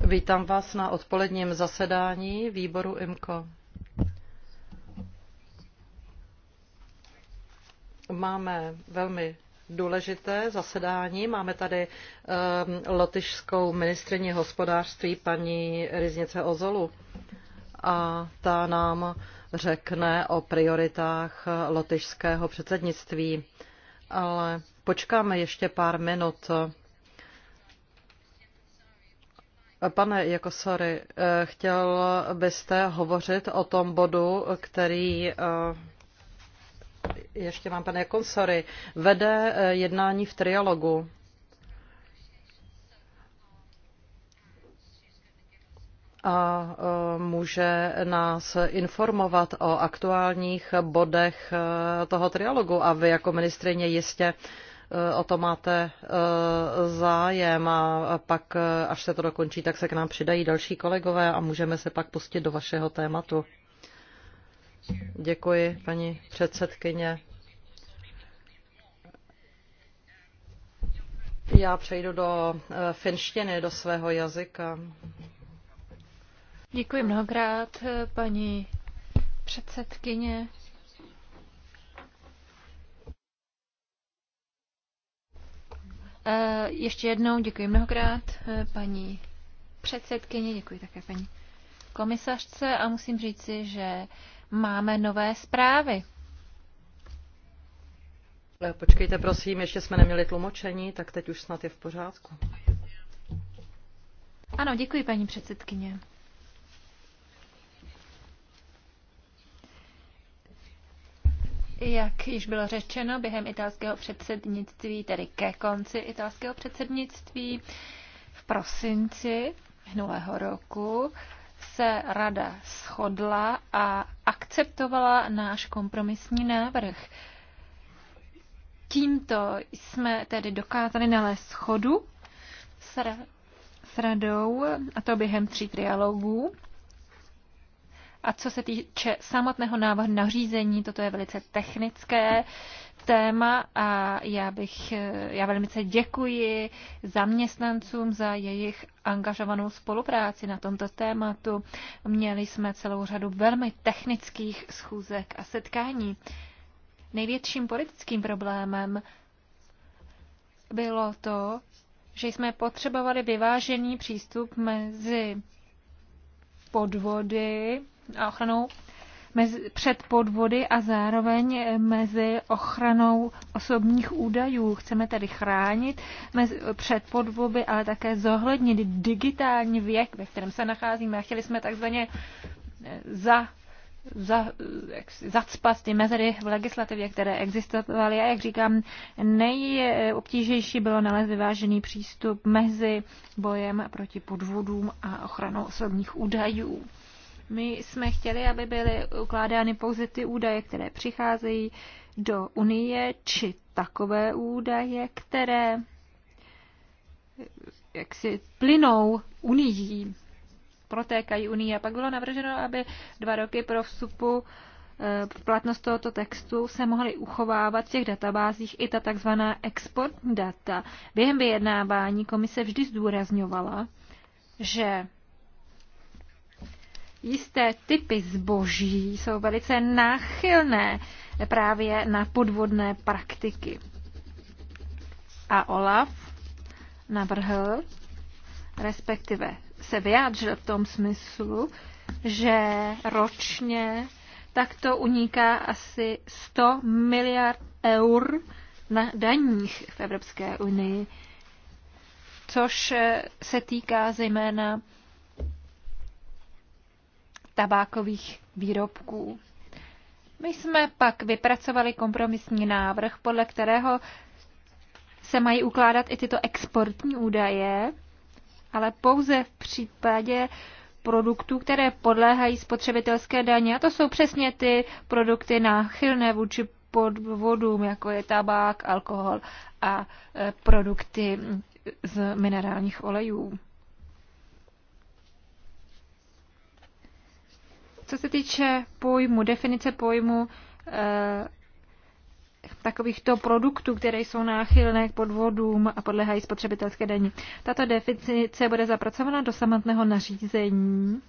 Vítám vás na odpoledním zasedání výboru IMCO. Máme velmi důležité zasedání. Máme tady um, lotyšskou ministrině hospodářství paní Riznice Ozolu a ta nám řekne o prioritách lotyšského předsednictví ale počkáme ještě pár minut. Pane Jakosory, eh, chtěl byste hovořit o tom bodu, který eh, ještě mám, pane Jakosory, vede eh, jednání v trialogu. a e, může nás informovat o aktuálních bodech e, toho trialogu. A vy jako ministrině jistě e, o to máte zájem a pak, až se to dokončí, tak se k nám přidají další kolegové a můžeme se pak pustit do vašeho tématu. Děkuji, paní předsedkyně. Já přejdu do finštiny, do svého jazyka. Děkuji mnohokrát, paní předsedkyně. Eh, ještě jednou děkuji mnohokrát eh, paní předsedkyně, děkuji také paní komisařce a musím říci, že máme nové zprávy. Počkejte, prosím, ještě jsme neměli tlumočení, tak teď už snad je v pořádku. Ano, děkuji, paní předsedkyně. Jak již bylo řečeno, během italského předsednictví, tedy ke konci italského předsednictví v prosinci minulého roku, se rada shodla a akceptovala náš kompromisní návrh. Tímto jsme tedy dokázali nalézt schodu s, ra- s radou, a to během tří trialogů a co se týče samotného návrhu nařízení, toto je velice technické téma a já bych, já velice děkuji zaměstnancům za jejich angažovanou spolupráci na tomto tématu. Měli jsme celou řadu velmi technických schůzek a setkání. Největším politickým problémem bylo to, že jsme potřebovali vyvážený přístup mezi podvody a ochranou mezi, před podvody a zároveň mezi ochranou osobních údajů. Chceme tedy chránit mezi, před podvody, ale také zohlednit digitální věk, ve kterém se nacházíme. A chtěli jsme takzvaně eh, za za, eh, jak, zacpat ty mezery v legislativě, které existovaly. A jak říkám, nejobtížnější bylo nalézt vyvážený přístup mezi bojem proti podvodům a ochranou osobních údajů. My jsme chtěli, aby byly ukládány pouze ty údaje, které přicházejí do Unie, či takové údaje, které jak si plynou Unii, protékají Unii. A pak bylo navrženo, aby dva roky pro vstupu eh, v platnost tohoto textu se mohly uchovávat v těch databázích i ta tzv. export data. Během vyjednávání komise vždy zdůrazňovala, že jisté typy zboží jsou velice náchylné právě na podvodné praktiky. A Olaf navrhl, respektive se vyjádřil v tom smyslu, že ročně takto uniká asi 100 miliard eur na daních v Evropské unii, což se týká zejména tabákových výrobků. My jsme pak vypracovali kompromisní návrh, podle kterého se mají ukládat i tyto exportní údaje, ale pouze v případě produktů, které podléhají spotřebitelské daně. A to jsou přesně ty produkty náchylné vůči podvodům, jako je tabák, alkohol a e, produkty z minerálních olejů. Co se týče pojmu, definice pojmu e, takovýchto produktů, které jsou náchylné k podvodům a podléhají spotřebitelské daní. Tato definice bude zapracována do samotného nařízení.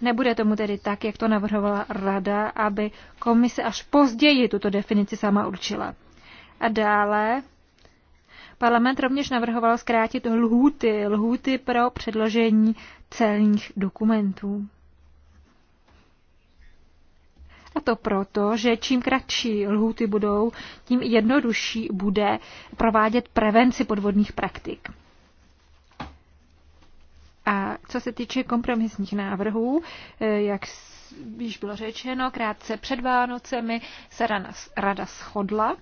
Nebude tomu tedy tak, jak to navrhovala Rada, aby komise až později tuto definici sama určila. A dále Parlament rovněž navrhoval zkrátit lhůty, lhůty pro předložení celních dokumentů. A to proto, že čím kratší lhůty budou, tím jednodušší bude provádět prevenci podvodních praktik. A co se týče kompromisních návrhů, eh, jak již bylo řečeno, krátce před Vánocemi se rada, rada shodla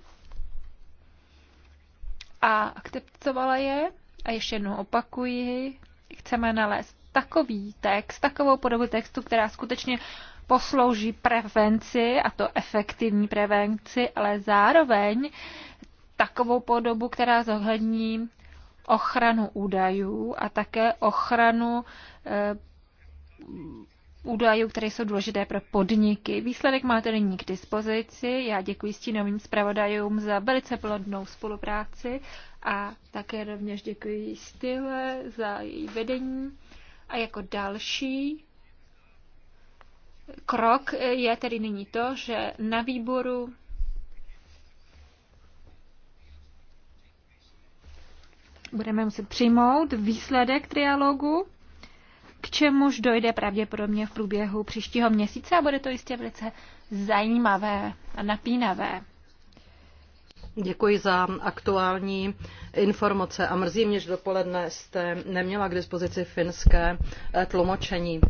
a akceptovala je. A ještě jednou opakuji, chceme nalézt takový text, takovou podobu textu, která skutečně poslouží prevenci, a to efektivní prevenci, ale zároveň takovou podobu, která zohlední ochranu údajů a také ochranu e, údajů, které jsou důležité pro podniky. Výsledek máte nyní k dispozici. Já děkuji stínovým zpravodajům za velice plodnou spolupráci a také rovněž děkuji Stile za její vedení. A jako další krok je tedy nyní to, že na výboru budeme muset přijmout výsledek trialogu, k čemuž dojde pravděpodobně v průběhu příštího měsíce a bude to jistě velice zajímavé a napínavé. Děkuji za aktuální informace a mrzí mě, že dopoledne jste neměla k dispozici finské tlumočení.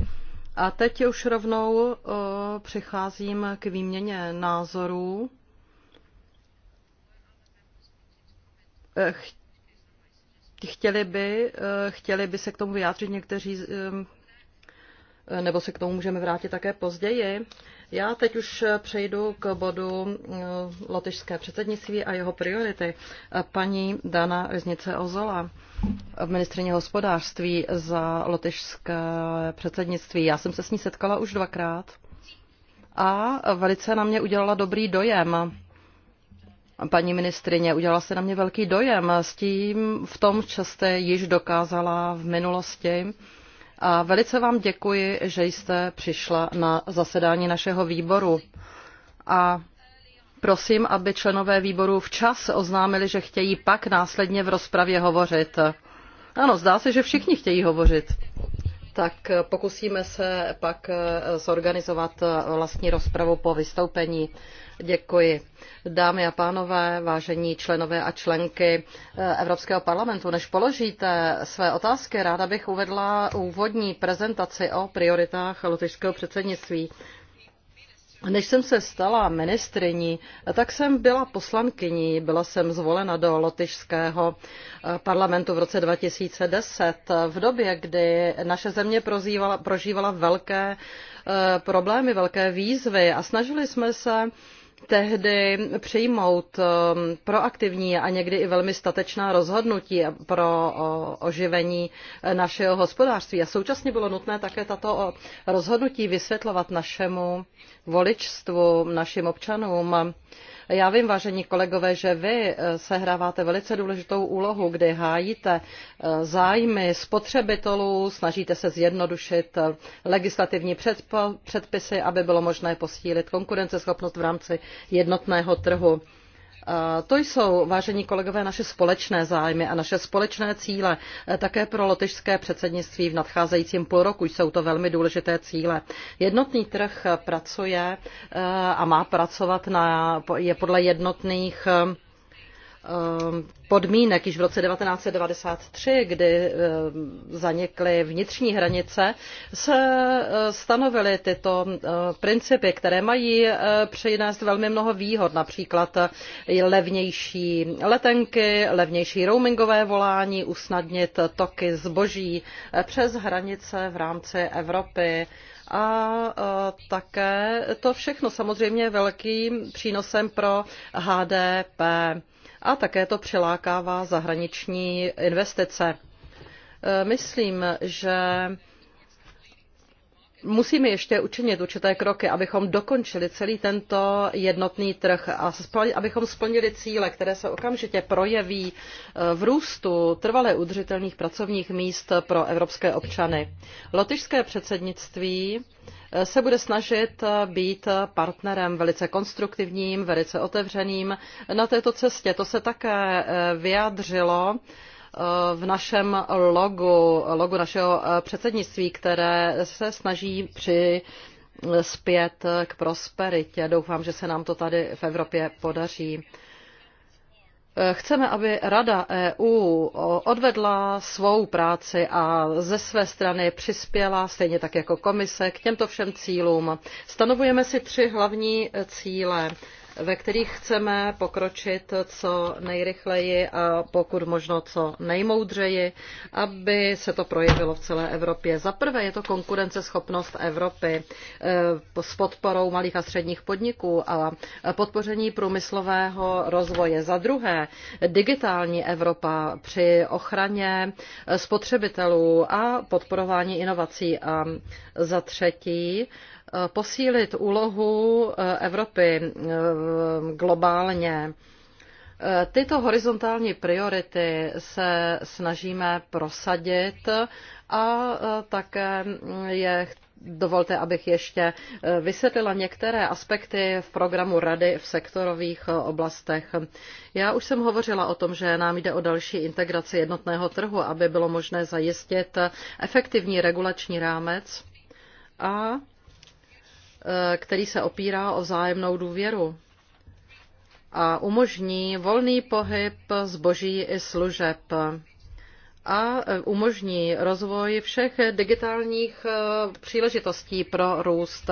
A teď už rovnou eh, přicházím k výměně názorů. Eh, chtěli by, eh, chtěli by se k tomu vyjádřit někteří, nebo se k tomu můžeme vrátit také později. Já teď už přejdu k bodu eh, lotyšské předsednictví a jeho priority. Paní Dana Riznice Ozola, ministrině hospodářství za lotyšské předsednictví. Já jsem se s ní setkala už dvakrát a velice na mě udělala dobrý dojem. Paní ministrině, udělala se na mě velký dojem s tím, v tom, co jste již dokázala v minulosti a velice vám děkuji, že jste přišla na zasedání našeho výboru. A prosím, aby členové výboru včas oznámili, že chtějí pak následně v rozpravě hovořit. Ano, zdá se, že všichni chtějí hovořit. Tak pokusíme se pak zorganizovat vlastní rozpravu po vystoupení. Děkuji. Dámy a pánové, vážení členové a členky eh, Evropského parlamentu, než položíte své otázky, ráda bych uvedla úvodní prezentaci o prioritách lotyšského předsednictví. Než jsem se stala ministriní, tak jsem byla poslankyní, byla jsem zvolena do lotyšského eh, parlamentu v roce 2010, v době, kdy naše země prožívala, prožívala velké eh, problémy, velké výzvy a snažili jsme se tehdy přijmout eh, proaktivní a někdy i velmi statečná rozhodnutí pro oživení eh, našeho hospodářství. A současně bylo nutné také tato rozhodnutí vysvětlovat našemu voličstvu, našim občanům já vím, vážení kolegové, že vy eh, sehráváte velice důležitou úlohu, kdy hájíte eh, zájmy spotřebitelů, snažíte se zjednodušit eh, legislativní předpisy, aby bylo možné posílit konkurenceschopnost v rámci jednotného trhu to jsou, vážení kolegové, naše společné zájmy a naše společné cíle e, také pro lotyšské předsednictví v nadcházejícím půl roku. Jsou to velmi důležité cíle. Jednotný trh pracuje e, a má pracovat na, je podle jednotných Um, podmínek již v roce 1993, kdy um, zanikly vnitřní hranice, se uh, stanovily tyto uh, principy, které mají uh, přinést velmi mnoho výhod, například levnější letenky, levnější roamingové volání, usnadnit toky zboží přes hranice v rámci Evropy a také to všechno samozřejmě velkým přínosem pro HDP a také to přilákává zahraniční investice. E, myslím, že Musíme ještě učinit určité kroky, abychom dokončili celý tento jednotný trh a abychom splnili cíle, které se okamžitě projeví eh, v růstu trvale udržitelných pracovních míst pro evropské občany. Lotyšské předsednictví eh, se bude snažit eh, být partnerem velice konstruktivním, velice otevřeným na této cestě. To se také vyjádřilo v našem logu, logu našeho eh, předsednictví, které se snaží při eh, zpět k prosperitě. Doufám, že se nám to tady v Evropě podaří. Eh, chceme, aby Rada EU odvedla svou práci a ze své strany přispěla, stejně tak jako komise, k těmto všem cílům. Stanovujeme si tři hlavní cíle ve kterých chceme pokročit co nejrychleji a pokud možno co nejmoudřeji, aby se to projevilo v celé Evropě. Za prvé je to konkurenceschopnost Evropy eh, s podporou malých a středních podniků a podpoření průmyslového rozvoje. Za druhé digitální Evropa při ochraně spotřebitelů a podporování inovací. A za třetí Eh, posílit úlohu eh, Evropy eh, globálně. Tyto horizontální priority se snažíme prosadit a také je Dovolte, abych ještě vysvětlila některé aspekty v programu Rady v sektorových oblastech. Já už jsem hovořila o tom, že nám jde o další integraci jednotného trhu, aby bylo možné zajistit efektivní regulační rámec a který se opírá o vzájemnou důvěru a umožní volný pohyb zboží i služeb a umožní rozvoj všech digitálních eh, příležitostí pro růst.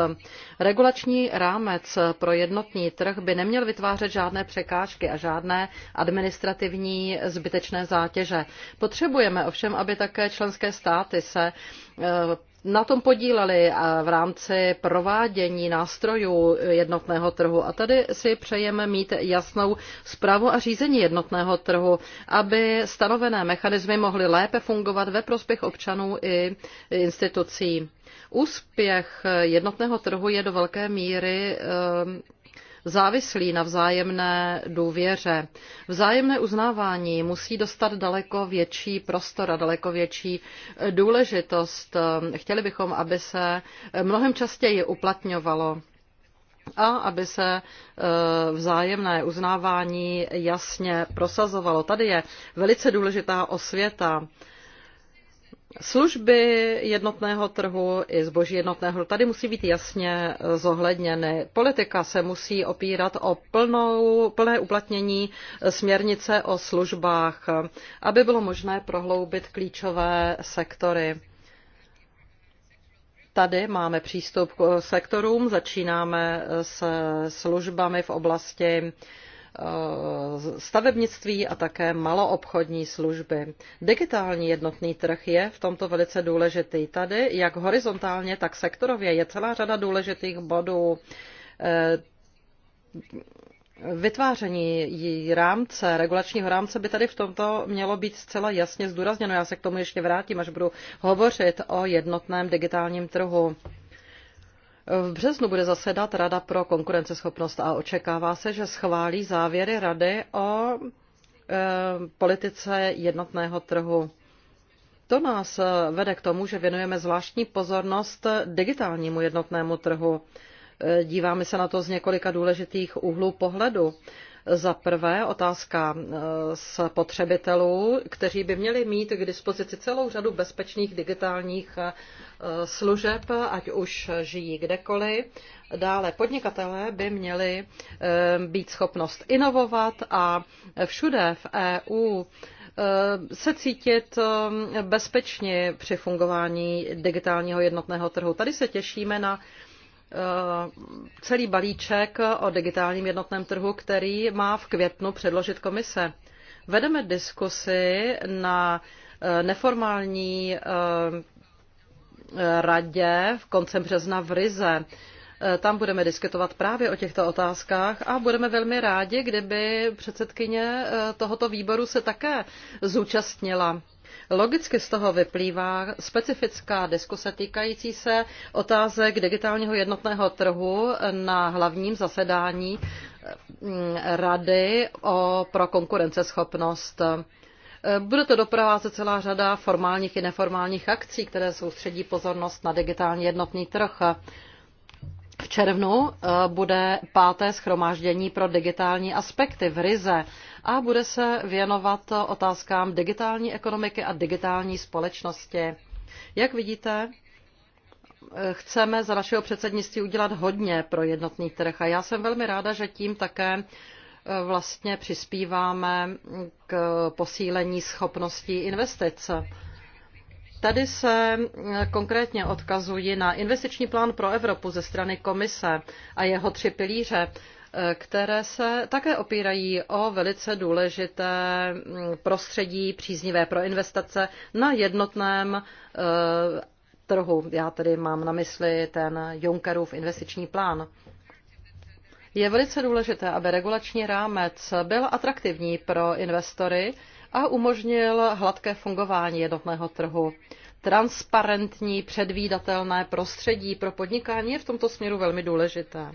Regulační rámec pro jednotný trh by neměl vytvářet žádné překážky a žádné administrativní zbytečné zátěže. Potřebujeme ovšem, aby také členské státy se eh, na tom podíleli v rámci provádění nástrojů jednotného trhu. A tady si přejeme mít jasnou zprávu a řízení jednotného trhu, aby stanovené mechanismy mohly lépe fungovat ve prospěch občanů i institucí. Úspěch jednotného trhu je do velké míry eh, závislí na vzájemné důvěře. Vzájemné uznávání musí dostat daleko větší prostor a daleko větší důležitost. Chtěli bychom, aby se mnohem častěji uplatňovalo a aby se e, vzájemné uznávání jasně prosazovalo. Tady je velice důležitá osvěta Služby jednotného trhu i zboží jednotného trhu tady musí být jasně zohledněny. Politika se musí opírat o plnou, plné uplatnění směrnice o službách, aby bylo možné prohloubit klíčové sektory. Tady máme přístup k sektorům, začínáme s službami v oblasti uh, Eh, stavebnictví a také maloobchodní služby. Digitální jednotný trh je v tomto velice důležitý. Tady, jak horizontálně, tak sektorově, je celá řada důležitých bodů eh, vytváření rámce, regulačního rámce by tady v tomto mělo být zcela jasně zdůrazněno. Já se k tomu ještě vrátím, až budu hovořit o jednotném digitálním trhu. V březnu bude zasedat Rada pro konkurenceschopnost a očekává se, že schválí závěry Rady o e, politice jednotného trhu. To nás e, vede k tomu, že věnujeme zvláštní pozornost digitálnímu jednotnému trhu. E, díváme se na to z několika důležitých úhlů pohledu. Za prvé otázka eh, spotřebitelů, kteří by měli mít k dispozici celou řadu bezpečných digitálních eh, služeb, ať už žijí kdekoliv. Dále podnikatelé by měli eh, být schopnost inovovat a všude v EU se cítit bezpečně při fungování digitálního jednotného trhu. Tady se těšíme na Eh, celý balíček o digitálním jednotném trhu, který má v květnu předložit komise. Vedeme diskusy na eh, neformální eh, radě v koncem března v Rize. Tam budeme diskutovat právě o těchto otázkách a budeme velmi rádi, kdyby předsedkyně tohoto výboru se také zúčastnila Logicky z toho vyplývá specifická diskuse týkající se otázek digitálního jednotného trhu na hlavním zasedání eh, Rady o, pro konkurenceschopnost. Eh, bude to doprovázet celá řada formálních i neformálních akcí, které soustředí pozornost na digitální jednotný trh. V červnu eh, bude páté schromáždění pro digitální aspekty v Rize a bude se věnovat otázkám digitální ekonomiky a digitální společnosti. Jak vidíte, chceme za našeho předsednictví udělat hodně pro jednotný trh a já jsem velmi ráda, že tím také e, vlastně přispíváme k posílení schopností investice. Tady se e, konkrétně odkazuji na investiční plán pro Evropu ze strany komise a jeho tři pilíře, které se také opírají o velice důležité mm, prostředí příznivé pro investace na jednotném eh, trhu. Já tedy mám na mysli ten Junckerův investiční plán. Je velice důležité, aby regulační rámec byl atraktivní pro investory a umožnil hladké fungování jednotného trhu. Transparentní, předvídatelné prostředí pro podnikání je v tomto směru velmi důležité.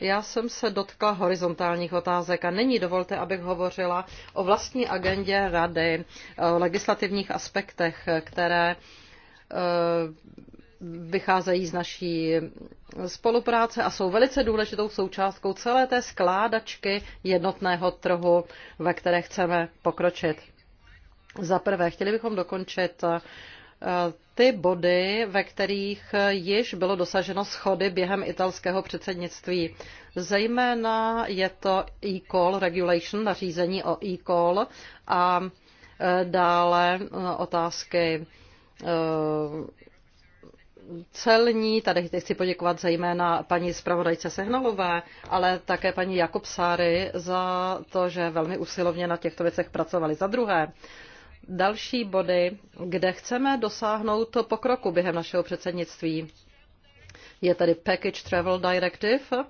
Já jsem se dotkla horizontálních otázek a není dovolte, abych hovořila o vlastní agendě rady, eh, o legislativních aspektech, které eh, vycházejí z naší spolupráce a jsou velice důležitou součástkou celé té skládačky jednotného trhu, ve které chceme pokročit. Za prvé, chtěli bychom dokončit Eh, ty body, ve kterých již bylo dosaženo schody během italského předsednictví. Zejména je to e-call regulation, nařízení o e-call a eh, dále eh, otázky celní, tady chci poděkovat zejména paní zpravodajce Sehnalové, ale také paní Sáry za to, že velmi usilovně na těchto věcech pracovali. Za druhé, další body, kde chceme dosáhnout pokroku během našeho předsednictví. Je tady Package Travel Directive, eh,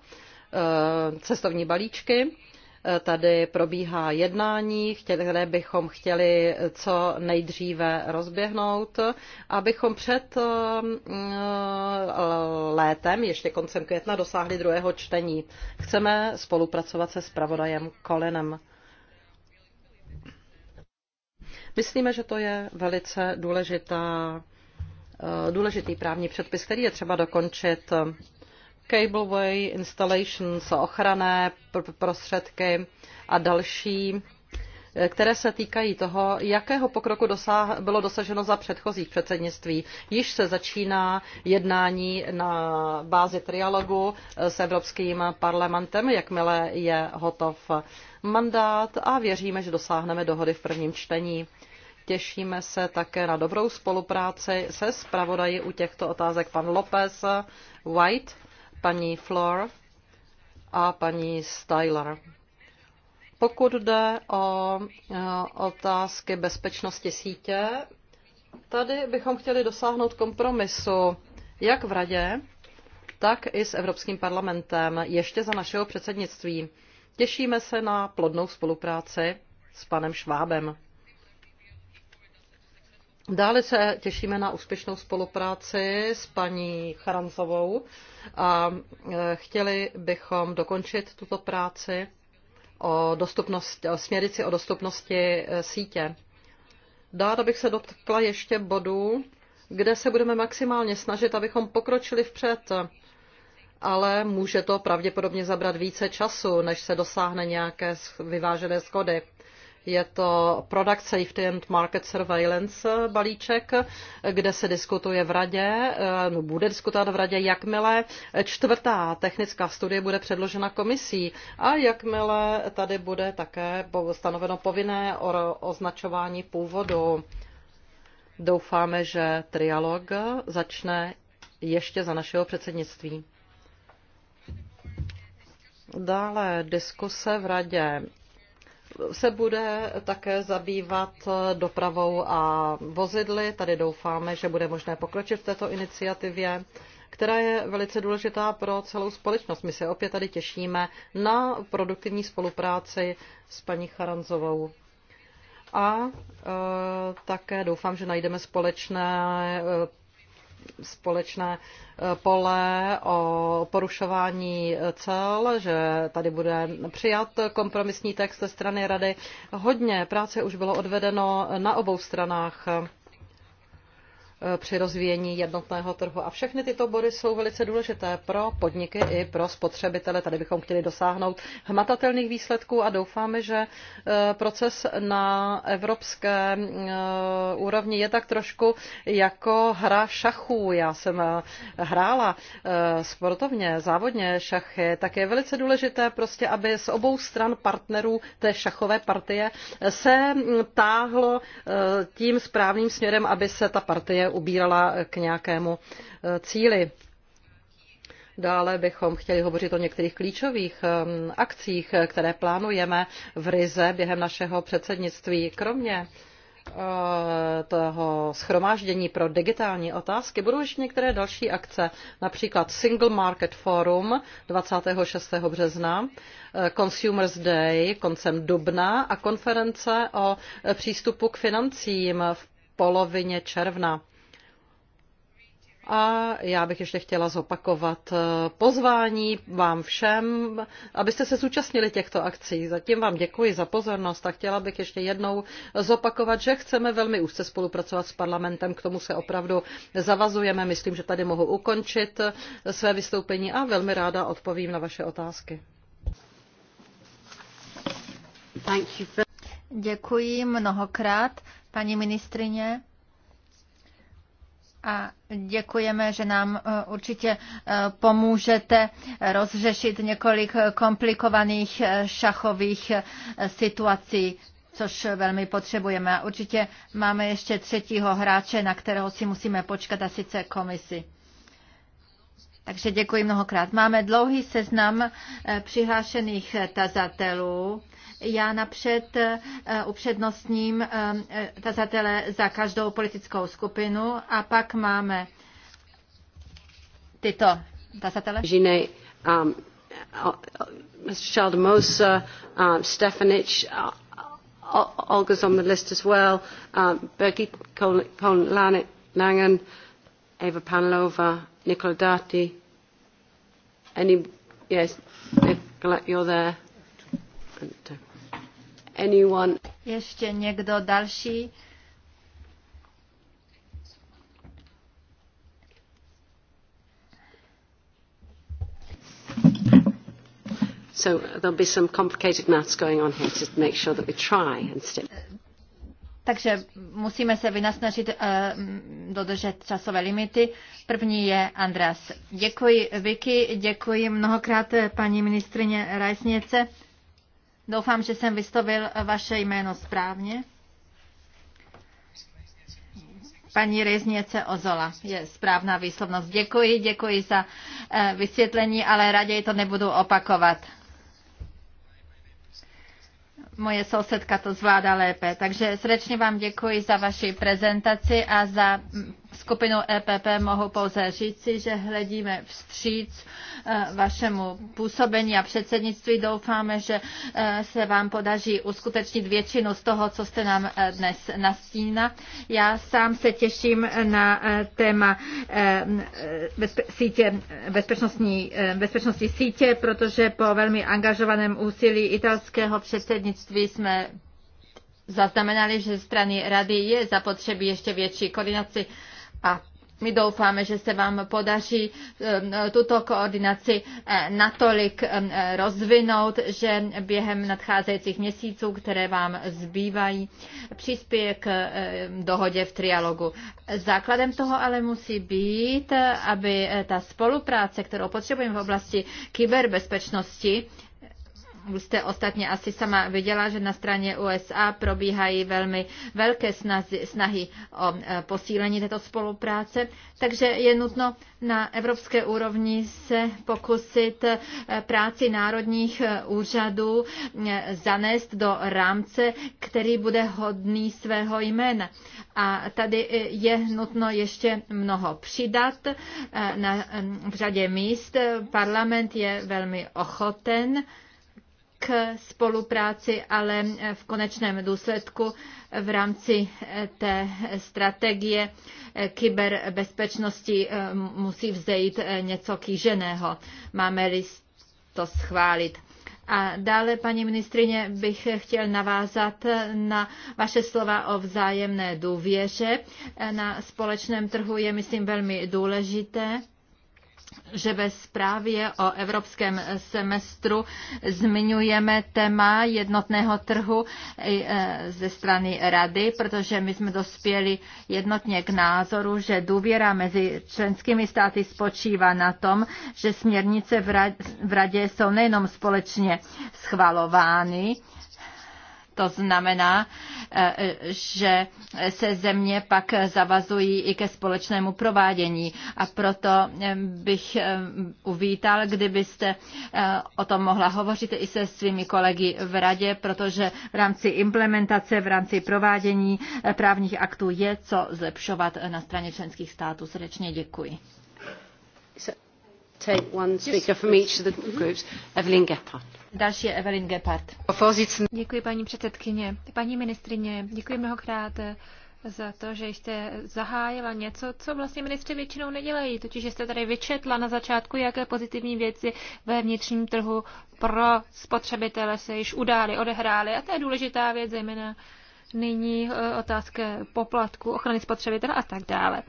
cestovní balíčky. Eh, tady probíhá jednání, které bychom chtěli co nejdříve rozběhnout, abychom před eh, létem, ještě koncem května, dosáhli druhého čtení. Chceme spolupracovat se spravodajem Kolenem. Myslíme, že to je velice důležitá, eh, důležitý právní předpis, který je třeba dokončit. Cableway installations, ochranné prostředky a další eh, které se týkají toho, jakého pokroku dosáh, bylo dosaženo za předchozích předsednictví. Již se začíná jednání na bázi trialogu eh, s Evropským parlamentem, jakmile je hotov mandát a věříme, že dosáhneme dohody v prvním čtení. Těšíme se také na dobrou spolupráci se zpravodaji u těchto otázek pan López, White, paní Flor a paní Styler. Pokud jde o eh, otázky bezpečnosti sítě, tady bychom chtěli dosáhnout kompromisu jak v Radě, tak i s Evropským parlamentem ještě za našeho předsednictví. Těšíme se na plodnou spolupráci s panem Švábem. Dále se těšíme na úspěšnou spolupráci s paní Charanzovou a e, chtěli bychom dokončit tuto práci o, dostupnost, o směrici o dostupnosti e, sítě. Dáda bych se dotkla ještě bodů, kde se budeme maximálně snažit, abychom pokročili vpřed, ale může to pravděpodobně zabrat více času, než se dosáhne nějaké vyvážené schody. Je to Product Safety and Market Surveillance balíček, kde se diskutuje v radě, eh, no, bude diskutovat v radě, jakmile čtvrtá technická studie bude předložena komisí a jakmile tady bude také stanoveno povinné označování původu. Doufáme, že trialog začne ještě za našeho předsednictví. Dále diskuse v radě se bude také zabývat dopravou a vozidly. Tady doufáme, že bude možné pokročit v této iniciativě která je velice důležitá pro celou společnost. My se opět tady těšíme na produktivní spolupráci s paní Charanzovou. A e, také doufám, že najdeme společné e, společné eh, pole o porušování cel, že tady bude přijat kompromisní text ze strany rady. Hodně práce už bylo odvedeno na obou stranách Eh, při rozvíjení jednotného trhu. A všechny tyto body jsou velice důležité pro podniky i pro spotřebitele. Tady bychom chtěli dosáhnout hmatatelných výsledků a doufáme, že eh, proces na evropské eh, úrovni je tak trošku jako hra šachů. Já jsem hrála sportovně, závodně šachy, tak je velice důležité prostě, aby z obou stran partnerů té šachové partie se táhlo tím správným směrem, aby se ta partie ubírala k nějakému eh, cíli. Dále bychom chtěli hovořit o některých klíčových ehm, akcích, které plánujeme v Rize během našeho předsednictví. Kromě eh, toho schromáždění pro digitální otázky budou ještě některé další akce, například Single Market Forum 26. března, eh, Consumers Day koncem dubna a konference o přístupu k financím v polovině června. A já bych ještě chtěla zopakovat eh, pozvání vám všem, abyste se zúčastnili těchto akcí. Zatím vám děkuji za pozornost a chtěla bych ještě jednou zopakovat, že chceme velmi úzce spolupracovat s parlamentem, k tomu se opravdu zavazujeme. Myslím, že tady mohu ukončit eh, své vystoupení a velmi ráda odpovím na vaše otázky. Děkuji mnohokrát, paní ministrině. A děkujeme, že nám e, určitě e, pomůžete rozřešit několik komplikovaných e, šachových situací což velmi potřebujeme. A určitě máme ještě třetího hráče, na kterého si musíme počkat, a sice komisi. Takže děkuji mnohokrát. Máme dlouhý seznam eh, přihlášených eh, tazatelů. Já napřed eh, upřednostním tazatele za každou politickou skupinu a pak máme tyto tazatele. Žine, um, Mr. Shaldemosa, uh, um, Stefanic, uh, Olga's on the list as well, um, Birgit Kohn-Langen, Eva Panlova, Nicola Dati, Any, yes, Nicola, you're there. Anyone? Ještě někdo další? So there'll be some complicated maths going on here to make sure that we try and stick. Takže musíme se vynasnažit eh, dodržet časové limity. První je András. Děkuji Vicky, děkuji mnohokrát eh, paní ministrině Rajsněce. Doufám, že jsem vystavil eh, vaše jméno správně. Paní Rejzněce Ozola je správná výslovnost. Děkuji, děkuji za vysvětlení, ale raději to nebudu opakovat moje sousedka to zvládá lépe. Takže srdečně vám děkuji za vaši prezentaci a za Skupinou EPP mohu pouze říci, že hledíme vstříc eh, vašemu působení a předsednictví. Doufáme, že eh, se vám podaří uskutečnit většinu z toho, co jste nám eh, dnes nastíná. Já sám se těším na téma bezpe- sítě, bezpečnostní, bezpečnosti sítě, protože po velmi angažovaném úsilí italského předsednictví jsme zaznamenali, že ze strany Rady je zapotřebí ještě větší koordinaci a my doufáme, že se vám podaří um, tuto koordinaci eh, natolik um, rozvinout, že během nadcházejících měsíců, které vám zbývají, přispěje k eh, dohodě v trialogu. Základem toho ale musí být, eh, aby ta spolupráce, kterou potřebujeme v oblasti kyberbezpečnosti, už jste ostatně asi sama viděla, že na straně USA probíhají velmi velké snahy o e, posílení této spolupráce, takže je nutno na evropské úrovni se pokusit e, práci národních e, úřadů zanést do rámce, který bude hodný svého jména. A tady je nutno ještě mnoho přidat na, v řadě míst. Parlament je velmi ochoten k spolupráci, ale v konečném důsledku v rámci té strategie kyberbezpečnosti eh, musí vzejít eh, něco kýženého. Máme-li to schválit. A dále, paní ministrině, bych chtěl navázat eh, na vaše slova o vzájemné důvěře. Na společném trhu je, myslím, velmi důležité že ve zprávě o evropském semestru zmiňujeme téma jednotného trhu eh, ze strany Rady, protože my jsme dospěli jednotně k názoru, že důvěra mezi členskými státy spočívá na tom, že směrnice v Radě jsou nejenom společně schvalovány, to znamená, e, že se země pak zavazují i ke společnému provádění. A proto e, bych e, uvítal, kdybyste o tom mohla hovořit i se svými kolegy v radě, protože v rámci implementace, v rámci provádění právních aktů je co zlepšovat na straně členských států. Srdečně děkuji. Děkuji paní předsedkyně. Paní ministryně děkuji mnohokrát eh, za to, že jste zahájila něco, co vlastně ministři většinou nedělají, totiž jste tady vyčetla na začátku, jaké pozitivní věci ve vnitřním trhu pro spotřebitele se již udály, odehrály. A to je důležitá věc, zejména nyní eh, otázka poplatku, ochrany spotřebitele a tak dále.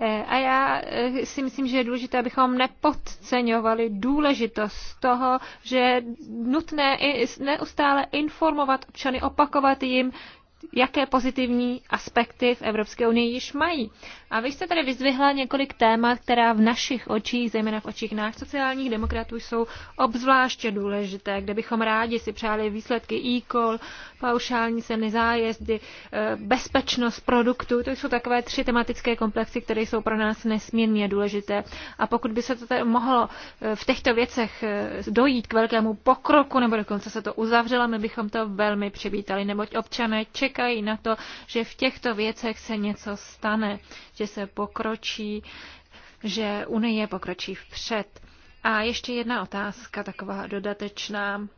A já eh, si myslím, že je důležité, abychom nepodceňovali důležitost toho, že je nutné i neustále informovat občany, opakovat jim, jaké pozitivní aspekty v Evropské unii již mají. A vy jste tady vyzvihla několik témat, která v našich očích, zejména v očích nás sociálních demokratů, jsou obzvláště důležité, kde bychom rádi si přáli výsledky e-call, paušální ceny zájezdy, eh, bezpečnost produktů. To jsou takové tři tematické komplexy, které jsou pro nás nesmírně důležité. A pokud by se to tady mohlo eh, v těchto věcech eh, dojít k velkému pokroku, nebo dokonce se to uzavřelo, my bychom to velmi přivítali, neboť občané čekají čekají na to, že v těchto věcech se něco stane, že se pokročí, že Unie pokročí vpřed. A ještě jedna otázka, taková dodatečná.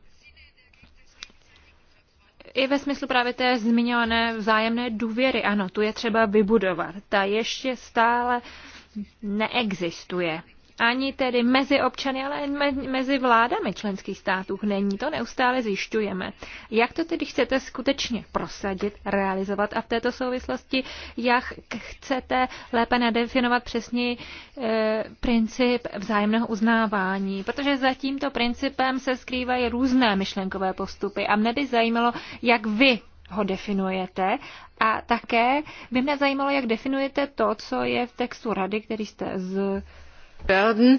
I ve smyslu právě té zmiňované vzájemné důvěry, ano, tu je třeba vybudovat. Ta ještě stále neexistuje ani tedy mezi občany, ale mezi vládami členských států není. To neustále zjišťujeme. Jak to tedy chcete skutečně prosadit, realizovat a v této souvislosti, jak chcete lépe nadefinovat přesně e, princip vzájemného uznávání? Protože za tímto principem se skrývají různé myšlenkové postupy a mne by zajímalo, jak vy ho definujete a také by mě zajímalo, jak definujete to, co je v textu rady, který jste z burden,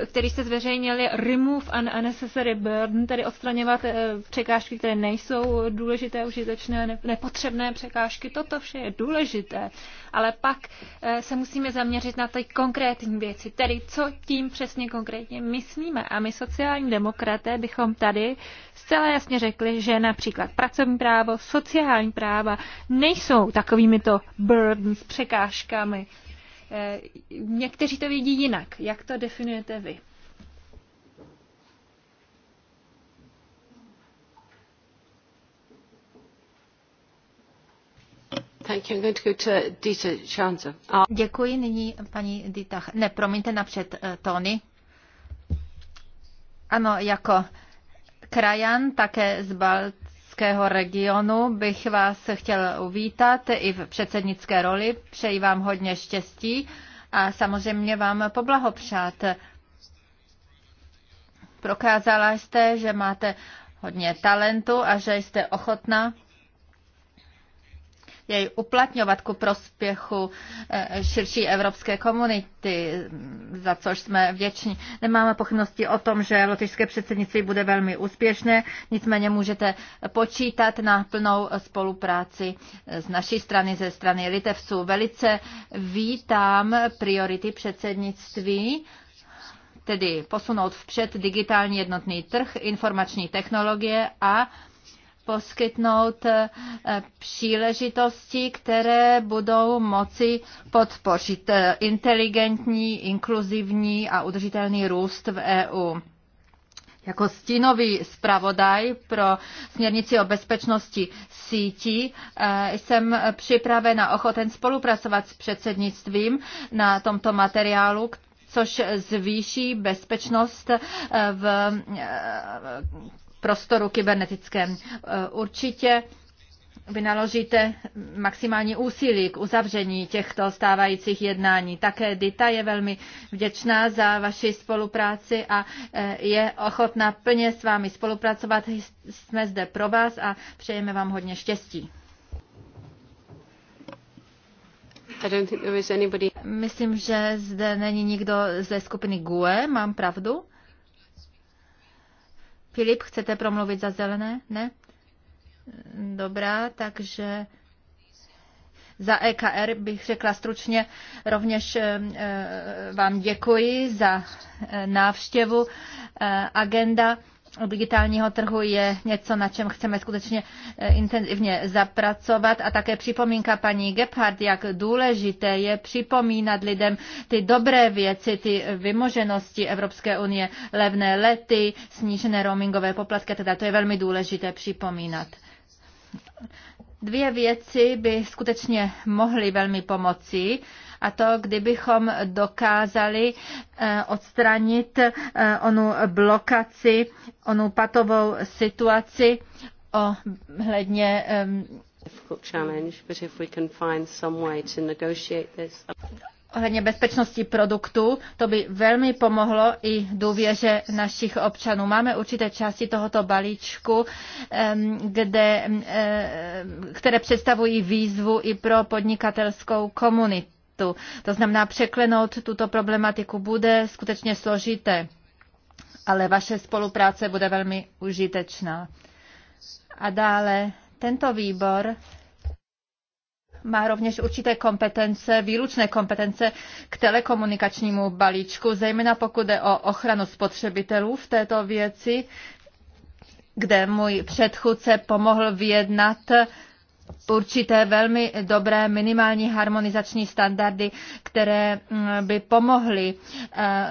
eh, který se zveřejnili Remove an Unnecessary Burden, tedy odstraňovat eh, překážky, které nejsou důležité, užitečné, nepotřebné překážky. Toto vše je důležité, ale pak eh, se musíme zaměřit na ty konkrétní věci, tedy co tím přesně konkrétně myslíme. A my sociální demokraté bychom tady zcela jasně řekli, že například pracovní právo, sociální práva nejsou takovými to burdens, překážkami, Eh, někteří to vidí jinak. Jak to definujete vy? Ah. Děkuji nyní paní Dita. Ne, promiňte napřed eh, Tony. Ano, jako krajan také z Balt alpského regionu bych vás chtěl uvítat i v předsednické roli. Přeji vám hodně štěstí a samozřejmě vám poblahopřát. Prokázala jste, že máte hodně talentu a že jste ochotná jej uplatňovat ku prospěchu eh, širší evropské komunity, za což jsme vděční. Nemáme pochybnosti o tom, že lotyšské předsednictví bude velmi úspěšné, nicméně můžete počítat na plnou spolupráci eh, z naší strany, ze strany Litevců. Velice vítám priority předsednictví tedy posunout vpřed digitální jednotný trh, informační technologie a poskytnout eh, příležitosti, které budou moci podpořit eh, inteligentní, inkluzivní a udržitelný růst v EU. Jako stínový zpravodaj pro směrnici o bezpečnosti sítí eh, jsem připravena ochoten spolupracovat s předsednictvím na tomto materiálu, což zvýší bezpečnost v prostoru kybernetickém. E, určitě vynaložíte maximální úsilí k uzavření těchto stávajících jednání. Také Dita je velmi vděčná za vaši spolupráci a e, je ochotná plně s vámi spolupracovat. Jsme zde pro vás a přejeme vám hodně štěstí. Myslím, že zde není nikdo ze skupiny GUE, mám pravdu? Filip, chcete promluvit za zelené? Ne? Dobrá, takže za EKR bych řekla stručně, rovněž eh, eh, vám děkuji za eh, návštěvu. Agenda digitálního trhu je něco, na čem chceme skutečně eh, intenzivně zapracovat. A také připomínka paní Gebhardt, jak důležité je připomínat lidem ty dobré věci, ty vymoženosti Evropské unie, levné lety, snížené roamingové poplatky, teda to je velmi důležité připomínat. Dvě věci by skutečně mohly velmi pomoci a to, kdybychom dokázali eh, odstranit eh, onu blokaci, onu patovou situaci ohledně ohledně bezpečnosti produktů. To by velmi pomohlo i důvěře našich občanů. Máme určité části tohoto balíčku, kde, eh, které představují výzvu i pro podnikatelskou komunitu státu. To znamená, překlenout tuto problematiku bude skutečně složité, ale vaše spolupráce bude velmi užitečná. A dále tento výbor má rovněž určité kompetence, výlučné kompetence k telekomunikačnímu balíčku, zejména pokud jde o ochranu spotřebitelů v této věci, kde můj předchůdce pomohl vyjednat určité velmi dobré minimální harmonizační standardy, které mm, by pomohly eh,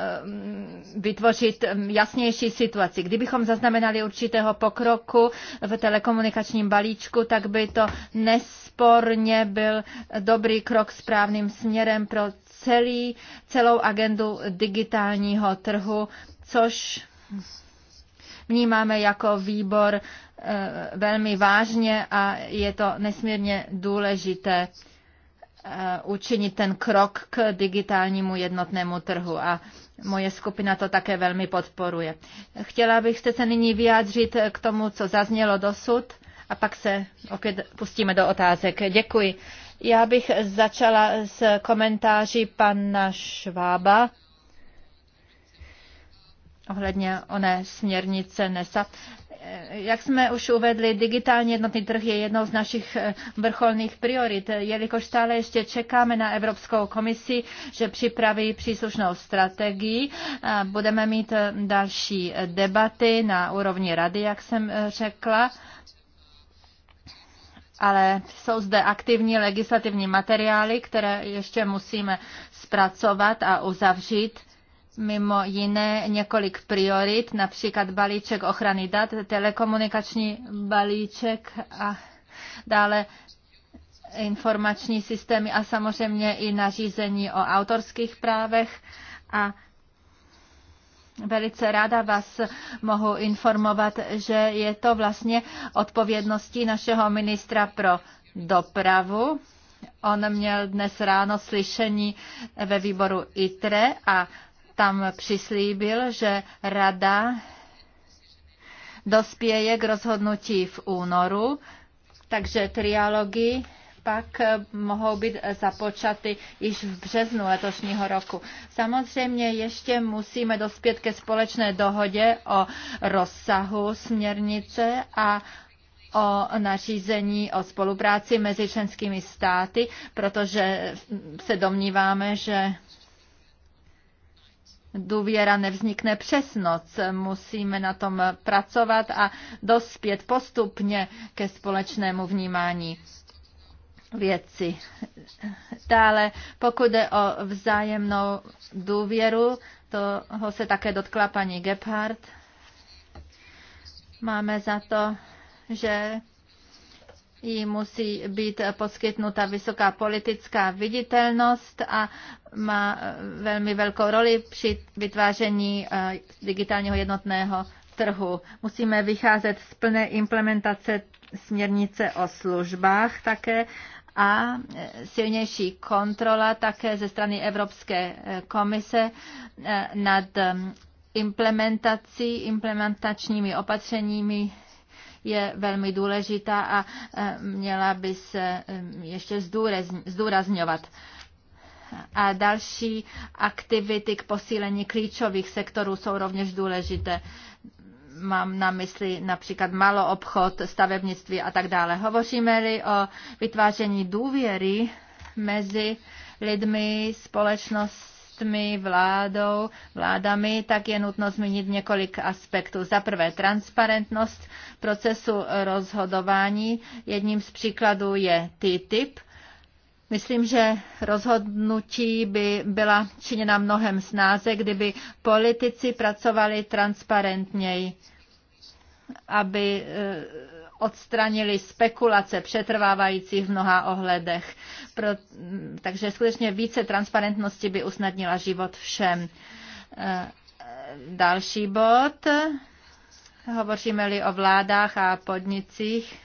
vytvořit mm, jasnější situaci. Kdybychom zaznamenali určitého pokroku v telekomunikačním balíčku, tak by to nesporně byl dobrý krok správným směrem pro celý, celou agendu digitálního trhu, což vnímáme jako výbor Eh, velmi vážně a je to nesmírně důležité eh, učinit ten krok k digitálnímu jednotnému trhu a moje skupina to také velmi podporuje. Chtěla bych se nyní vyjádřit k tomu, co zaznělo dosud a pak se opět pustíme do otázek. Děkuji. Já bych začala s komentáři pana Švába ohledně oné směrnice NESA. Jak jsme už uvedli, digitální jednotný trh je jednou z našich eh, vrcholných priorit, jelikož stále ještě čekáme na Evropskou komisi, že připraví příslušnou strategii. Budeme mít eh, další eh, debaty na úrovni rady, jak jsem řekla ale jsou zde aktivní legislativní materiály, které ještě musíme zpracovat a uzavřít mimo jiné několik priorit, například balíček ochrany dat, telekomunikační balíček a dále informační systémy a samozřejmě i nařízení o autorských právech a Velice ráda vás mohu informovat, že je to vlastně odpovědností našeho ministra pro dopravu. On měl dnes ráno slyšení ve výboru ITRE a tam přislíbil, že rada dospěje k rozhodnutí v únoru, takže trialogy pak mohou být započaty již v březnu letošního roku. Samozřejmě ještě musíme dospět ke společné dohodě o rozsahu směrnice a o nařízení o spolupráci mezi členskými státy, protože se domníváme, že důvěra nevznikne přes noc. Musíme na tom pracovat a dospět postupně ke společnému vnímání věci. Dále, pokud jde o vzájemnou důvěru, toho se také dotkla paní Gebhardt. Máme za to, že jí musí být poskytnuta vysoká politická viditelnost a má eh, velmi velkou roli při vytváření eh, digitálního jednotného trhu. Musíme vycházet z plné implementace směrnice o službách také a eh, silnější kontrola také ze strany Evropské komise nad implementací, implementačními opatřeními je velmi důležitá a e, měla by se e, ještě zdůrazňovat a další aktivity k posílení klíčových sektorů jsou rovněž důležité. Mám na mysli například maloobchod, stavebnictví a tak dále. Hovoříme-li o vytváření důvěry mezi lidmi, společnost, oblastmi, vládou, vládami, tak je nutno zmínit několik aspektů. Za prvé transparentnost procesu rozhodování. Jedním z příkladů je TTIP. Myslím, že rozhodnutí by byla činěna mnohem snáze, kdyby politici pracovali transparentněji, aby eh, odstranili spekulace přetrvávající v mnoha ohledech. Pro, takže skutečně více transparentnosti by usnadnila život všem. E, další bod. Hovoříme-li o vládách a podnicích.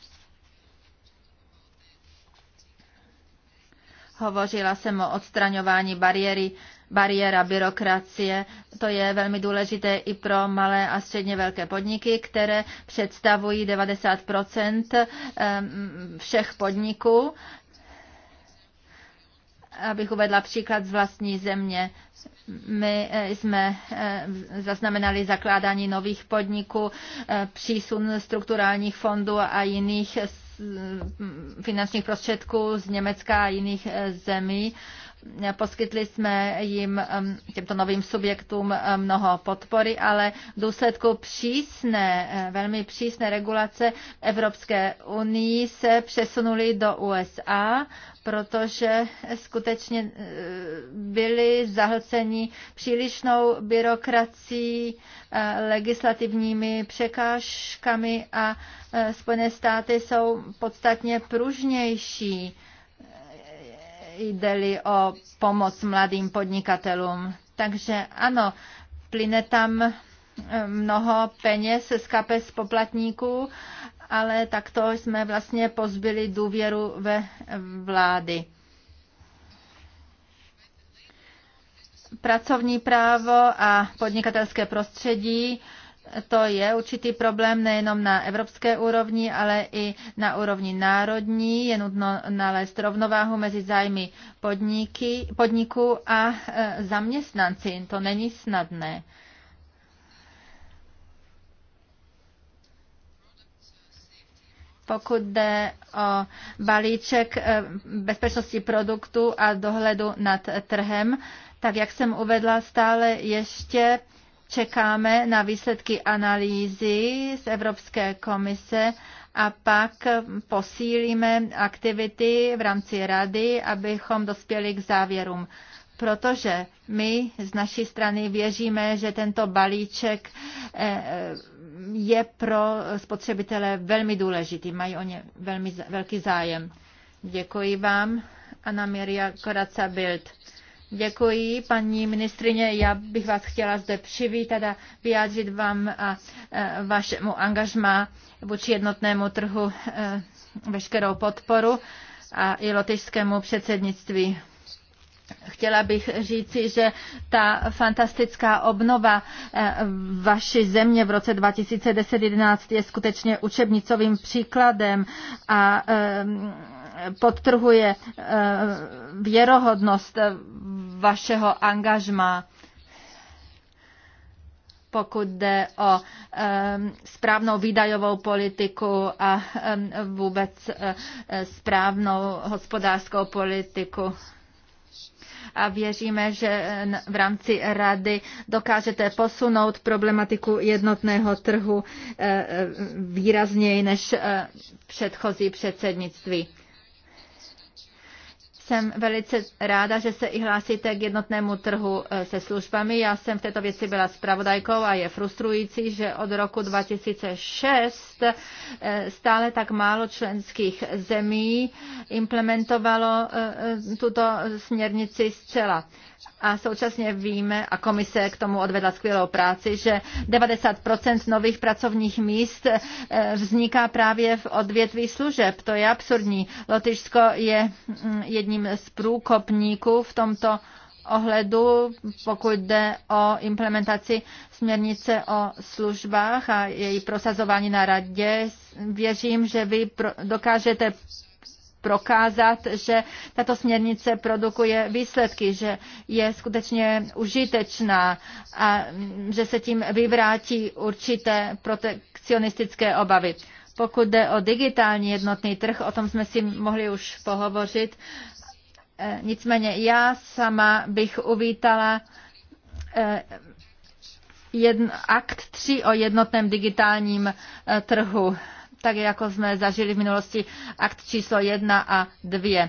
Hovořila jsem o odstraňování bariéry bariéra byrokracie. To je velmi důležité i pro malé a středně velké podniky, které představují 90 ehm, všech podniků. Abych uvedla příklad z vlastní země. My eh, jsme eh, zaznamenali zakládání nových podniků, eh, přísun strukturálních fondů a jiných mm, finančních prostředků z Německa a jiných zemí Poskytli jsme jim, těmto novým subjektům, mnoho podpory, ale v důsledku přísné, eh, velmi přísné regulace Evropské unii se přesunuli do USA, protože skutečně eh, byli zahlceni přílišnou byrokracií, eh, legislativními překážkami a Spojené státy jsou podstatně pružnější jde-li o pomoc mladým podnikatelům. Takže ano, plyne tam eh, mnoho peněz z kapes poplatníků, ale takto jsme vlastně pozbyli důvěru ve vlády. Pracovní právo a podnikatelské prostředí to je určitý problém nejenom na evropské úrovni, ale i na úrovni národní. Je nutno nalézt rovnováhu mezi zájmy podniky, podniku a e, zaměstnanci. To není snadné. pokud jde o balíček e, bezpečnosti produktu a dohledu nad trhem, tak jak jsem uvedla, stále ještě čekáme na výsledky analýzy z Evropské komise a pak posílíme aktivity v rámci rady, abychom dospěli k závěrům. Protože my z naší strany věříme, že tento balíček eh, eh, je pro spotřebitele velmi důležitý, mají o ně velmi velký zájem. Děkuji vám, Anna Miria Koraca-Bild. Děkuji, paní ministrině. Já bych vás chtěla zde přivítat a vyjádřit vám a vašemu angažmá vůči jednotnému trhu e, veškerou podporu a i lotyšskému předsednictví. Chtěla bych říci, že ta fantastická obnova e, vaší země v roce 2010-2011 je skutečně učebnicovým příkladem a e, podtrhuje eh, věrohodnost vašeho angažma, pokud jde o eh, správnou výdajovou politiku a eh, vůbec správnou hospodářskou politiku a věříme, že v rámci rady dokážete posunout problematiku jednotného trhu výrazněji než předchozí předsednictví. Jsem velice ráda, že se i hlásíte k jednotnému trhu e, se službami. Já jsem v této věci byla zpravodajkou a je frustrující, že od roku 2006 e, stále tak málo členských zemí implementovalo e, tuto směrnici zcela. A současně víme, a komise k tomu odvedla skvělou práci, že 90 nových pracovních míst vzniká právě v odvětví služeb. To je absurdní. Lotyšsko je mm, jedním jedním z průkopníků v tomto ohledu, pokud jde o implementaci směrnice o službách a její prosazování na radě. Věřím, že vy dokážete prokázat, že tato směrnice produkuje výsledky, že je skutečně užitečná a že se tím vyvrátí určité protekcionistické obavy. Pokud jde o digitální jednotný trh, o tom jsme si mohli už pohovořit, Eh, nicméně já sama bych uvítala eh, jedn, akt 3 o jednotném digitálním eh, trhu, tak jako jsme zažili v minulosti akt číslo 1 a 2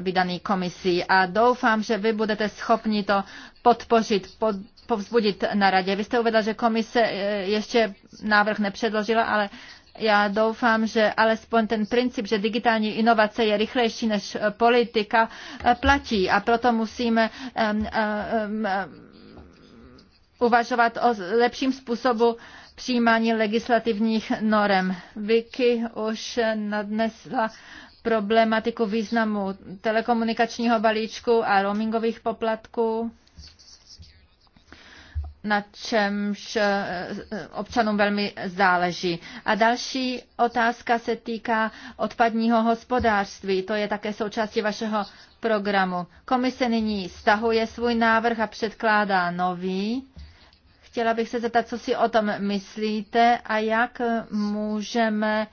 vydaný komisí. A doufám, že vy budete schopni to podpořit, pod, povzbudit na radě. Vy jste uvedla, že komise ještě návrh nepředložila, ale já doufám, že alespoň ten princip, že digitální inovace je rychlejší než politika, eh, platí a proto musíme uvažovat o lepším způsobu přijímání legislativních norem. Vicky už nadnesla problematiku významu telekomunikačního balíčku a roamingových poplatků na čemž eh, občanům velmi záleží. A další otázka se týká odpadního hospodářství. To je také součástí vašeho programu. Komise nyní stahuje svůj návrh a předkládá nový. Chtěla bych se zeptat, co si o tom myslíte a jak můžeme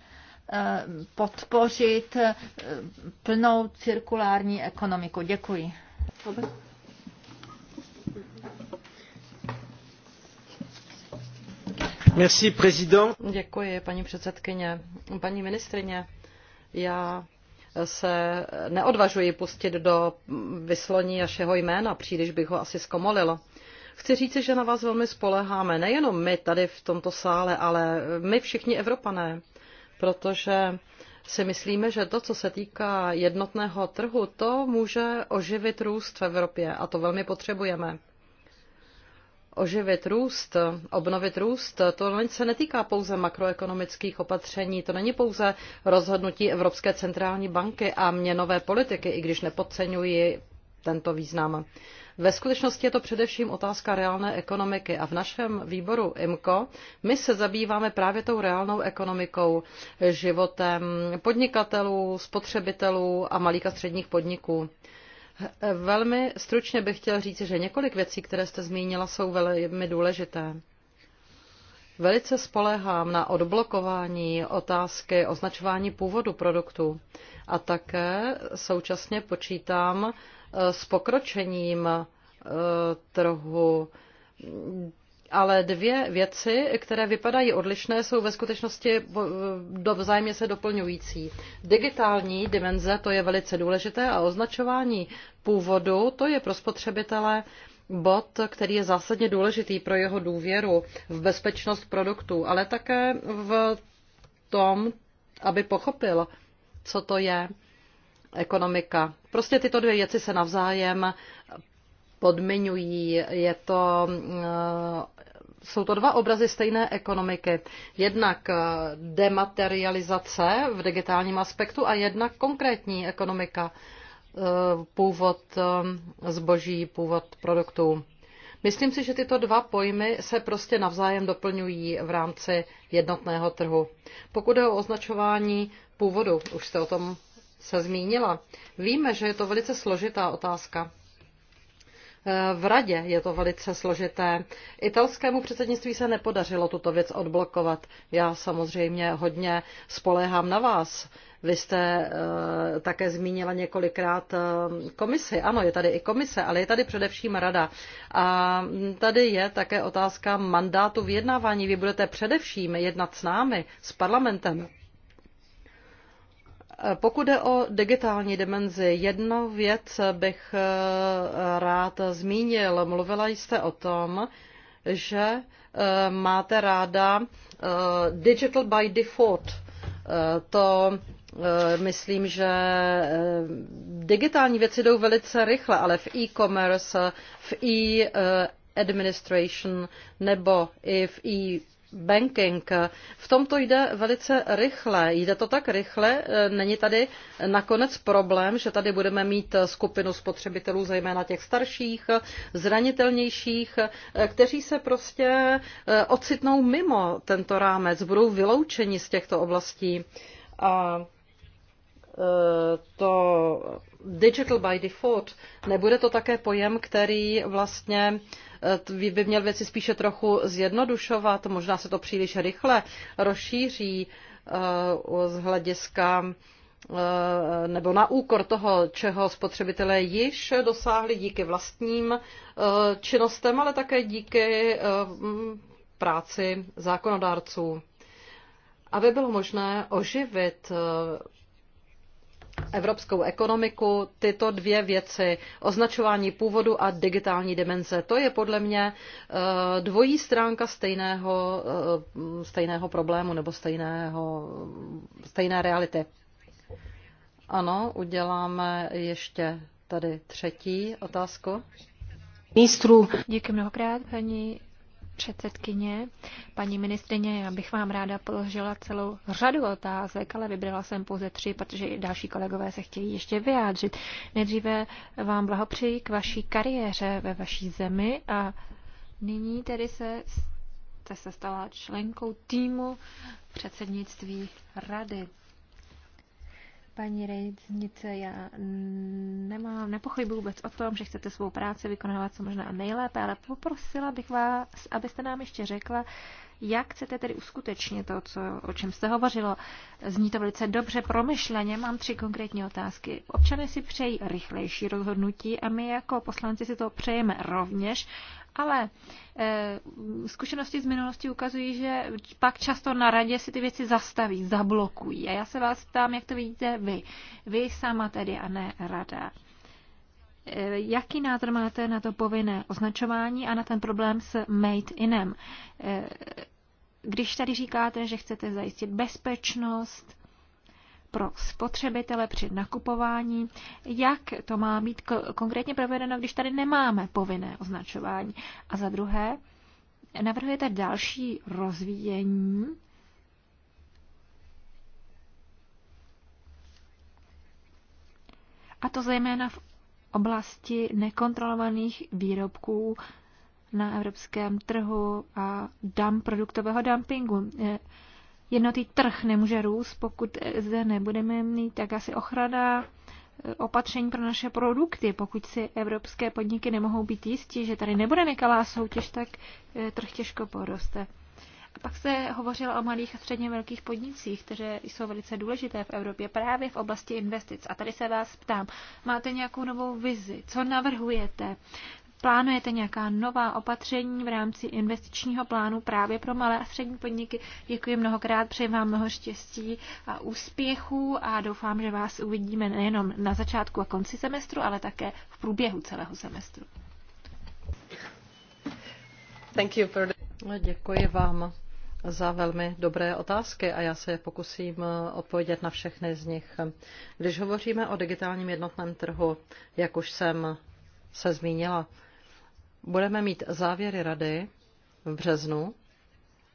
eh, podpořit eh, plnou cirkulární ekonomiku. Děkuji. Děkuji, paní předsedkyně. Paní ministryně já se neodvažuji pustit do vyslovení vašeho jména, příliš bych ho asi zkomolila. Chci říci, že na vás velmi spoléháme, nejenom my tady v tomto sále, ale my všichni Evropané, protože si myslíme, že to, co se týká jednotného trhu, to může oživit růst v Evropě a to velmi potřebujeme oživit růst, obnovit růst, to se netýká pouze makroekonomických opatření, to není pouze rozhodnutí Evropské centrální banky a měnové politiky, i když nepodceňuji tento význam. Ve skutečnosti je to především otázka reálné ekonomiky a v našem výboru IMCO my se zabýváme právě tou reálnou ekonomikou, životem podnikatelů, spotřebitelů a malých a středních podniků. Velmi stručně bych chtěl říct, že několik věcí, které jste zmínila, jsou velmi důležité. Velice spoléhám na odblokování otázky označování původu produktu a také současně počítám eh, s pokročením eh, trhu ale dvě věci, které vypadají odlišné, jsou ve skutečnosti do vzájemně se doplňující. Digitální dimenze, to je velice důležité, a označování původu, to je pro spotřebitele bod, který je zásadně důležitý pro jeho důvěru v bezpečnost produktů, ale také v tom, aby pochopil, co to je ekonomika. Prostě tyto dvě věci se navzájem podmiňují. Je to, eh, jsou to dva obrazy stejné ekonomiky. Jednak eh, dematerializace v digitálním aspektu a jednak konkrétní ekonomika, eh, původ zboží, původ produktů. Myslím si, že tyto dva pojmy se prostě navzájem doplňují v rámci jednotného trhu. Pokud je o označování původu, už jste o tom se zmínila, víme, že je to velice složitá otázka. Eh, v radě je to velice složité. Italskému předsednictví se nepodařilo tuto věc odblokovat. Já samozřejmě hodně spoléhám na vás. Vy jste eh, také zmínila několikrát eh, komisi. Ano, je tady i komise, ale je tady především rada. A tady je také otázka mandátu vyjednávání. Vy budete především jednat s námi, s parlamentem pokud jde o digitální dimenzi, jednu věc bych eh, rád zmínil. Mluvila jste o tom, že eh, máte ráda eh, digital by default. To myslím, že digitální věci jdou velice rychle, ale v e-commerce, v e administration nebo i v e banking. V tom to jde velice rychle. Jde to tak rychle, eh, není tady nakonec problém, že tady budeme mít skupinu spotřebitelů, zejména těch starších, zranitelnějších, eh, kteří se prostě eh, ocitnou mimo tento rámec, budou vyloučeni z těchto oblastí. A to digital by default, nebude to také pojem, který vlastně eh, by měl věci spíše trochu zjednodušovat, možná se to příliš rychle rozšíří eh, z hlediska eh, nebo na úkor toho, čeho spotřebitelé již dosáhli díky vlastním činnostem, ale také díky práci zákonodárců. Aby bylo možné oživit evropskou ekonomiku tyto dvě věci, označování původu a digitální dimenze. To je podle mě eh, dvojí stránka stejného, eh, stejného problému nebo stejného, stejné reality. Ano, uděláme ještě tady třetí otázku. Ministrů. Díky mnohokrát, paní předsedkyně. Paní ministrině, já bych vám ráda položila celou řadu otázek, ale vybrala jsem pouze tři, protože i další kolegové se chtějí ještě vyjádřit. Nejdříve vám blahopřeji k vaší kariéře ve vaší zemi a nyní tedy se jste se stala členkou týmu předsednictví rady. Paní rejtnice, já nemám, nepochybuji vůbec o tom, že chcete svou práci vykonávat co možná nejlépe, ale poprosila bych vás, abyste nám ještě řekla, jak chcete tedy uskutečnit to, co, o čem jste hovořilo? Zní to velice dobře promyšleně. Mám tři konkrétní otázky. Občané si přejí rychlejší rozhodnutí a my jako poslanci si to přejeme rovněž, ale eh, zkušenosti z minulosti ukazují, že pak často na radě si ty věci zastaví, zablokují. A já se vás ptám, jak to vidíte vy. Vy sama tedy a ne rada. Eh, jaký názor máte na to povinné označování a na ten problém s made inem? Eh, když tady říkáte, že chcete zajistit bezpečnost, pro spotřebitele při nakupování, jak to má být konkrétně provedeno, když tady nemáme povinné označování. A za druhé, navrhujete další rozvíjení a to zejména v oblasti nekontrolovaných výrobků na evropském trhu a dump, produktového dumpingu. Eh, jednotý trh nemůže růst, pokud zde nebudeme mít tak asi ochrana eh, opatření pro naše produkty. Pokud si evropské podniky nemohou být jistí, že tady nebude nekalá soutěž, tak eh, trh těžko poroste. A pak se hovořilo o malých a středně velkých podnicích, které jsou velice důležité v Evropě právě v oblasti investic. A tady se vás ptám, máte nějakou novou vizi? Co navrhujete? Plánujete nějaká nová opatření v rámci investičního plánu právě pro malé a střední podniky? Děkuji mnohokrát, přeji vám mnoho štěstí a úspěchů a doufám, že vás uvidíme nejenom na začátku a konci semestru, ale také v průběhu celého semestru. Thank you for the... Děkuji vám za velmi dobré otázky a já se pokusím odpovědět na všechny z nich. Když hovoříme o digitálním jednotném trhu, jak už jsem se zmínila, Budeme mít závěry rady v březnu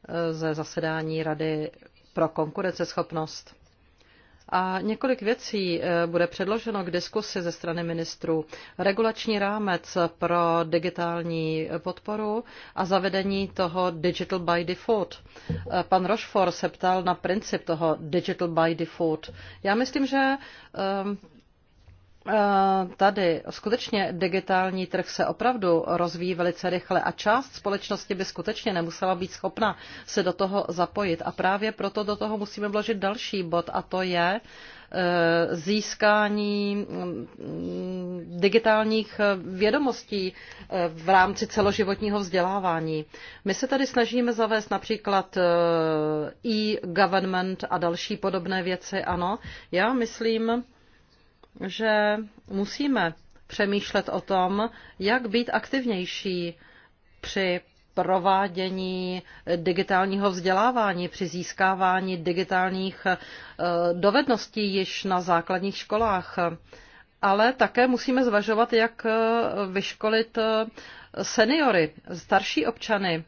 eh, ze zasedání Rady pro konkurenceschopnost. A několik věcí eh, bude předloženo k diskusi ze strany ministrů. Regulační rámec pro digitální podporu a zavedení toho Digital by Default. Eh, pan Rochefort se ptal na princip toho Digital by Default. Já myslím, že Eh, tady skutečně digitální trh se opravdu rozvíjí velice rychle a část společnosti by skutečně nemusela být schopna se do toho zapojit. A právě proto do toho musíme vložit další bod a to je eh, získání mm, digitálních eh, vědomostí v rámci celoživotního vzdělávání. My se tady snažíme zavést například e-government a další podobné věci, ano. Já myslím, že musíme přemýšlet o tom, jak být aktivnější při provádění digitálního vzdělávání, při získávání digitálních eh, dovedností již na základních školách. Ale také musíme zvažovat, jak eh, vyškolit eh, seniory, starší občany,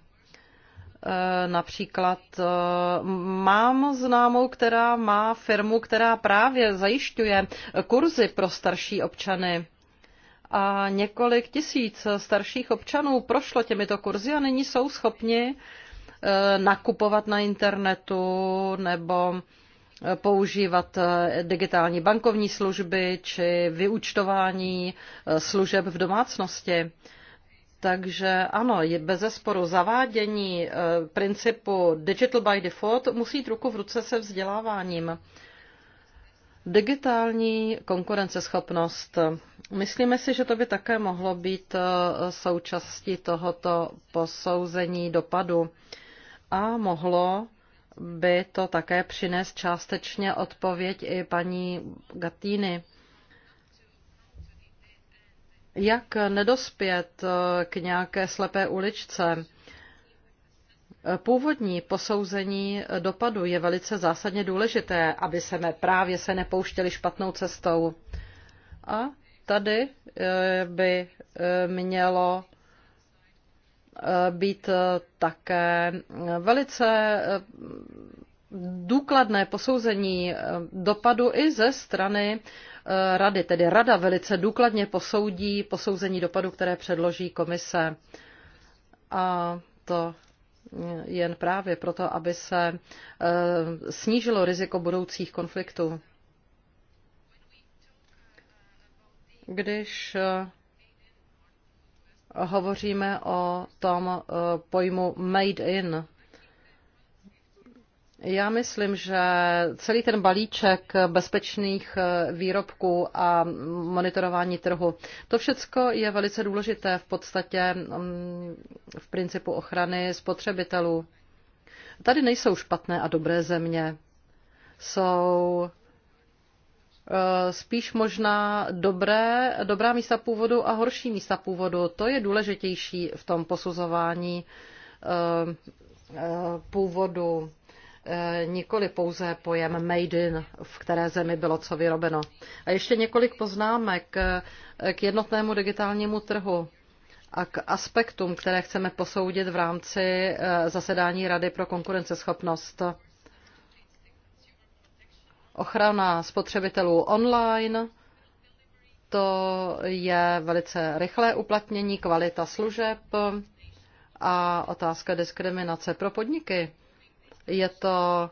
Eh, například eh, mám známou, která má firmu, která právě zajišťuje kurzy pro starší občany. A několik tisíc starších občanů prošlo těmito kurzy a nyní jsou schopni eh, nakupovat na internetu nebo používat digitální bankovní služby či vyúčtování služeb v domácnosti. Takže ano, je bez zesporu zavádění eh, principu digital by default musí jít ruku v ruce se vzděláváním. Digitální konkurenceschopnost. Myslíme si, že to by také mohlo být eh, součástí tohoto posouzení dopadu a mohlo by to také přinést částečně odpověď i paní Gatýny jak nedospět eh, k nějaké slepé uličce. Původní posouzení dopadu je velice zásadně důležité, aby se právě se nepouštěli špatnou cestou. A tady eh, by eh, mělo být také velice důkladné posouzení dopadu i ze strany Eh, rady, tedy rada velice důkladně posoudí posouzení dopadu, které předloží komise. A to jen právě proto, aby se eh, snížilo riziko budoucích konfliktů. Když eh, hovoříme o tom pojmu made in, já myslím, že celý ten balíček bezpečných eh, výrobků a monitorování trhu, to všecko je velice důležité v podstatě mm, v principu ochrany spotřebitelů. Tady nejsou špatné a dobré země. Jsou eh, spíš možná dobré, dobrá místa původu a horší místa původu. To je důležitější v tom posuzování eh, původu Eh, nikoli pouze pojem made in, v které zemi bylo co vyrobeno. A ještě několik poznámek eh, k jednotnému digitálnímu trhu a k aspektům, které chceme posoudit v rámci eh, zasedání Rady pro konkurenceschopnost. Ochrana spotřebitelů online, to je velice rychlé uplatnění, kvalita služeb a otázka diskriminace pro podniky je to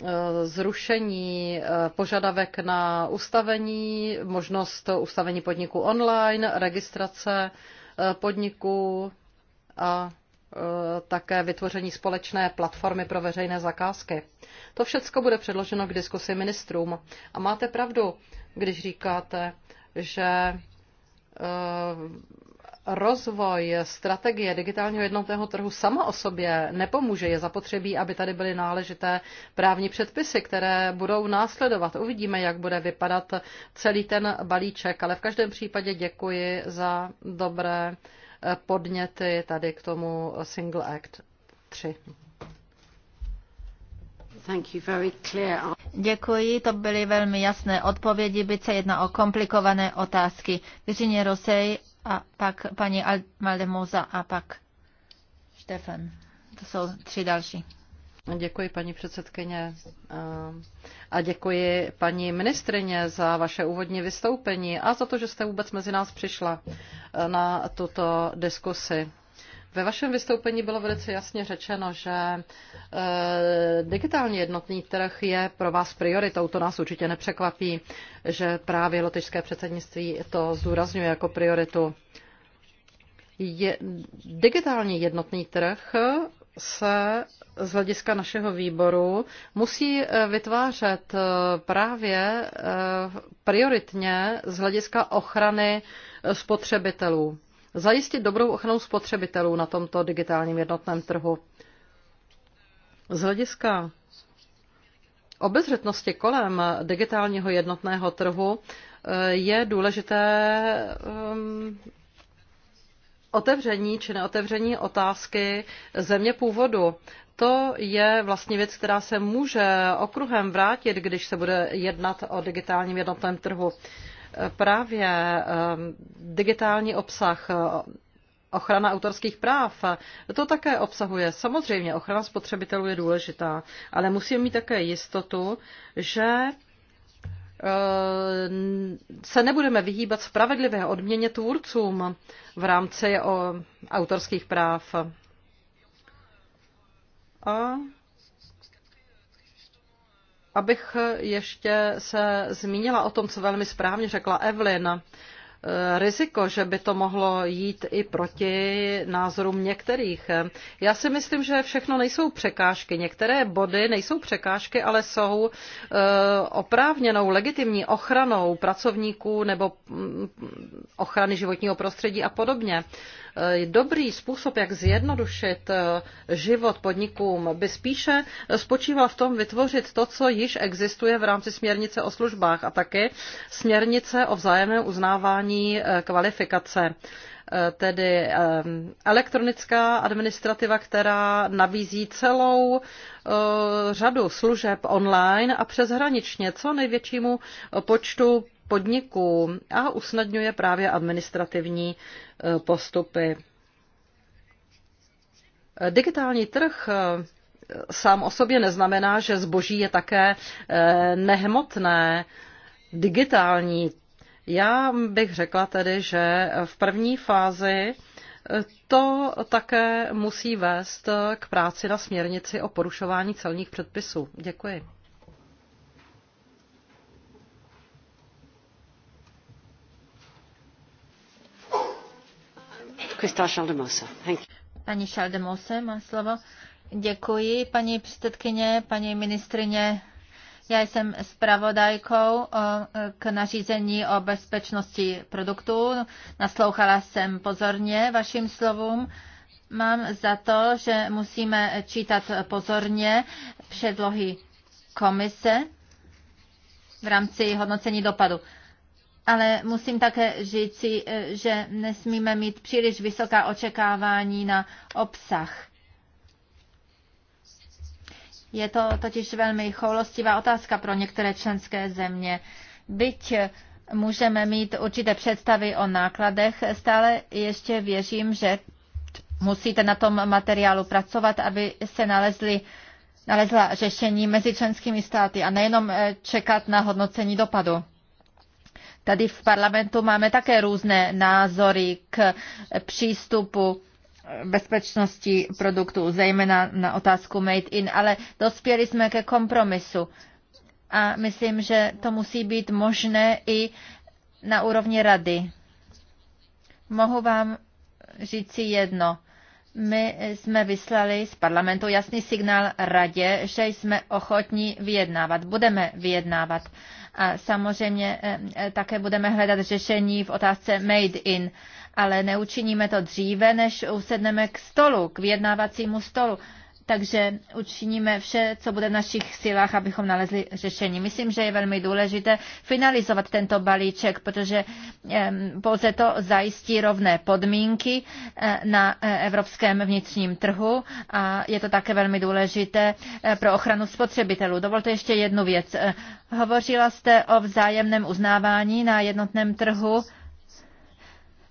eh, zrušení eh, požadavek na ustavení, možnost ustavení podniku online, registrace eh, podniků a také vytvoření společné platformy pro veřejné zakázky. To všechno bude předloženo k diskusi ministrům. A máte pravdu, když říkáte, že rozvoj strategie digitálního jednotného trhu sama o sobě nepomůže. Je zapotřebí, aby tady byly náležité právní předpisy, které budou následovat. Uvidíme, jak bude vypadat celý ten balíček, ale v každém případě děkuji za dobré eh, podněty tady k tomu Single Act 3. Děkuji, to byly velmi jasné odpovědi, byť se jedná o komplikované otázky. Virginie Rosej a pak paní Maldemoza a pak Štefan. To jsou tři další. Děkuji, paní předsedkyně. Eh, a děkuji, paní ministrině, za vaše úvodní vystoupení a za to, že jste vůbec mezi nás přišla eh, na tuto diskusi. Ve vašem vystoupení bylo velice jasně řečeno, že eh, digitálně jednotný trh je pro vás prioritou. To nás určitě nepřekvapí, že právě lotyšské předsednictví to zdůrazňuje jako prioritu. Je, digitální jednotný trh se z hlediska našeho výboru musí eh, vytvářet eh, právě prioritně z hlediska ochrany spotřebitelů zajistit dobrou ochranu spotřebitelů na tomto digitálním jednotném trhu. Z hlediska obezřetnosti kolem digitálního jednotného trhu eh, je důležité ehm, otevření či neotevření otázky země původu. To je vlastně věc, která se může okruhem vrátit, když se bude jednat o digitálním jednotném trhu právě ehm, digitální obsah ochrana autorských práv. To také obsahuje. Samozřejmě ochrana spotřebitelů je důležitá, ale musíme mít také jistotu, že ehm, se nebudeme vyhýbat spravedlivé odměně tvůrcům v rámci o autorských práv. A Abych ještě se zmínila o tom, co velmi správně řekla Evelyn, eh, riziko, že by to mohlo jít i proti názorům některých. Já si myslím, že všechno nejsou překážky. Některé body nejsou překážky, ale jsou eh, oprávněnou, legitimní ochranou pracovníků nebo mm, ochrany životního prostředí a podobně. Eh, dobrý způsob, jak zjednodušit eh, život podnikům, by spíše spočíval v tom vytvořit to, co již existuje v rámci směrnice o službách a také směrnice o vzájemném uznávání eh, kvalifikace tedy elektronická administrativa, která nabízí celou řadu služeb online a přeshraničně co největšímu počtu podniků a usnadňuje právě administrativní e, postupy. Digitální trh e, sám o sobě neznamená, že zboží je také e, nehmotné, digitální. Já bych řekla tedy, že v první fázi to také musí vést k práci na směrnici o porušování celních předpisů. Děkuji. Paní Šaldemose má slovo. Děkuji, paní předsedkyně, paní ministrině. Já jsem zpravodajkou k nařízení o bezpečnosti produktů. Naslouchala jsem pozorně vašim slovům. Mám za to, že musíme čítat pozorně předlohy komise v rámci hodnocení dopadu ale musím také říci, eh, že nesmíme mít příliš vysoká očekávání na obsah. Je to totiž velmi choulostivá otázka pro některé členské země. Byť eh, můžeme mít určité představy o nákladech, stále ještě věřím, že musíte na tom materiálu pracovat, aby se nalezly nalezla řešení mezi členskými státy a nejenom eh, čekat na hodnocení dopadu. Tady v parlamentu máme také různé názory k přístupu bezpečnosti produktů, zejména na otázku made in, ale dospěli jsme ke kompromisu. A myslím, že to musí být možné i na úrovni rady. Mohu vám říci jedno. My jsme vyslali z parlamentu jasný signál radě, že jsme ochotní vyjednávat, budeme vyjednávat. A samozřejmě eh, eh, také budeme hledat řešení v otázce made in, ale neučiníme to dříve, než usedneme k stolu, k vyjednávacímu stolu takže učiníme vše, co bude v našich silách, abychom nalezli řešení. Myslím, že je velmi důležité finalizovat tento balíček, protože pouze to zajistí rovné podmínky eh, na eh, evropském vnitřním trhu a je to také velmi důležité eh, pro ochranu spotřebitelů. Dovolte ještě jednu věc. Hovořila jste o vzájemném uznávání na jednotném trhu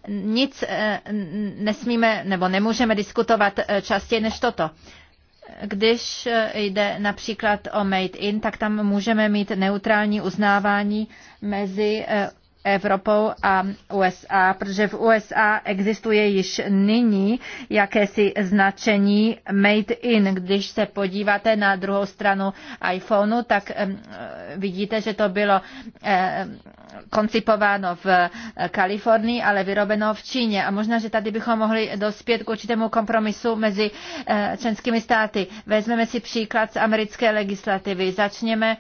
nic nesmíme nebo nemůžeme diskutovat častěji než toto. Když eh, jde například o Made in, tak tam můžeme mít neutrální uznávání mezi eh, Evropou a USA, protože v USA existuje již nyní jakési značení Made in. Když se podíváte na druhou stranu iPhoneu, tak vidíte, že to bylo koncipováno v Kalifornii, ale vyrobeno v Číně. A možná, že tady bychom mohli dospět k určitému kompromisu mezi eh, členskými státy. Vezmeme si příklad z americké legislativy. Začněme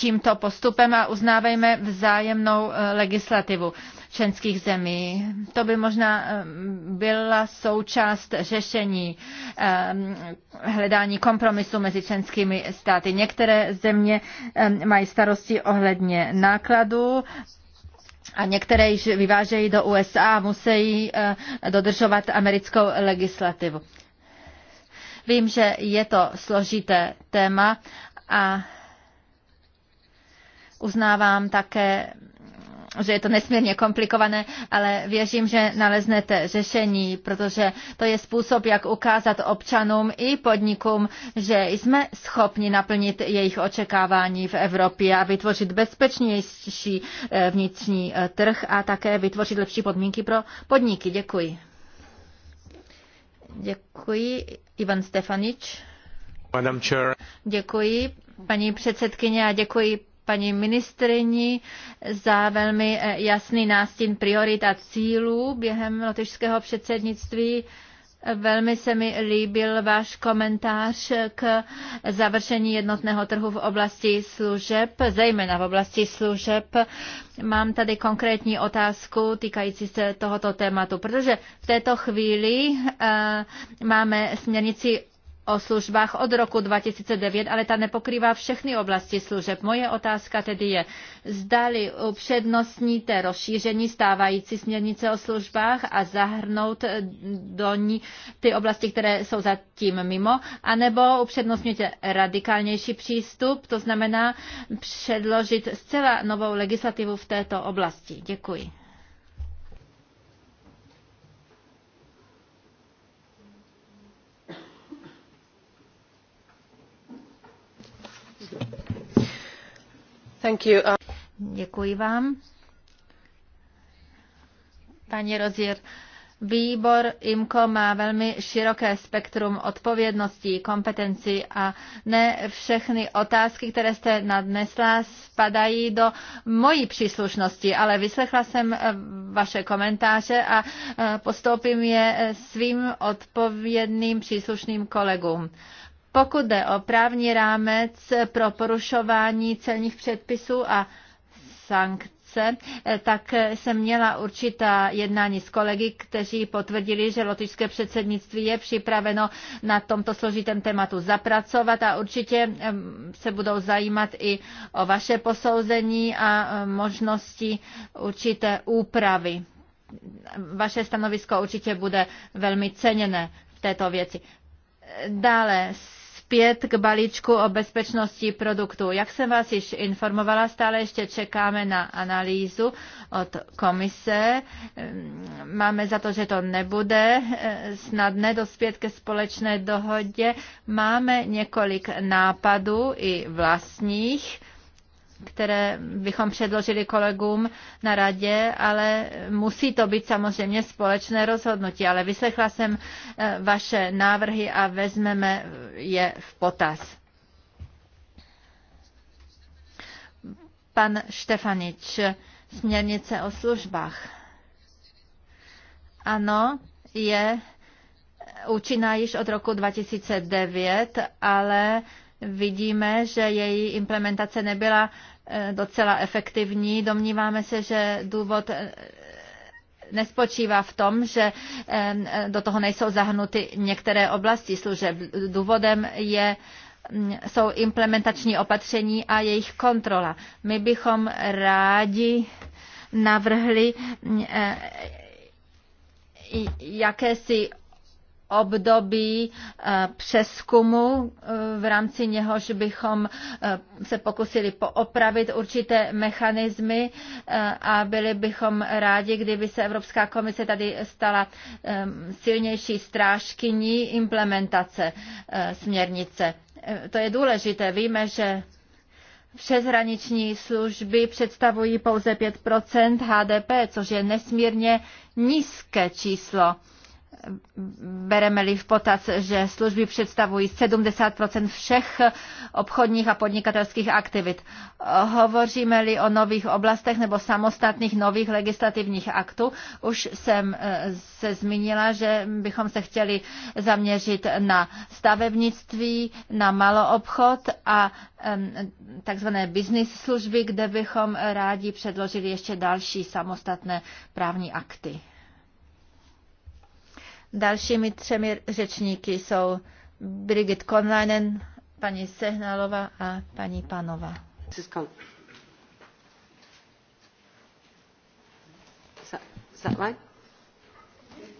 tímto postupem a uznávejme vzájemnou eh, legislativu členských zemí. To by možná eh, byla součást řešení eh, hledání kompromisu mezi členskými státy. Některé země mají starosti ohledně nákladů, a některé již vyvážejí do USA a musí dodržovat americkou legislativu. Vím, že je to složité téma a Uznávám také že je to nesmírně komplikované, ale věřím, že naleznete řešení, protože to je způsob, jak ukázat občanům i podnikům, že jsme schopni naplnit jejich očekávání v Evropě a vytvořit bezpečnější eh, vnitřní eh, trh a také vytvořit lepší podmínky pro podniky. Děkuji. Děkuji. Ivan Stefanič. Děkuji, paní předsedkyně, a děkuji paní ministrini za velmi eh, jasný nástin priorit a cílů během lotyšského předsednictví. Velmi se mi líbil váš komentář k završení jednotného trhu v oblasti služeb, zejména v oblasti služeb. Mám tady konkrétní otázku týkající se tohoto tématu, protože v této chvíli eh, máme směrnici o službách od roku 2009, ale ta nepokrývá všechny oblasti služeb. Moje otázka tedy je, zdali upřednostníte rozšíření stávající směrnice o službách a zahrnout do ní ty oblasti, které jsou zatím mimo, anebo upřednostníte radikálnější přístup, to znamená předložit zcela novou legislativu v této oblasti. Děkuji. Uh, Děkuji vám. Pani Rozier, Výbor IMCO má velmi široké spektrum odpovědností, kompetencí a ne všechny otázky, které jste nadnesla, spadají do mojí příslušnosti, ale vyslechla jsem eh, vaše komentáře a eh, postoupím je eh, svým odpovědným příslušným kolegům. Pokud jde o právní rámec pro porušování celních předpisů a sankce, eh, tak eh, jsem měla určitá jednání s kolegy, kteří potvrdili, že lotičské předsednictví je připraveno na tomto složitém tématu zapracovat a určitě se budou zajímat i o vaše posouzení a možnosti určité úpravy. Vaše stanovisko určitě bude velmi ceněné v této věci. Dále zpět k balíčku o bezpečnosti produktů. Jak jsem vás již informovala, stále ještě čekáme na analýzu od komise. Ehm, máme za to, že to nebude eh, snadné dospět ke společné dohodě. Máme několik nápadů i vlastních které bychom předložili kolegům na radě, ale musí to být samozřejmě společné rozhodnutí. Ale vyslechla jsem eh, vaše návrhy a vezmeme je v potaz. Pan Štefanič, směrnice o službách. Ano, je účinná již od roku 2009, ale vidíme, že její implementace nebyla eh, docela efektivní. Domníváme se, že důvod eh, nespočívá v tom, že eh, do toho nejsou zahnuty některé oblasti služeb. Důvodem je mm, jsou implementační opatření a jejich kontrola. My bychom rádi navrhli mm, jakési období eh, přeskumu, eh, v rámci něhož bychom eh, se pokusili poopravit určité mechanismy a byli bychom rádi, kdyby se Evropská komise tady stala silnější strážkyní implementace směrnice. To je důležité. Víme, že Přeshraniční služby představují pouze 5 HDP, což je nesmírně nízké číslo bereme-li v potaz, že služby představují 70 všech obchodních a podnikatelských aktivit. Hovoříme-li o nových oblastech nebo samostatných nových legislativních aktů, už jsem eh, se zmínila, že bychom se chtěli zaměřit na stavebnictví, na maloobchod a takzvané business služby, kde bychom rádi předložili ještě další samostatné právní akty. Dalšími třemi řečníky jsou Brigit Konleinen, paní Sehnalova a paní Panova.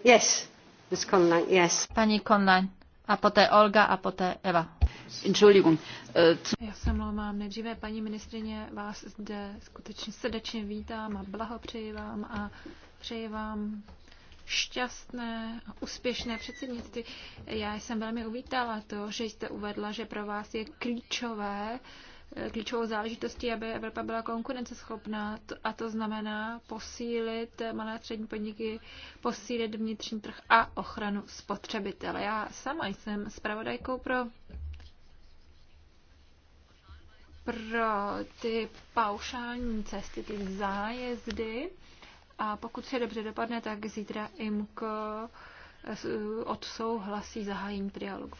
Yes. Ms. Conline, yes. Paní Conline a poté Olga a poté Eva. Entschuldigung. Eh, Já se mluvám nejdříve, paní ministrině, vás zde skutečně srdečně vítám a blahopřeji vám a přeji vám šťastné a úspěšné předsednictví. Já jsem velmi uvítala to, že jste uvedla, že pro vás je klíčové, eh, klíčovou záležitostí, aby Evropa byla konkurenceschopná. A to znamená posílit malé a střední podniky, posílit vnitřní trh a ochranu spotřebitele. Já sama jsem zpravodajkou pro pro ty paušální cesty, ty zájezdy a pokud se dobře dopadne, tak zítra IMKO odsouhlasí zahájení trialogu.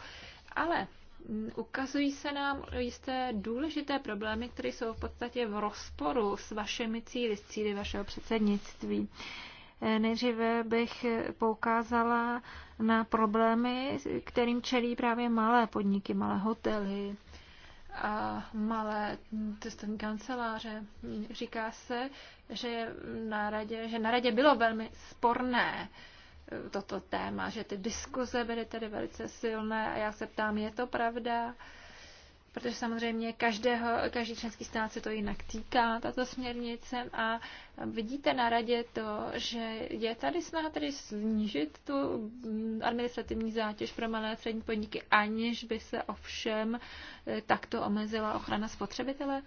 Ale mm, ukazují se nám jisté důležité problémy, které jsou v podstatě v rozporu s vašimi cíly, s cíly vašeho předsednictví. Eh, nejdříve bych poukázala na problémy, kterým čelí právě malé podniky, malé hotely, a malé cestovní kanceláře. Říká se, že na radě, že na radě bylo velmi sporné e, toto téma, že ty diskuze byly tedy velice silné a já se ptám, je to pravda? protože samozřejmě každého, každý členský stát se to jinak týká, tato směrnice. A vidíte na radě to, že je tady snaha tady snížit tu administrativní zátěž pro malé a střední podniky, aniž by se ovšem eh, takto omezila ochrana spotřebitele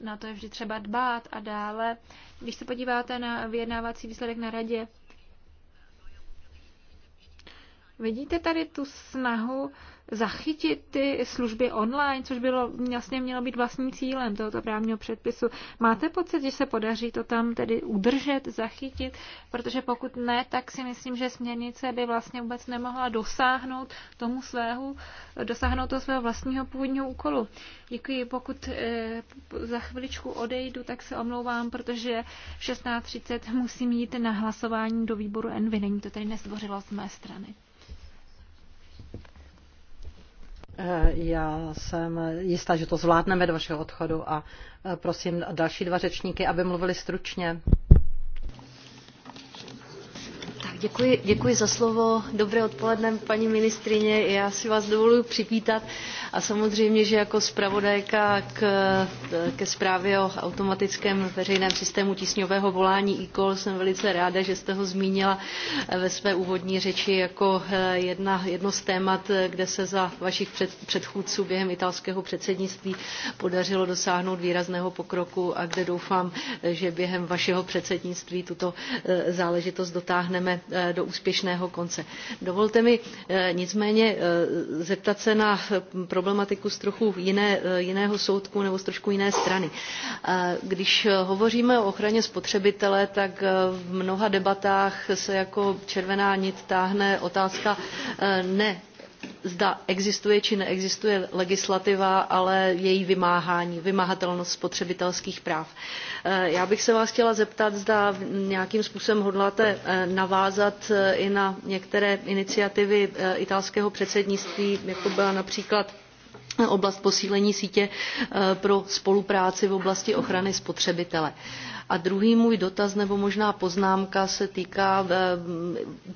na to je vždy třeba dbát a dále. Když se podíváte na vyjednávací výsledek na radě, vidíte tady tu snahu zachytit ty služby online, což bylo, jasně mělo být vlastním cílem tohoto právního předpisu. Máte pocit, že se podaří to tam tedy udržet, zachytit? Protože pokud ne, tak si myslím, že směrnice by vlastně vůbec nemohla dosáhnout tomu svého, dosáhnout toho svého vlastního původního úkolu. Děkuji, pokud eh, za chviličku odejdu, tak se omlouvám, protože 16.30 musím jít na hlasování do výboru Envy. Není to tady nezdvořilo z mé strany. Eh, já jsem jistá, že to zvládneme do vašeho odchodu a eh, prosím další dva řečníky, aby mluvili stručně. Děkuji, děkuji za slovo. Dobré odpoledne, paní ministrině. Já si vás dovoluji připítat a samozřejmě, že jako zpravodajka k, ke zprávě o automatickém veřejném systému tisňového volání e-call jsem velice ráda, že jste ho zmínila ve své úvodní řeči jako eh, jedna, jedno z témat, eh, kde se za vašich před, předchůdců během italského předsednictví podařilo dosáhnout výrazného pokroku a kde doufám, eh, že během vašeho předsednictví tuto záležitost dotáhneme Eh, do úspěšného konce. Dovolte mi eh, nicméně eh, zeptat se na problematiku z trochu jiné, jiného soudku nebo z trošku jiné strany. Když hovoříme o ochraně spotřebitele, tak v mnoha debatách se jako červená nit táhne otázka ne zda existuje či neexistuje legislativa, ale její vymáhání, vymahatelnost spotřebitelských práv. Eh, já bych se vás chtěla zeptat, zda nějakým způsobem hodláte eh, navázat eh, i na některé iniciativy italského předsednictví, jako byla například oblast posílení sítě pro spolupráci v oblasti ochrany spotřebitele. A druhý můj dotaz nebo možná poznámka se týká eh,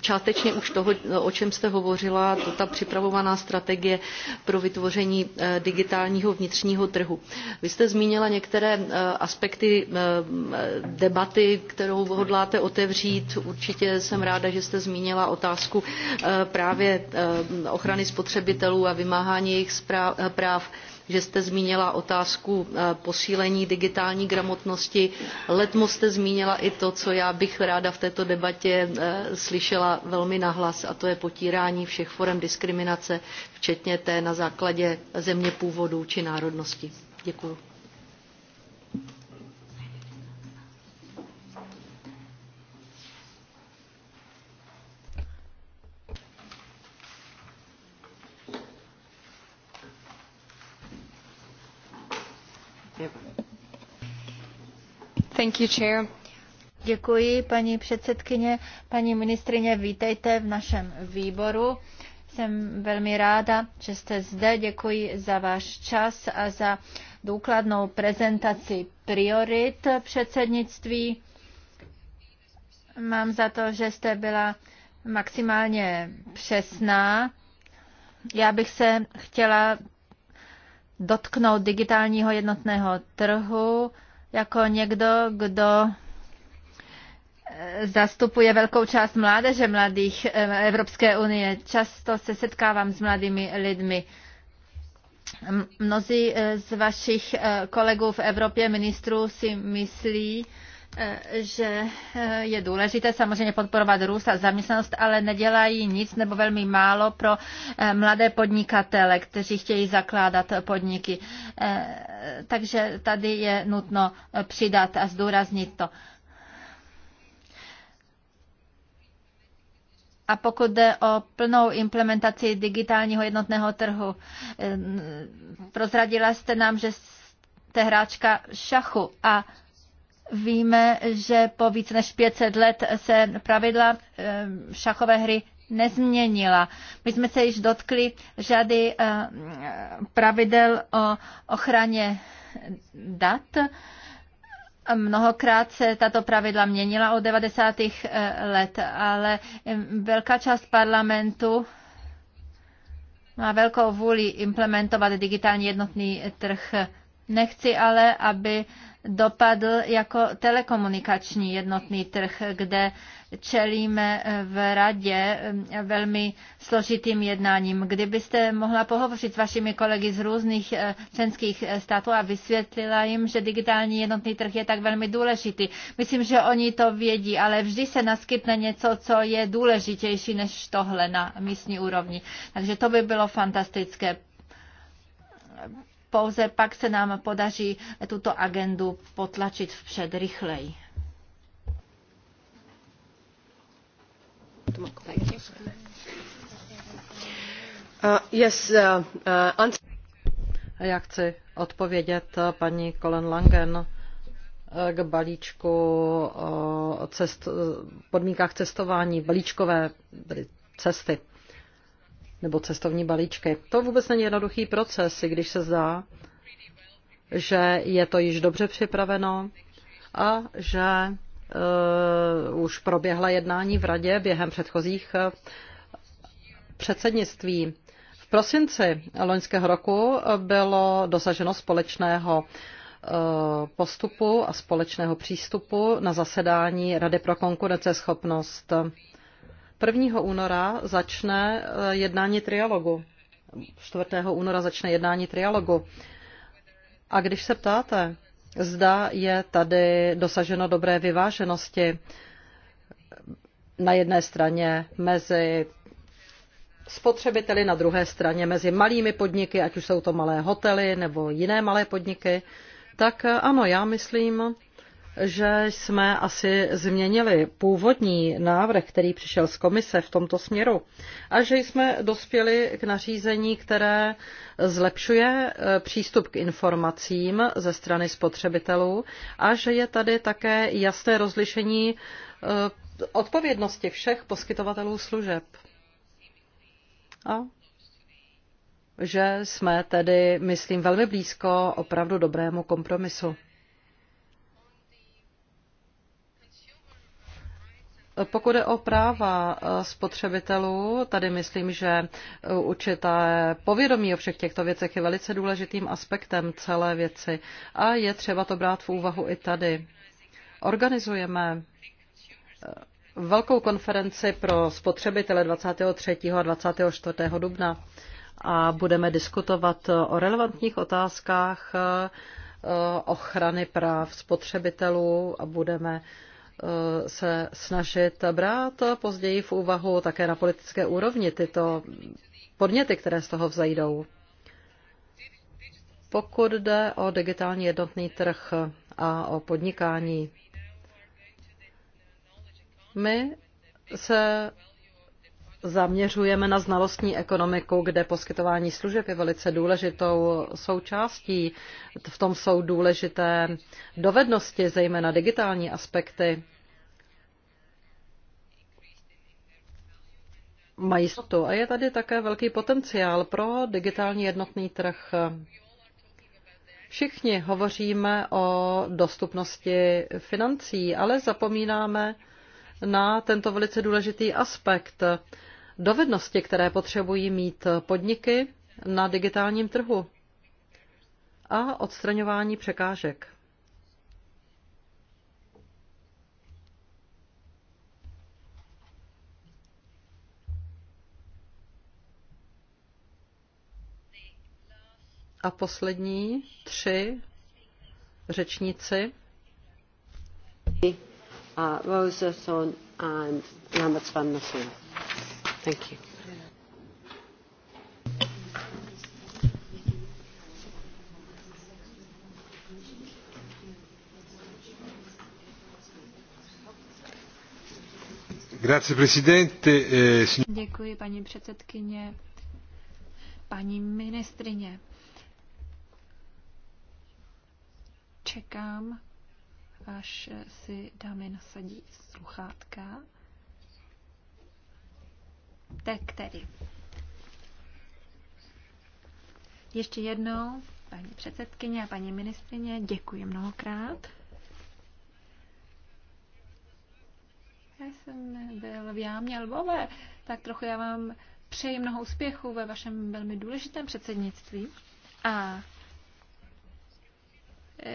částečně už toho, o čem jste hovořila, to ta připravovaná strategie pro vytvoření eh, digitálního vnitřního trhu. Vy jste zmínila některé eh, aspekty debaty, kterou hodláte otevřít. Určitě jsem ráda, že jste zmínila otázku právě ochrany spotřebitelů a vymáhání jejich práv že jste zmínila otázku eh, posílení digitální gramotnosti. Letmo jste zmínila i to, co já bych ráda v této debatě eh, slyšela velmi nahlas, a to je potírání všech forem diskriminace, včetně té na základě země původu či národnosti. Děkuji. Děkuji, paní předsedkyně, paní ministrině, vítejte v našem výboru. Jsem velmi ráda, že jste zde. Děkuji za váš čas a za důkladnou prezentaci priorit předsednictví. Mám za to, že jste byla maximálně přesná. Já bych se chtěla dotknout digitálního jednotného trhu jako někdo, kdo eh, zastupuje velkou část mládeže mladých eh, Evropské unie. Často se setkávám s mladými lidmi. Mnozí eh, z vašich kolegů v Evropě, ministrů, si myslí, Eh, že eh, je důležité samozřejmě podporovat růst a zaměstnanost, ale nedělají nic nebo velmi málo pro eh, mladé podnikatele, kteří chtějí zakládat podniky. Takže tady je nutno přidat a zdůraznit to. A pokud jde o plnou implementaci digitálního jednotného trhu, prozradila jste nám, že jste hráčka šachu a Víme, že po víc než 500 let se pravidla eh, šachové hry nezměnila. My jsme se již dotkli řady eh, pravidel o ochraně dat. Mnohokrát se tato pravidla měnila od 90. Eh, let, ale velká část parlamentu má velkou vůli implementovat digitální jednotný trh. Nechci ale, aby dopadl jako telekomunikační jednotný trh, kde čelíme v radě velmi složitým jednáním. Kdybyste mohla pohovořit s vašimi kolegy z různých eh, členských eh, států a vysvětlila jim, že digitální jednotný trh je tak velmi důležitý. Myslím, že oni to vědí, ale vždy se naskytne něco, co je důležitější než tohle na místní úrovni. Takže to by bylo fantastické pouze pak se nám podaří tuto agendu potlačit vpřed rychleji. Uh, yes, uh, uh, Já chci odpovědět uh, paní Colin Langen uh, k balíčku uh, cest, podmínkách cestování, balíčkové cesty nebo cestovní balíčky. To vůbec není jednoduchý proces, i když se zdá, že je to již dobře připraveno a že uh, už proběhla jednání v radě během předchozích eh, předsednictví. V prosinci loňského roku bylo dosaženo společného eh, postupu a společného přístupu na zasedání Rady pro konkurenceschopnost. 1. února začne eh, jednání trialogu. 4. února začne jednání trialogu. A když se ptáte, zda je tady dosaženo dobré vyváženosti na jedné straně mezi spotřebiteli, na druhé straně mezi malými podniky, ať už jsou to malé hotely nebo jiné malé podniky, tak eh, ano, já myslím, že jsme asi změnili původní návrh, který přišel z komise v tomto směru a že jsme dospěli k nařízení, které zlepšuje eh, přístup k informacím ze strany spotřebitelů a že je tady také jasné rozlišení eh, odpovědnosti všech poskytovatelů služeb. A že jsme tedy, myslím, velmi blízko opravdu dobrému kompromisu. Pokud je o práva eh, spotřebitelů, tady myslím, že eh, určité povědomí o všech těchto věcech je velice důležitým aspektem celé věci a je třeba to brát v úvahu i tady. Organizujeme eh, velkou konferenci pro spotřebitele 23. a 24. dubna a budeme diskutovat o relevantních otázkách ochrany práv spotřebitelů a budeme Eh, se snažit brát později v úvahu také na politické úrovni tyto podněty, které z toho vzejdou. Pokud jde o digitální jednotný trh a o podnikání, my se zaměřujeme na znalostní ekonomiku, kde poskytování služeb je velice důležitou součástí. V tom jsou důležité dovednosti, zejména digitální aspekty. Mají to. A je tady také velký potenciál pro digitální jednotný trh. Všichni hovoříme o dostupnosti financí, ale zapomínáme na tento velice důležitý aspekt dovednosti, které potřebují mít podniky na digitálním trhu a odstraňování překážek. A poslední tři řečníci. Rosa Son and Lambert van Nassau. Thank you. Eh, Děkuji, paní předsedkyně, paní ministrině. Čekám, až si dámy nasadí sluchátka. Tak tedy. Ještě jednou, paní předsedkyně a paní ministrině, děkuji mnohokrát. Já jsem byl v Jámě Lvové, tak trochu já vám přeji mnoho úspěchů ve vašem velmi důležitém předsednictví. A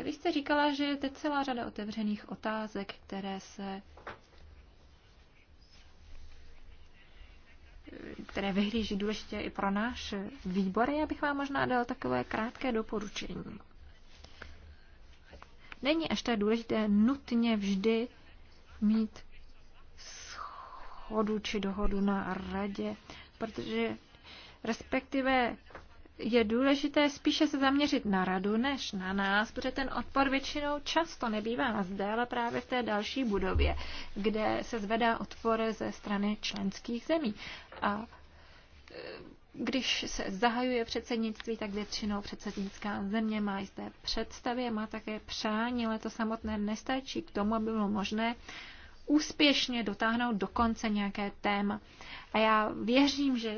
vy jste říkala, že je teď celá řada otevřených otázek, které se které vyhlíží důležitě i pro náš výbor, já bych vám možná dal takové krátké doporučení. Není až tak důležité nutně vždy mít schodu či dohodu na radě, protože respektive je důležité spíše se zaměřit na radu než na nás, protože ten odpor většinou často nebývá zde, ale právě v té další budově, kde se zvedá odpor ze strany členských zemí. A e, když se zahajuje předsednictví, tak většinou předsednická země má jisté představy, má také přání, ale to samotné nestačí k tomu, aby bylo možné úspěšně dotáhnout do konce nějaké téma. A já věřím, že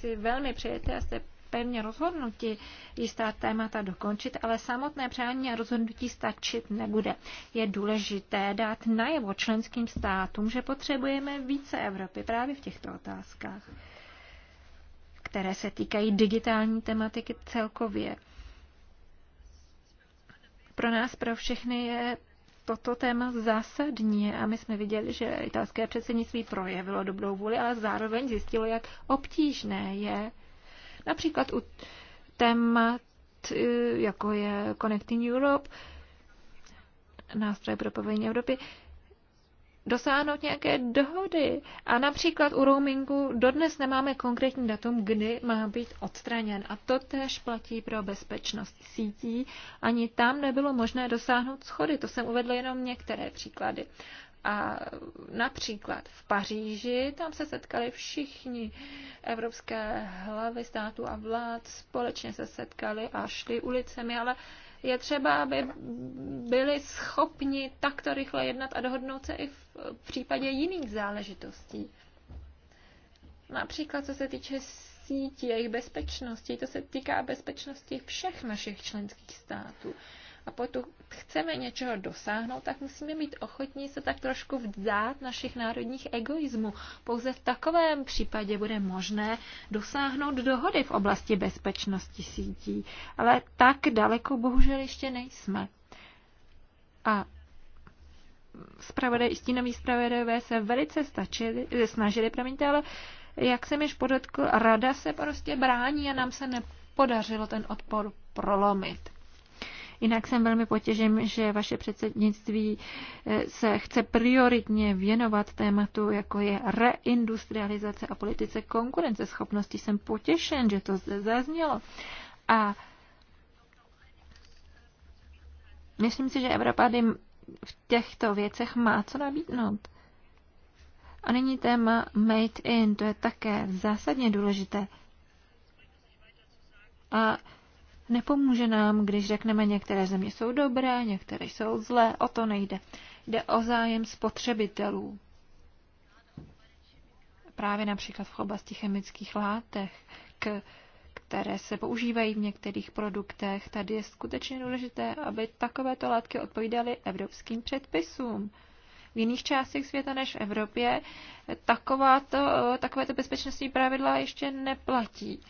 si velmi přejete a jste pevně rozhodnutí jistá témata dokončit, ale samotné přání a rozhodnutí stačit nebude. Je důležité dát najevo členským státům, že potřebujeme více Evropy právě v těchto otázkách, které se týkají digitální tematiky celkově. Pro nás, pro všechny je toto téma zásadní a my jsme viděli, že italské předsednictví projevilo dobrou vůli, ale zároveň zjistilo, jak obtížné je Například u témat, e, jako je Connecting Europe, nástroje pro povolení Evropy, dosáhnout nějaké dohody. A například u roamingu dodnes nemáme konkrétní datum, kdy má být odstraněn. A to též platí pro bezpečnost sítí. Ani tam nebylo možné dosáhnout schody. To jsem uvedla jenom některé příklady. A například v Paříži, tam se setkali všichni evropské hlavy států a vlád, společně se setkali a šli ulicemi, ale je třeba, aby byli schopni takto rychle jednat a dohodnout se i v případě jiných záležitostí. Například co se týče sítí, jejich bezpečnosti, to se týká bezpečnosti všech našich členských států. A pokud chceme něčeho dosáhnout, tak musíme mít ochotní se tak trošku vzdát našich národních egoismů. Pouze v takovém případě bude možné dosáhnout dohody v oblasti bezpečnosti sítí. Ale tak daleko bohužel ještě nejsme. A spravodaj, stínoví spravodajové se velice stačili, snažili, promiňte, ale jak jsem již podotkl, rada se prostě brání a nám se nepodařilo ten odpor prolomit. Jinak jsem velmi potěžen, že vaše předsednictví eh, se chce prioritně věnovat tématu, jako je reindustrializace a politice konkurenceschopnosti. Jsem potěšen, že to zde zaznělo. A myslím si, že Evropa v těchto věcech má co nabídnout. A nyní téma Made in, to je také zásadně důležité. A Nepomůže nám, když řekneme, některé země jsou dobré, některé jsou zlé, o to nejde. Jde o zájem spotřebitelů. Právě například v oblasti chemických látek, k, které se používají v některých produktech, tady je skutečně důležité, aby takovéto látky odpovídaly evropským předpisům. V jiných částech světa než v Evropě takováto, takovéto bezpečnostní pravidla ještě neplatí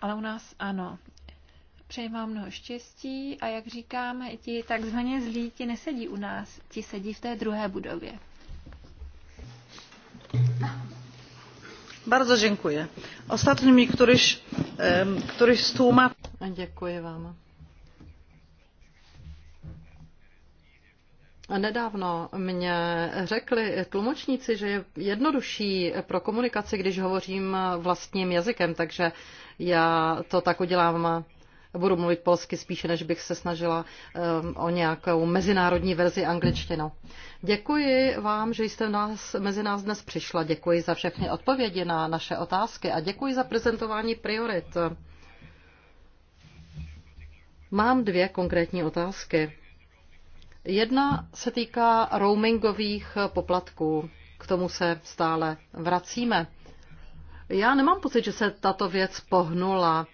ale u nás ano. Přeji vám mnoho štěstí a jak říkám, ti takzvaně zlí ti nesedí u nás, ti sedí v té druhé budově. Bardzo dziękuję. Ostatnio mi któryś, um, któryś z tłumaczy... Děkuji vám. Nedávno mě řekli tlumočníci, že je jednodušší pro komunikaci, když hovořím vlastním jazykem, takže já to tak udělám budu mluvit polsky spíše, než bych se snažila um, o nějakou mezinárodní verzi angličtinu. Děkuji vám, že jste nás, mezi nás dnes přišla. Děkuji za všechny odpovědi na naše otázky a děkuji za prezentování priorit. Mám dvě konkrétní otázky. Jedna se týká roamingových poplatků. K tomu se stále vracíme. Já nemám pocit, že se tato věc pohnula.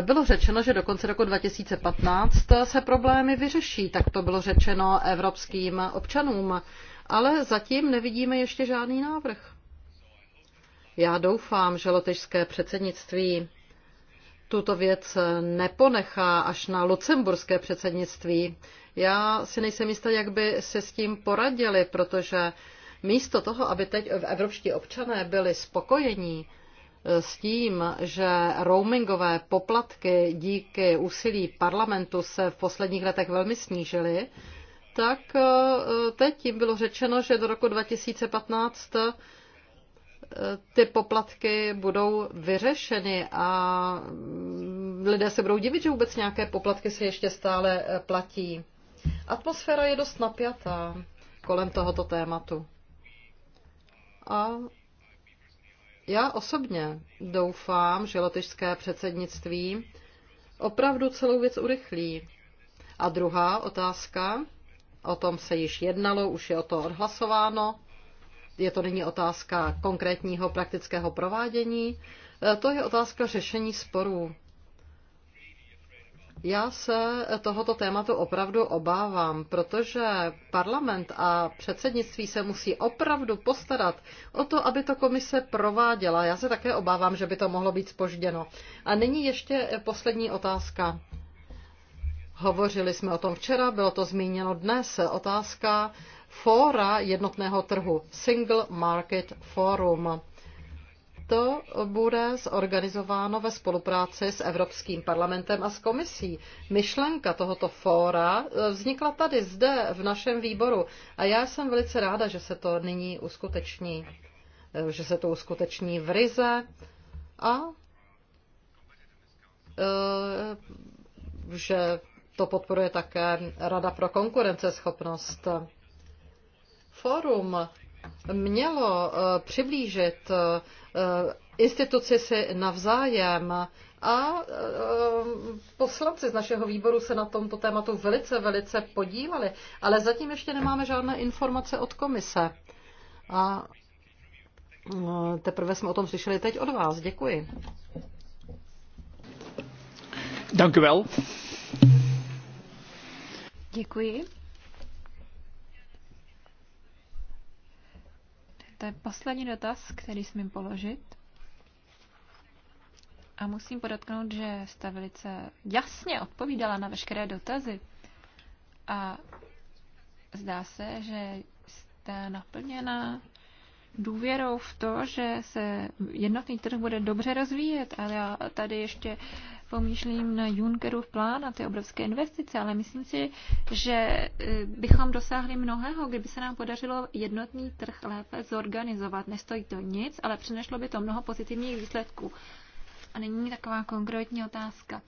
Bylo řečeno, že do konce roku 2015 se problémy vyřeší, tak to bylo řečeno evropským občanům, ale zatím nevidíme ještě žádný návrh. Já doufám, že lotežské předsednictví tuto věc neponechá až na lucemburské předsednictví. Já si nejsem jistá, jak by se s tím poradili, protože Místo toho, aby teď evropští občané byli spokojení eh, s tím, že roamingové poplatky díky úsilí parlamentu se v posledních letech velmi snížily, tak eh, teď jim bylo řečeno, že do roku 2015 eh, ty poplatky budou vyřešeny a mm, lidé se budou divit, že vůbec nějaké poplatky se ještě stále platí. Atmosféra je dost napjatá kolem tohoto tématu a já osobně doufám, že lotyšské předsednictví opravdu celou věc urychlí. A druhá otázka, o tom se již jednalo, už je o to odhlasováno, je to nyní otázka konkrétního praktického provádění, e, to je otázka řešení sporů. Já se tohoto tématu opravdu obávám, protože parlament a předsednictví se musí opravdu postarat o to, aby to komise prováděla. Já se také obávám, že by to mohlo být spožděno. A nyní ještě poslední otázka. Hovořili jsme o tom včera, bylo to zmíněno dnes. Otázka fóra jednotného trhu, Single Market Forum to bude zorganizováno ve spolupráci s Evropským parlamentem a s komisí. Myšlenka tohoto fóra e, vznikla tady, zde, v našem výboru. A já jsem velice ráda, že se to nyní uskuteční, e, že se to uskuteční v Rize a e, že to podporuje také Rada pro konkurenceschopnost. Fórum mělo eh, přiblížit eh, instituci si navzájem a eh, poslanci z našeho výboru se na tomto tématu velice, velice podívali, ale zatím ještě nemáme žádné informace od komise. A teprve jsme o tom slyšeli teď od vás. Děkuji. Děkuji Děkuji. To je poslední dotaz, který smím položit. A musím podotknout, že jste velice jasně odpovídala na veškeré dotazy. A zdá se, že jste naplněna důvěrou v to, že se jednotný trh bude dobře rozvíjet, ale já tady ještě pomýšlím na Junckerův plán a ty obrovské investice, ale myslím si, že e, bychom dosáhli mnohého, kdyby se nám podařilo jednotný trh lépe zorganizovat. Nestojí to nic, ale přinešlo by to mnoho pozitivních výsledků. A není taková konkrétní otázka.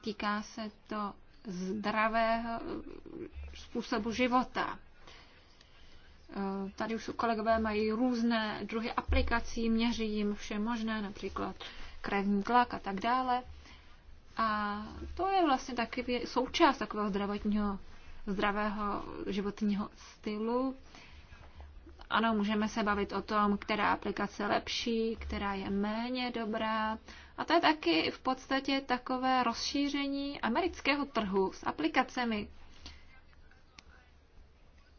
Týká se to zdravého e, způsobu života. Eh, tady už kolegové mají různé druhy aplikací, měří jim vše možné, například krevní tlak a tak dále. A to je vlastně taky součást takového zdravotního, zdravého životního stylu. Ano, můžeme se bavit o tom, která aplikace je lepší, která je méně dobrá. A to je taky v podstatě takové rozšíření amerického trhu s aplikacemi,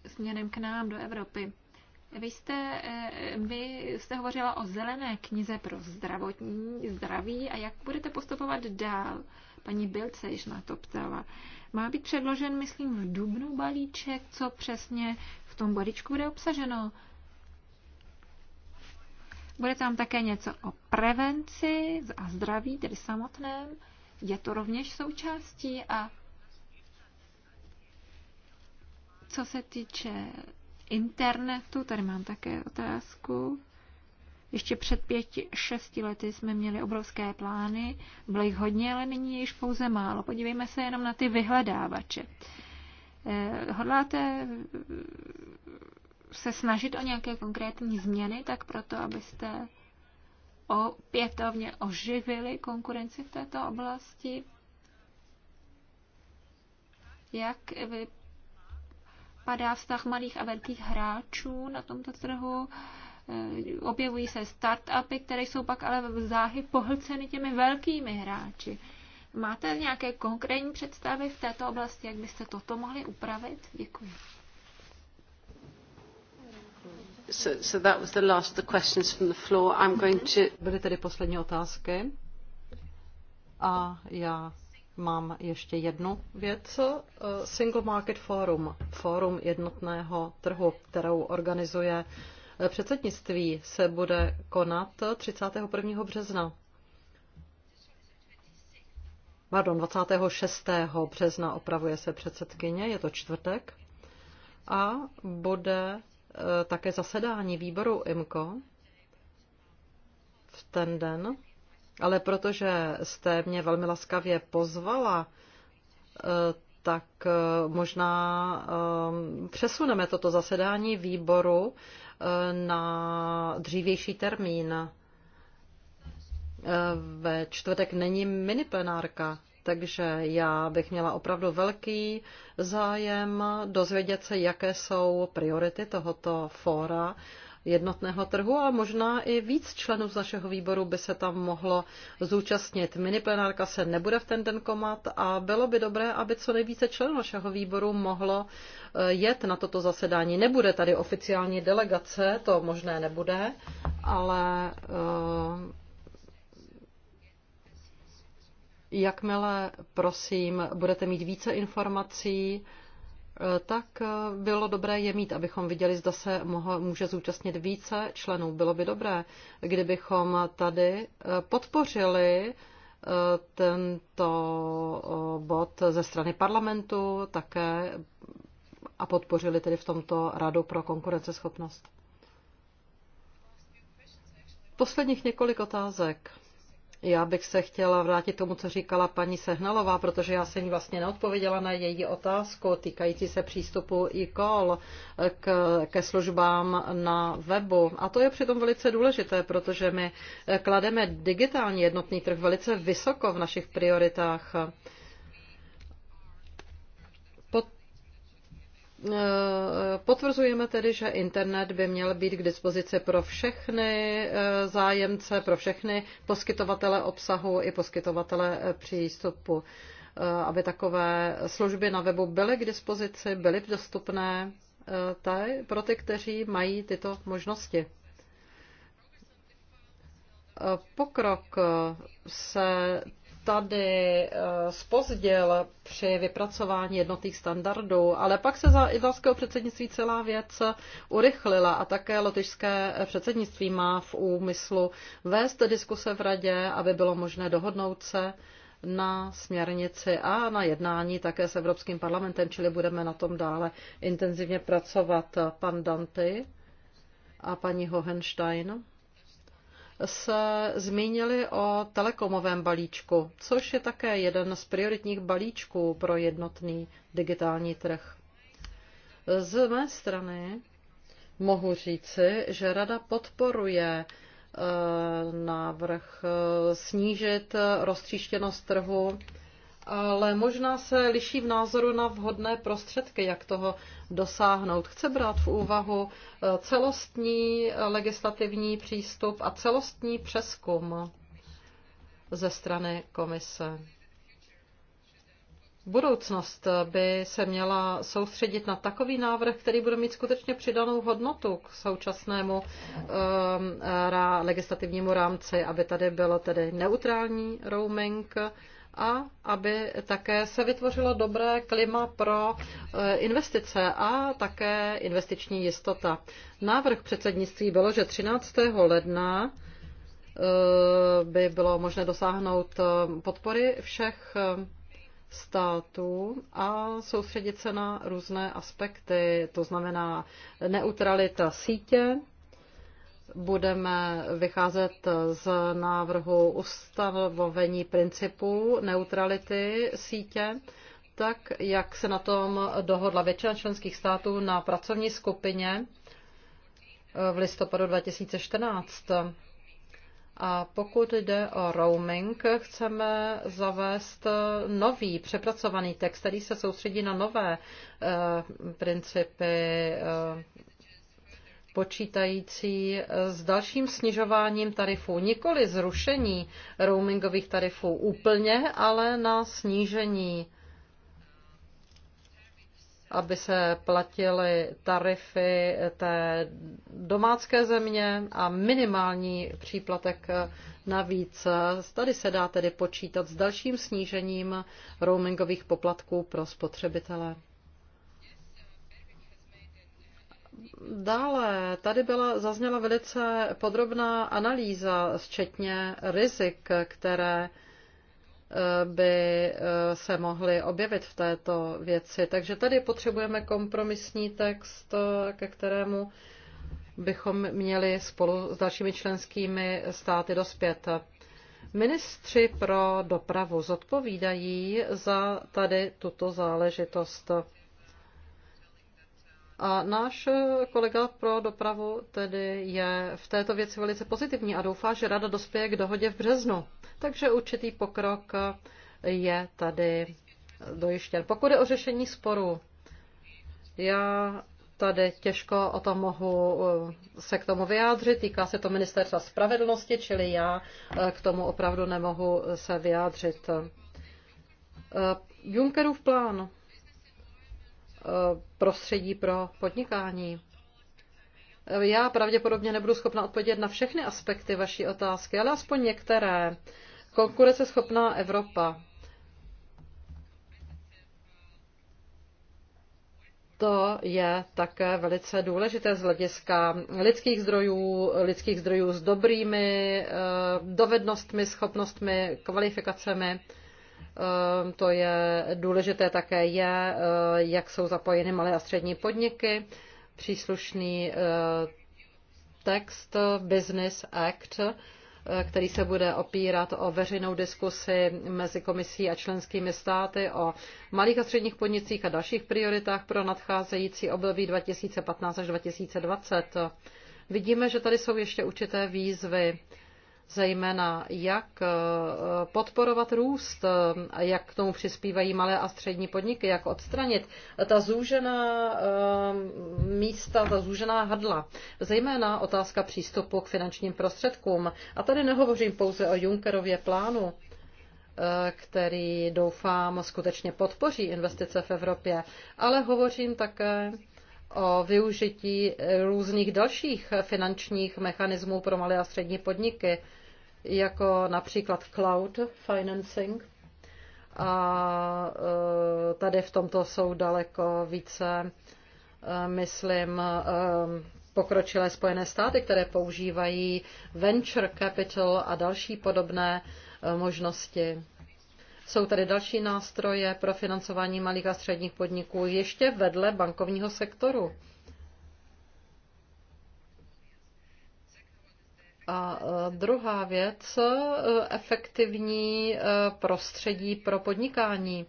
směrem k nám do Evropy. Vy jste, eh, vy jste hovořila o zelené knize pro zdravotní zdraví a jak budete postupovat dál? Paní Bild se již na to ptala. Má být předložen, myslím, v dubnu balíček, co přesně v tom balíčku bude obsaženo? Bude tam také něco o prevenci a zdraví, tedy samotném. Je to rovněž součástí a Co se týče internetu, tady mám také otázku. Ještě před pěti, šesti lety jsme měli obrovské plány, bylo jich hodně, ale nyní již pouze málo. Podívejme se jenom na ty vyhledávače. Eh, hodláte se snažit o nějaké konkrétní změny, tak proto, abyste opětovně oživili konkurenci v této oblasti? Jak vy propadá vztah malých a velkých hráčů na tomto trhu. Eh, objevují se startupy, které jsou pak ale v záhy pohlceny těmi velkými hráči. Máte nějaké konkrétní představy v této oblasti, jak byste toto mohli upravit? Děkuji. So, so that was the last of the questions from the floor. I'm going to... Byly tedy poslední otázky. A já Mám ještě jednu věc. Eh, Single Market Forum, Forum jednotného trhu, kterou organizuje eh, předsednictví, se bude konat 31. března. Pardon, 26. března opravuje se předsedkyně, je to čtvrtek. A bude eh, také zasedání výboru IMCO v ten den ale protože jste mě velmi laskavě pozvala, eh, tak eh, možná eh, přesuneme toto zasedání výboru na dřívější termín. Ve čtvrtek není miniplenárka, takže já bych měla opravdu velký zájem dozvědět se, jaké jsou priority tohoto fóra jednotného trhu a možná i víc členů z našeho výboru by se tam mohlo zúčastnit. Miniplenárka se nebude v ten den komat a bylo by dobré, aby co nejvíce členů našeho výboru mohlo eh, jet na toto zasedání. Nebude tady oficiální delegace, to možné nebude, ale eh, jakmile, prosím, budete mít více informací, tak eh, bylo dobré je mít, abychom viděli, zda se moho, může zúčastnit více členů. Bylo by dobré, kdybychom tady eh, podpořili eh, tento bod ze strany parlamentu také a podpořili tedy v tomto Radu pro konkurenceschopnost. Posledních několik otázek. Já bych se chtěla vrátit tomu, co říkala paní Sehnalová, protože já jsem vlastně neodpověděla na její otázku týkající se přístupu e-call k, ke službám na webu. A to je přitom velice důležité, protože my klademe digitální jednotný trh velice vysoko v našich prioritách. Eh, potvrzujeme tedy, že internet by měl být k dispozici pro všechny eh, zájemce, pro všechny poskytovatele obsahu i poskytovatele eh, přístupu, aby takové služby na webu byly k dispozici, byly dostupné pro ty, kteří mají tyto možnosti. Pokrok se tady spozděl eh, při vypracování jednotných standardů, ale pak se za italského předsednictví celá věc urychlila a také lotyšské předsednictví má v úmyslu vést diskuse v radě, aby bylo možné dohodnout se na směrnici a na jednání také s Evropským parlamentem, čili budeme na tom dále intenzivně pracovat. Pan Danty a paní Hohenstein se zmínili o telekomovém balíčku, což je také jeden z prioritních balíčků pro jednotný digitální trh. Z mé strany mohu říci, že Rada podporuje e, návrh e, snížit roztříštěnost trhu ale možná se liší v názoru na vhodné prostředky, jak toho dosáhnout. Chce brát v úvahu eh, celostní legislativní přístup a celostní přeskum ze strany komise. Budoucnost by se měla soustředit na takový návrh, který bude mít skutečně přidanou hodnotu k současnému ehm, eh, legislativnímu rámci, aby tady bylo tedy neutrální roaming, a aby také se vytvořilo dobré klima pro eh, investice a také investiční jistota. Návrh předsednictví bylo, že 13. ledna eh, by bylo možné dosáhnout eh, podpory všech států a soustředit se na různé aspekty, to znamená neutralita sítě, budeme vycházet z návrhu ustanovení principů neutrality sítě, tak jak se na tom dohodla většina členských států na pracovní skupině v listopadu 2014. A pokud jde o roaming, chceme zavést nový přepracovaný text, který se soustředí na nové eh, principy eh, počítající eh, s dalším snižováním tarifů. Nikoli zrušení roamingových tarifů úplně, ale na snížení, aby se platily tarify té domácké země a minimální příplatek eh, navíc. Tady se dá tedy počítat s dalším snížením roamingových poplatků pro spotřebitele. Dále tady byla, zazněla velice podrobná analýza, včetně rizik, které eh, by eh, se mohly objevit v této věci. Takže tady potřebujeme kompromisní text, eh, ke kterému bychom měli spolu s dalšími členskými státy dospět. Ministři pro dopravu zodpovídají za tady tuto záležitost. A náš kolega pro dopravu tedy je v této věci velice pozitivní a doufá, že rada dospěje k dohodě v březnu. Takže určitý pokrok je tady dojištěn. Pokud je o řešení sporu, já tady těžko o tom mohu eh, se k tomu vyjádřit. Týká se to ministerstva spravedlnosti, čili já eh, k tomu opravdu nemohu se vyjádřit. Eh, Junckerův plán prostředí pro podnikání. Já pravděpodobně nebudu schopna odpovědět na všechny aspekty vaší otázky, ale aspoň některé. Konkurenceschopná Evropa. To je také velice důležité z hlediska lidských zdrojů, lidských zdrojů s dobrými eh, dovednostmi, schopnostmi, kvalifikacemi. Ehm, to je důležité také je, eh, jak jsou zapojeny malé a střední podniky. Příslušný eh, text Business Act eh, který se bude opírat o veřejnou diskusi mezi komisí a členskými státy o malých a středních podnicích a dalších prioritách pro nadcházející období 2015 až 2020. Vidíme, že tady jsou ještě určité výzvy zejména jak eh, podporovat růst, eh, jak k tomu přispívají malé a střední podniky, jak odstranit ta zúžená eh, místa, ta zúžená hadla, zejména otázka přístupu k finančním prostředkům. A tady nehovořím pouze o Junckerově plánu, který doufám skutečně podpoří investice v Evropě, ale hovořím také o využití různých dalších finančních mechanismů pro malé a střední podniky, jako například cloud financing. A e, tady v tomto jsou daleko více, e, myslím, e, pokročilé Spojené státy, které používají venture capital a další podobné možnosti. Jsou tady další nástroje pro financování malých a středních podniků ještě vedle bankovního sektoru. A e, druhá věc, e, efektivní e, prostředí pro podnikání.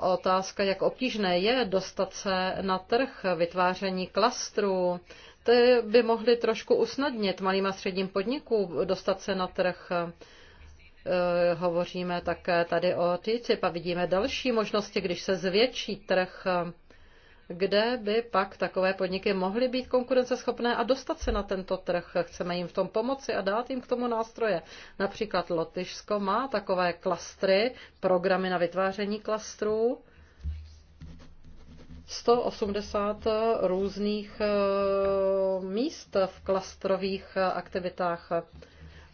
Otázka, jak obtížné je dostat se na trh, vytváření klastru. Ty by mohly trošku usnadnit malým a středním podnikům dostat se na trh. Hovoříme také tady o TTIP a vidíme další možnosti, když se zvětší trh kde by pak takové podniky mohly být konkurenceschopné a dostat se na tento trh. Chceme jim v tom pomoci a dát jim k tomu nástroje. Například Lotyšsko má takové klastry, programy na vytváření klastrů. 180 eh, různých eh, míst v klastrových eh, aktivitách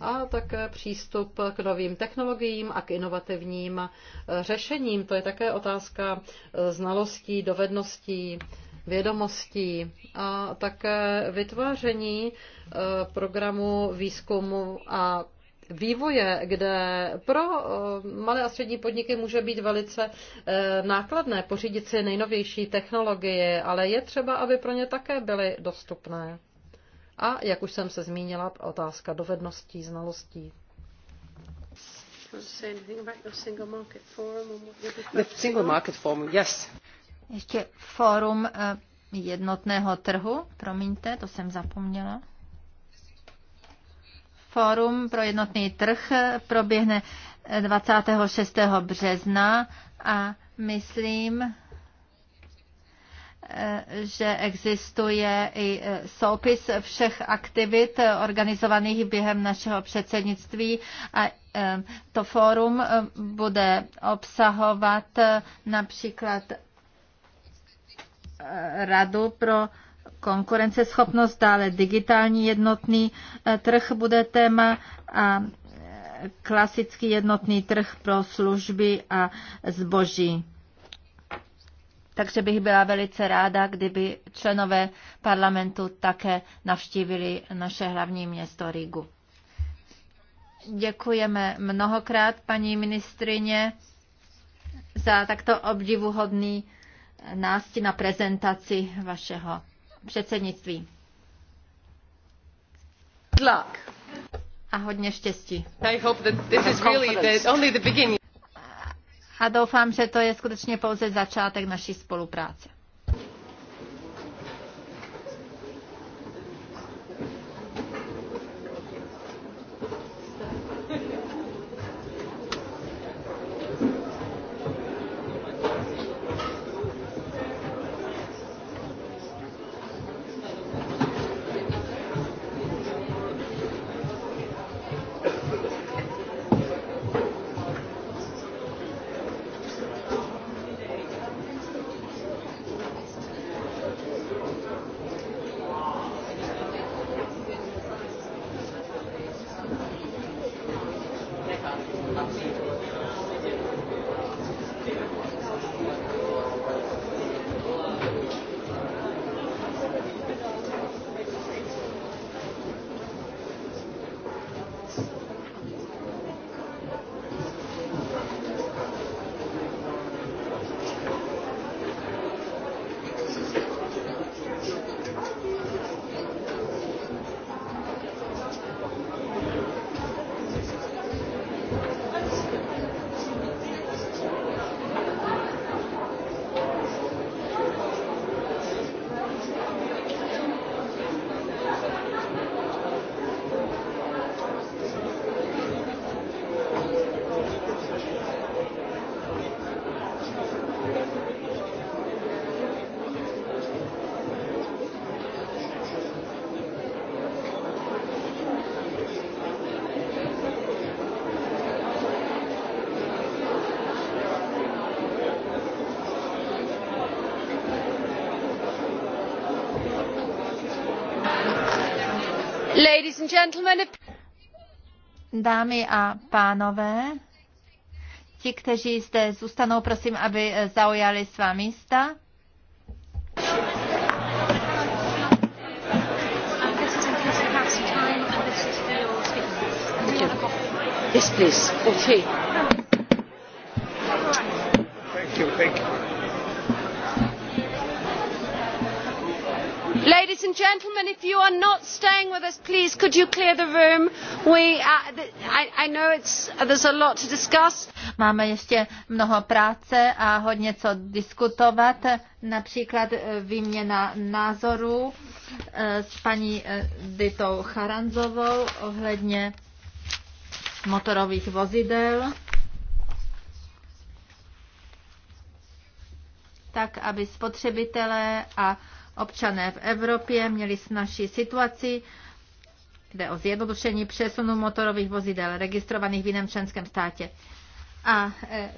a také přístup k novým technologiím a k inovativním řešením. To je také otázka znalostí, dovedností, vědomostí a také vytváření e, programu výzkumu a vývoje, kde pro e, malé a střední podniky může být velice e, nákladné pořídit si nejnovější technologie, ale je třeba, aby pro ně také byly dostupné a, jak už jsem se zmínila, otázka dovedností, znalostí. The single market forum, yes. Ještě fórum eh, jednotného trhu, promiňte, to jsem zapomněla. Fórum pro jednotný trh eh, proběhne 26. Eh, března a myslím, že existuje i e, soupis všech aktivit organizovaných během našeho předsednictví a e, to fórum e, bude obsahovat například Radu pro konkurenceschopnost, dále digitální jednotný trh bude téma a klasický jednotný trh pro služby a zboží. Takže bych byla velice ráda, kdyby členové parlamentu také navštívili naše hlavní město Rigu. Děkujeme mnohokrát, paní ministrině, za takto obdivuhodný násti na prezentaci vašeho předsednictví. Tlak. A hodně štěstí. I hope that this is really the, only the beginning a doufám, že to je skutečně pouze začátek naší spolupráce. Dámy a pánové, ti, kteří zde zůstanou, prosím, aby zaujali svá místa. Yes, please. Okay. gentlemen if you are not staying with us please could you clear the room we uh, I, I know it's uh, there's a lot to discuss máme ještě mnoho práce a hodně co diskutovat například eh, výměna názorů eh, s paní eh, Ditou Charanzovou ohledně motorových vozidel tak aby spotřebitelé a občané v Evropě měli snažší situaci, jde o zjednodušení přesunu motorových vozidel registrovaných v jiném členském státě. A e,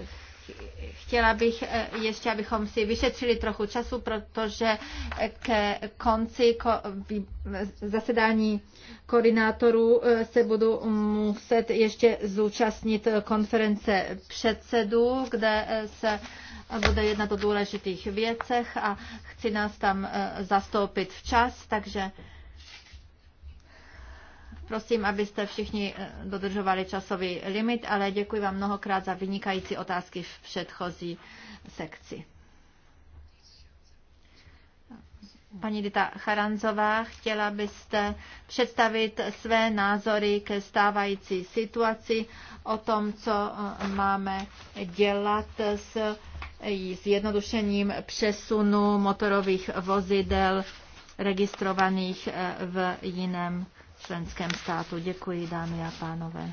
chtěla bych e, ještě, abychom si vyšetřili trochu času, protože k konci zasedání koordinátorů e, se budu muset ještě zúčastnit konference předsedů, kde se bude jednat o důležitých věcech a chci nás tam e, zastoupit včas, takže prosím, abyste všichni e, dodržovali časový limit, ale děkuji vám mnohokrát za vynikající otázky v předchozí sekci. Paní Dita Charanzová, chtěla byste představit své názory ke stávající situaci o tom, co e, máme dělat s zjednodušením přesunu motorových vozidel registrovaných eh, v jiném členském státu. Děkuji, dámy a pánové.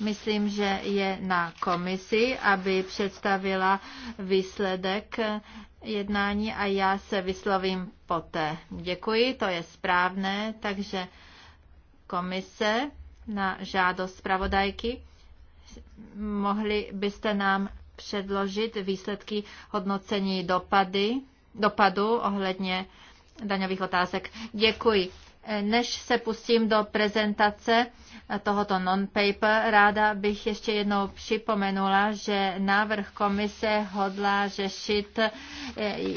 Myslím, že je na komisi, aby představila výsledek eh, jednání a já se vyslovím poté. Děkuji, to je správné, takže komise na žádost zpravodajky. Mohli byste nám předložit výsledky hodnocení dopady, dopadu ohledně daňových otázek. Děkuji. Než se pustím do prezentace tohoto non-paper, ráda bych ještě jednou připomenula, že návrh komise hodlá řešit eh,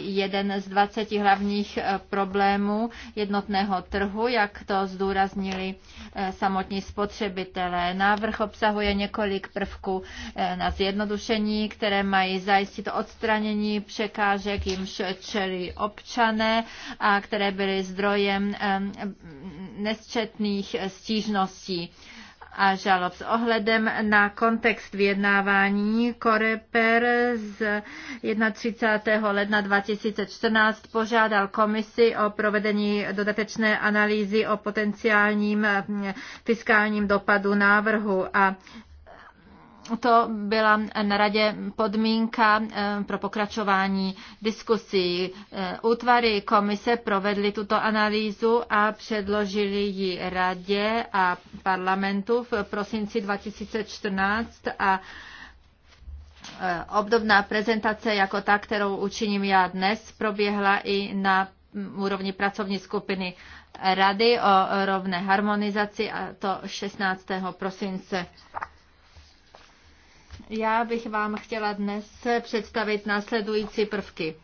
jeden z 20 hlavních eh, problémů jednotného trhu, jak to zdůraznili eh, samotní spotřebitelé. Návrh obsahuje několik prvků na zjednodušení, které mají zajistit odstranění překážek, jimž čelí občané a které byly zdrojem nesčetných stížností a žalob. S ohledem na kontext vyjednávání Koreper z 31. ledna 2014 požádal komisi o provedení dodatečné analýzy o potenciálním fiskálním dopadu návrhu a to byla na radě podmínka eh, pro pokračování diskusí. Eh, útvary komise provedly tuto analýzu a předložili ji radě a parlamentu v prosinci 2014 a eh, obdobná prezentace jako ta, kterou učiním já dnes, proběhla i na mm, úrovni pracovní skupiny Rady o rovné harmonizaci a to 16. prosince já bych vám chtěla dnes představit následující prvky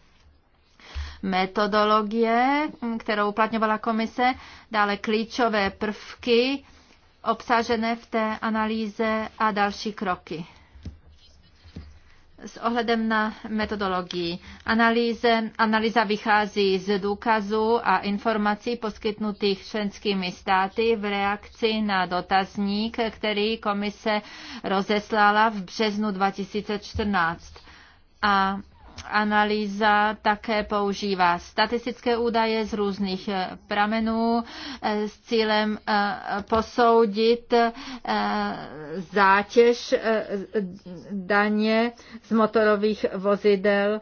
metodologie, kterou uplatňovala komise, dále klíčové prvky obsažené v té analýze a další kroky s ohledem na metodologii. Analýze, analýza vychází z důkazů a informací poskytnutých členskými státy v reakci na dotazník, který komise rozeslala v březnu 2014. A analýza také používá statistické údaje z různých eh, pramenů eh, s cílem eh, posoudit zátěž daně z motorových vozidel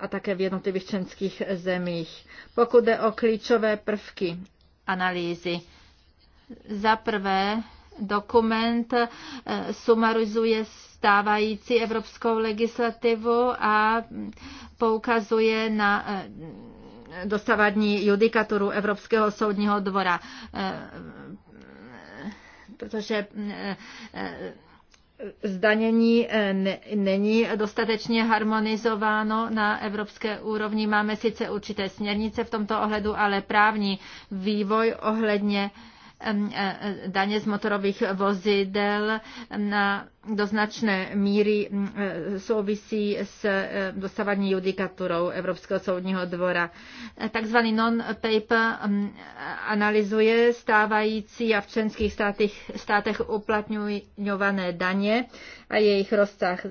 a také v jednotlivých členských zemích. Pokud jde o klíčové prvky analýzy, za prvé dokument sumarizuje stávající evropskou legislativu a poukazuje na eh, dostavadní judikaturu Evropského soudního dvora. Eh, protože eh, zdanění není dostatečně harmonizováno na evropské úrovni. Máme sice určité směrnice v tomto ohledu, ale právní vývoj ohledně E, e, daně z motorových vozidel na do značné míry e, souvisí s dostavadní judikaturou Evropského soudního dvora. Takzvaný non-paper analyzuje stávající a v členských státech, státech uplatňované daně a jejich rozsah.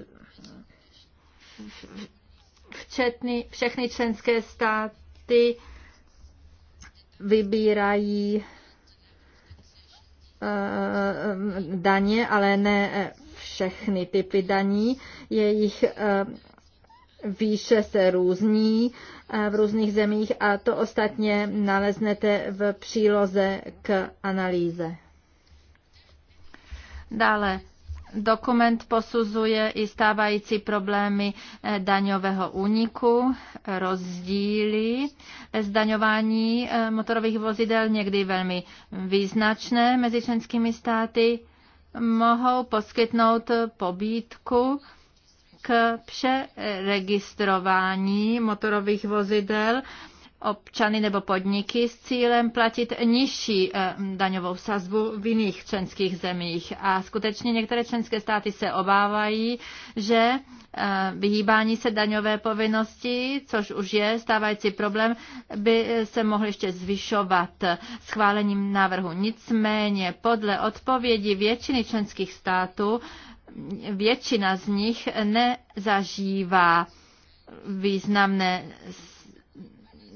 Včetny, všechny členské státy vybírají Eh, daně, ale ne všechny typy daní. Jejich eh, výše se různí eh, v různých zemích a to ostatně naleznete v příloze k analýze. Dále Dokument posuzuje i stávající problémy eh, daňového úniku, rozdíly eh, zdaňování eh, motorových vozidel, někdy velmi význačné mezi členskými státy, mohou poskytnout pobídku k přeregistrování motorových vozidel občany nebo podniky s cílem platit nižší eh, daňovou sazbu v jiných členských zemích. A skutečně některé členské státy se obávají, že eh, vyhýbání se daňové povinnosti, což už je stávající problém, by se mohl ještě zvyšovat schválením návrhu. Nicméně podle odpovědi většiny členských států většina z nich nezažívá významné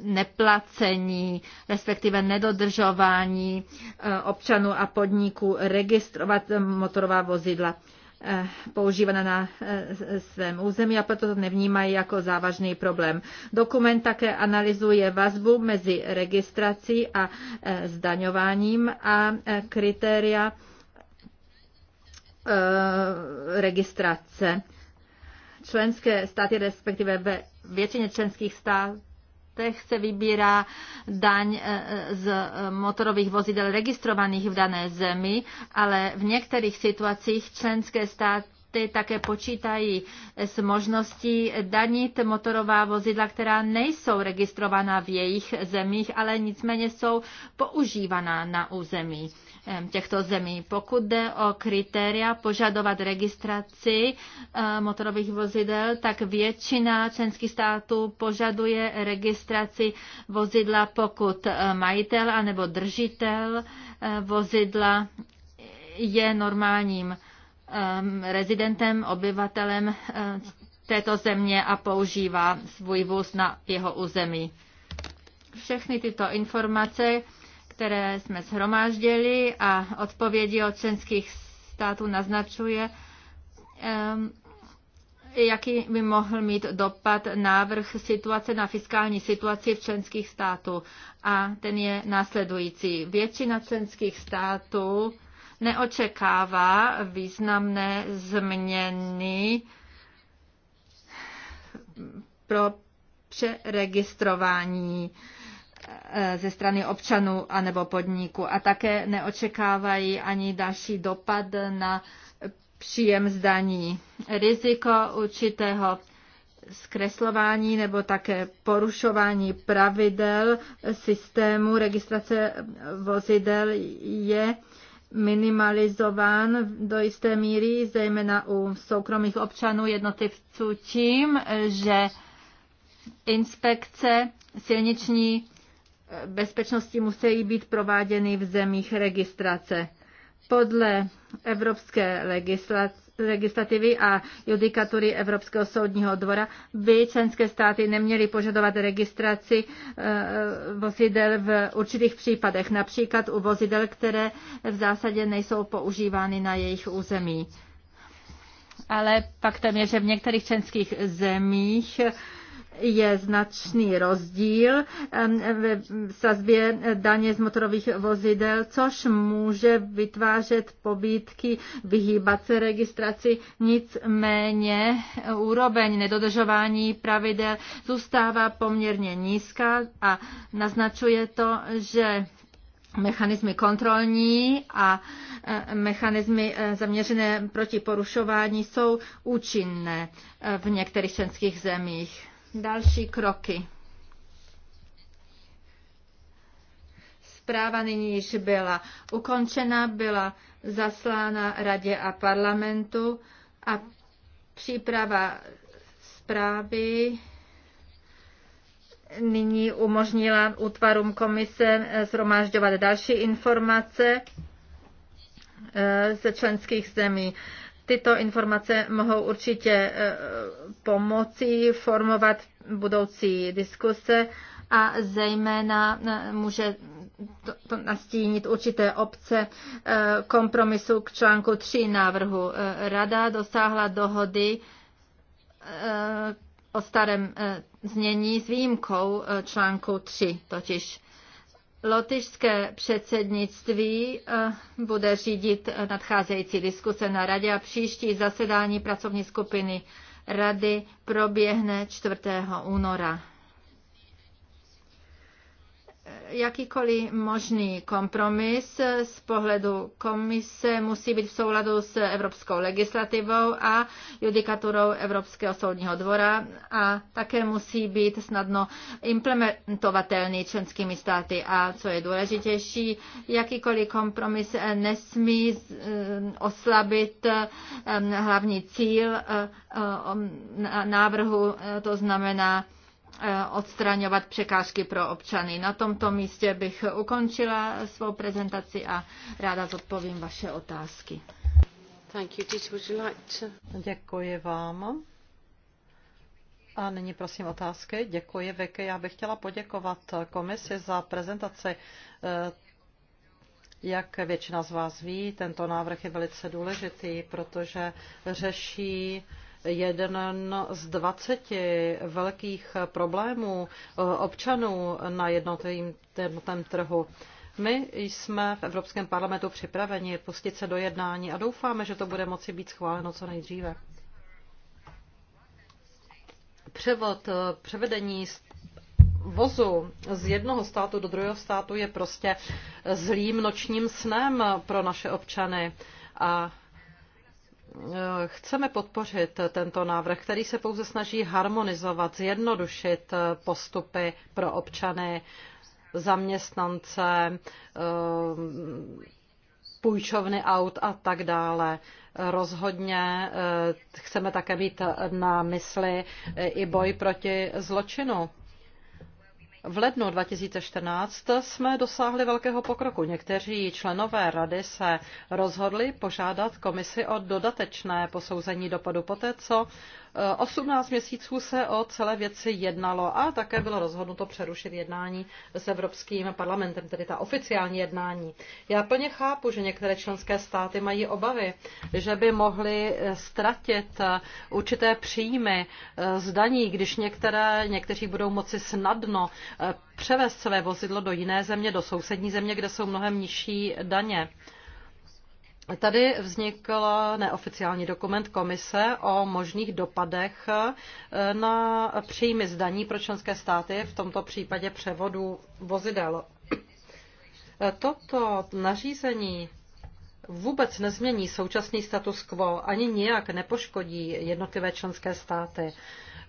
neplacení, respektive nedodržování eh, občanů a podniků registrovat motorová vozidla eh, používaná na eh, svém území a proto to nevnímají jako závažný problém. Dokument také analyzuje vazbu mezi registrací a zdaňováním a kritéria registrace. Členské státy, respektive ve většině členských států, letech se vybírá daň eh, eh, z eh, motorových vozidel registrovaných v dané zemi, ale v některých situacích členské státy státy také počítají s možností danit motorová vozidla, která nejsou registrovaná v jejich zemích, ale nicméně jsou používaná na území těchto zemí. Pokud jde o kritéria požadovat registraci eh, motorových vozidel, tak většina členských států požaduje registraci vozidla, pokud eh, majitel anebo držitel eh, vozidla je normálním Um, rezidentem, obyvatelem uh, této země a používá svůj vůz na jeho území. Všechny tyto informace, které jsme shromáždili a odpovědi od členských států naznačuje, um, jaký by mohl mít dopad návrh situace na fiskální situaci v členských států. A ten je následující. Většina členských států neočekává významné změny pro přeregistrování eh, ze strany občanů anebo podniku a také neočekávají ani další dopad na příjem zdaní. Riziko určitého zkreslování nebo také porušování pravidel systému registrace vozidel je minimalizován do jisté míry, zejména u soukromých občanů jednotlivců tím, že inspekce silniční eh, bezpečnosti musí být prováděny v zemích registrace. Podle evropské legislace legislativy a judikatury Evropského soudního dvora by členské státy neměly požadovat registraci eh, vozidel v určitých případech, například u vozidel, které v zásadě nejsou používány na jejich území. Ale faktem je, že v některých členských zemích je značný rozdíl v sazbě daně z motorových vozidel, což může vytvářet pobídky vyhýbat se registraci. Nicméně úroveň nedodržování pravidel zůstává poměrně nízká a naznačuje to, že mechanismy kontrolní a e, mechanismy e, zaměřené proti porušování jsou účinné e, v některých členských zemích další kroky. Zpráva nyní již byla ukončena, byla zaslána radě a parlamentu a příprava zprávy nyní umožnila útvarům komise zhromažďovat další informace eh, ze členských zemí. Tyto informace mohou určitě eh, pomoci formovat budoucí diskuse a zejména eh, může to, to nastínit určité obce eh, kompromisu k článku 3 návrhu. Rada dosáhla dohody o starém znění s výjimkou článku 3, totiž Lotyšské předsednictví eh, bude řídit eh, nadcházející diskuse na radě a příští zasedání pracovní skupiny rady proběhne 4. února jakýkoliv možný kompromis z pohledu komise musí být v souladu s evropskou legislativou a judikaturou Evropského soudního dvora a také musí být snadno implementovatelný členskými státy a co je důležitější, jakýkoliv kompromis nesmí eh, oslabit eh, hlavní cíl eh, návrhu, to znamená Eh, odstraňovat překážky pro občany. Na tomto místě bych ukončila svou prezentaci a ráda zodpovím vaše otázky. Thank you. Did, would you like to... Děkuji vám. A nyní prosím otázky. Děkuji, Veke. Já bych chtěla poděkovat komisi za prezentaci. Eh, jak většina z vás ví, tento návrh je velice důležitý, protože řeší jeden no z 20 velkých problémů eh, občanů na jednotném trhu. My jsme v Evropském parlamentu připraveni pustit se do jednání a doufáme, že to bude moci být schváleno co nejdříve. Převod, eh, převedení vozu z jednoho státu do druhého státu je prostě zlým nočním snem pro naše občany. A Eh, chceme podpořit tento návrh, který se pouze snaží harmonizovat, zjednodušit eh, postupy pro občany, zaměstnance, eh, půjčovny aut a tak dále. Rozhodně chceme také mít na mysli i boj proti zločinu v lednu 2014 jsme dosáhli velkého pokroku. Někteří členové rady se rozhodli požádat komisi o dodatečné posouzení dopadu poté, co Eh, osmnáct měsíců se o celé věci jednalo a také bylo rozhodnuto přerušit jednání s Evropským parlamentem, tedy ta oficiální jednání. Já plně chápu, že některé členské státy mají obavy, že by mohly eh, ztratit eh, určité příjmy z daní, když některé, někteří budou moci snadno převést své vozidlo do jiné země, do sousední země, kde jsou mnohem nižší daně. Tady vznikl neoficiální dokument komise o možných dopadech eh, na příjmy zdaní pro členské státy, v tomto případě převodu vozidel. Eh, toto nařízení vůbec nezmění současný status quo, ani nijak nepoškodí jednotlivé členské státy.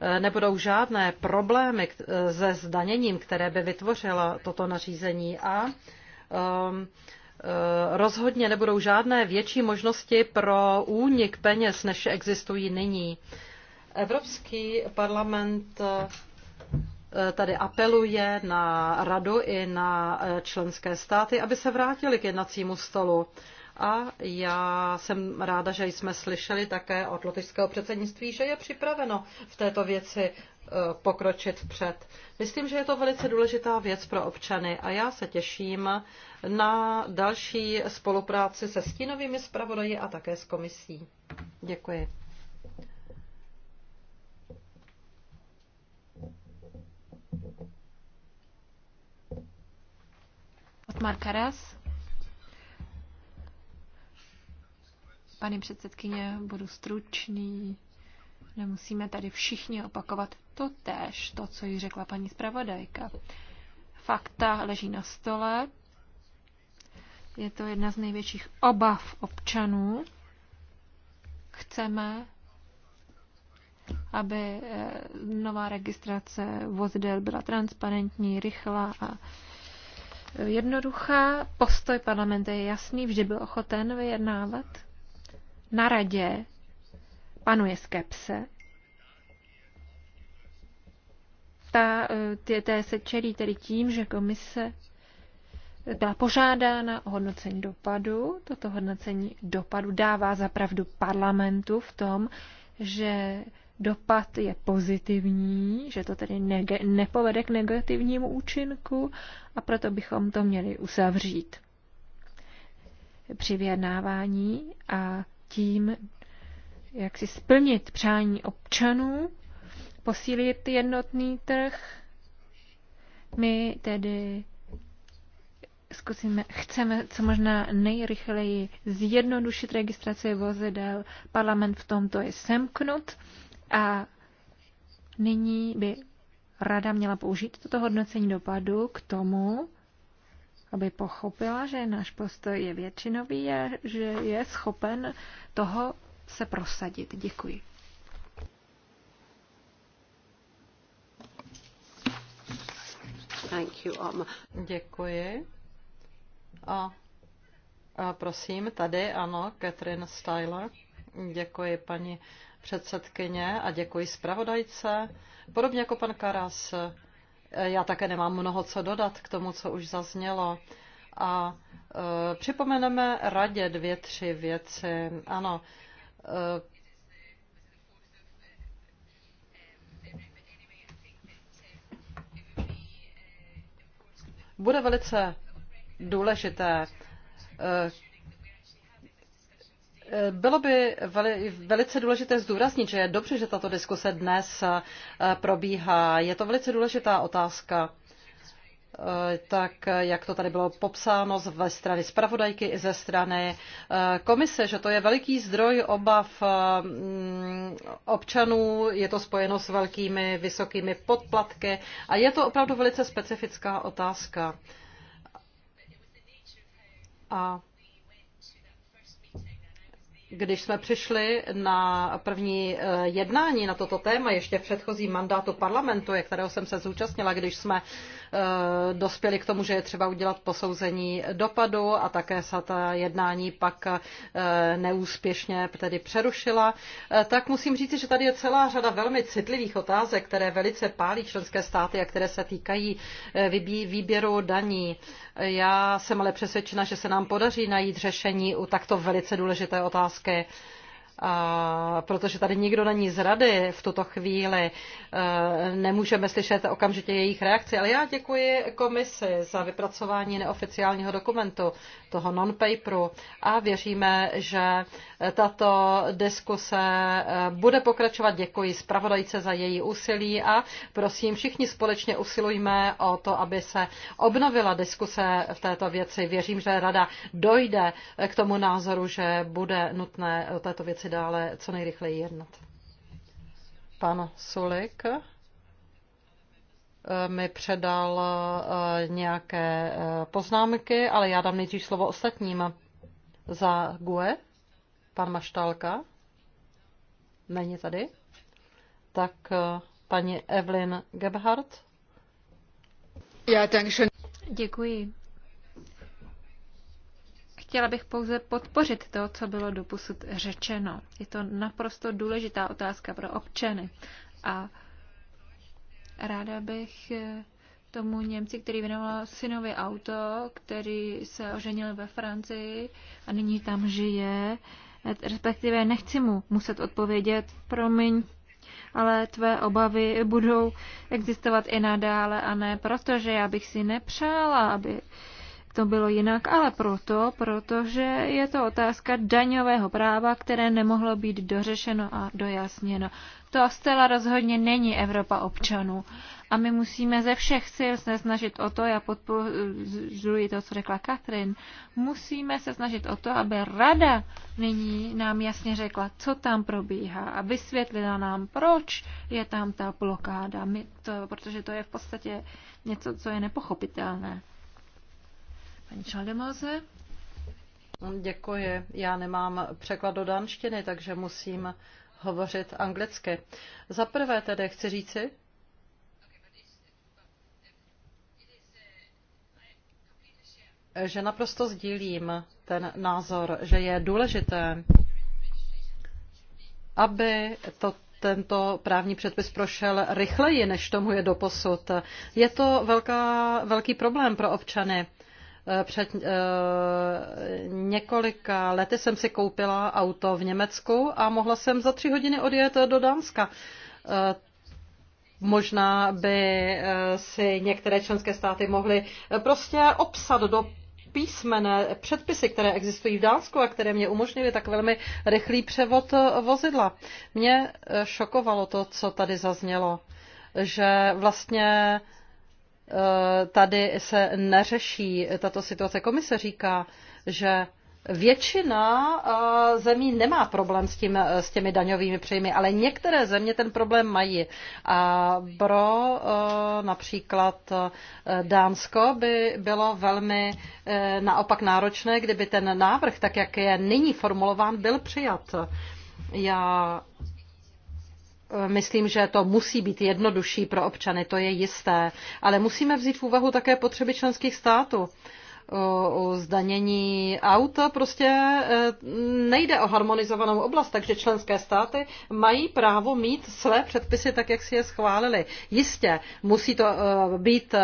Eh, nebudou žádné problémy se zdaněním, které by vytvořilo toto nařízení a um, Eh, rozhodně nebudou žádné větší možnosti pro únik peněz, než existují nyní. Evropský parlament eh, tady apeluje na radu i na eh, členské státy, aby se vrátili k jednacímu stolu. A já jsem ráda, že jsme slyšeli také od lotyšského předsednictví, že je připraveno v této věci Eh, pokročit vpřed. Myslím, že je to velice důležitá věc pro občany a já se těším na další spolupráci se stínovými zpravodaji a také s komisí. Děkuji. Otmar Karas. Paní předsedkyně, budu stručný. Nemusíme tady všichni opakovat to též, to, co ji řekla paní zpravodajka. Fakta leží na stole. Je to jedna z největších obav občanů. Chceme, aby eh, nová registrace vozidel byla transparentní, rychlá a jednoduchá. Postoj parlamentu je jasný, vždy byl ochoten vyjednávat. Na radě panuje skepse. Ta, eh, té se čelí tedy tím, že komise byla požádána o hodnocení dopadu. Toto hodnocení dopadu dává zapravdu parlamentu v tom, že dopad je pozitivní, že to tedy nepovede k negativnímu účinku a proto bychom to měli uzavřít při vyjednávání a tím jak si splnit přání občanů, posílit jednotný trh. My tedy zkusíme, chceme co možná nejrychleji zjednodušit registraci vozidel. Parlament v tomto je semknut a nyní by rada měla použít toto hodnocení dopadu k tomu, aby pochopila, že náš postoj je většinový a že je schopen toho se prosadit. Děkuji. Thank you, Děkuji. A, a prosím, tady ano, Catherine Styler. Děkuji paní předsedkyně a děkuji zpravodajce. Podobně jako pan Karas, já také nemám mnoho co dodat k tomu, co už zaznělo. A e, připomeneme radě dvě, tři věci. Ano, e, Eh, bude velice důležité. Eh, bylo by velice důležité zdůraznit, že je dobře, že tato diskuse dnes eh, probíhá. Je to velice důležitá otázka. Eh, tak eh, jak to tady bylo popsáno ze strany zpravodajky i ze strany eh, komise, že to je veliký zdroj obav mm, občanů, je to spojeno s velkými vysokými podplatky a je to opravdu velice specifická otázka. A když jsme přišli na první jednání na toto téma, ještě v předchozím mandátu parlamentu, kterého jsem se zúčastnila, když jsme uh, Eh, dospěli k tomu, že je třeba udělat posouzení dopadu a také se ta jednání pak eh, neúspěšně tedy přerušila, eh, tak musím říct, že tady je celá řada velmi citlivých otázek, které velice pálí členské státy a které se týkají výběru daní. Já jsem ale přesvědčena, že se nám podaří najít řešení u takto velice důležité otázky a protože tady nikdo není z rady v tuto chvíli, e, nemůžeme slyšet okamžitě jejich reakci. Ale já děkuji komisi za vypracování neoficiálního dokumentu toho non-paperu a věříme, že tato diskuse eh, bude pokračovat. Děkuji zpravodajce za její úsilí a prosím, všichni společně usilujme o to, aby se obnovila diskuse v této věci. Věřím, že rada dojde eh, k tomu názoru, že bude nutné o této věci dále co nejrychleji jednat. Pan Sulik. Eh, mi předal eh, nějaké eh, poznámky, ale já dám nejdřív slovo ostatním. Za GUE, pan Maštálka, není tady, tak paní Evelyn Gebhardt. Já takže... Děkuji. Chtěla bych pouze podpořit to, co bylo doposud řečeno. Je to naprosto důležitá otázka pro občany. A Ráda bych eh, tomu Němci, který věnoval synovi auto, který se oženil ve Francii a nyní tam žije, eh, respektive nechci mu muset odpovědět, promiň, ale tvé obavy budou existovat i nadále a ne proto, že já bych si nepřála, aby to bylo jinak, ale proto, protože je to otázka daňového práva, které nemohlo být dořešeno a dojasněno. To zcela rozhodně není Evropa občanů. A my musíme ze všech sil se snažit o to, já podporuji to, co řekla Katrin, musíme se snažit o to, aby rada nyní nám jasně řekla, co tam probíhá a vysvětlila nám, proč je tam ta blokáda, my to, protože to je v podstatě něco, co je nepochopitelné. Paní Čaldemose? No, děkuji. Já nemám překlad do danštiny, takže musím hovořit anglicky. Za prvé tedy chci říci, že naprosto sdílím ten názor, že je důležité, aby to tento právní předpis prošel rychleji, než tomu je doposud. Je to velká, velký problém pro občany Eh, před eh, několika lety jsem si koupila auto v Německu a mohla jsem za tři hodiny odjet do Dánska. Eh, možná by si některé členské státy mohly prostě obsat do písmené předpisy, které existují v Dánsku a které mě umožnily tak velmi rychlý převod vozidla. Mě šokovalo to, co tady zaznělo, že vlastně Eh, tady se neřeší tato situace. Komise říká, že Většina eh, zemí nemá problém s, tím, eh, s těmi daňovými příjmy, ale některé země ten problém mají. A pro například Dánsko by bylo velmi naopak náročné, kdyby ten návrh, tak jak je nyní formulován, byl přijat. Já Myslím, že to musí být jednodušší pro občany, to je jisté. Ale musíme vzít v úvahu také potřeby členských států. O zdanění auta prostě e, nejde o harmonizovanou oblast, takže členské státy mají právo mít své předpisy tak, jak si je schválili. Jistě musí to e, být e,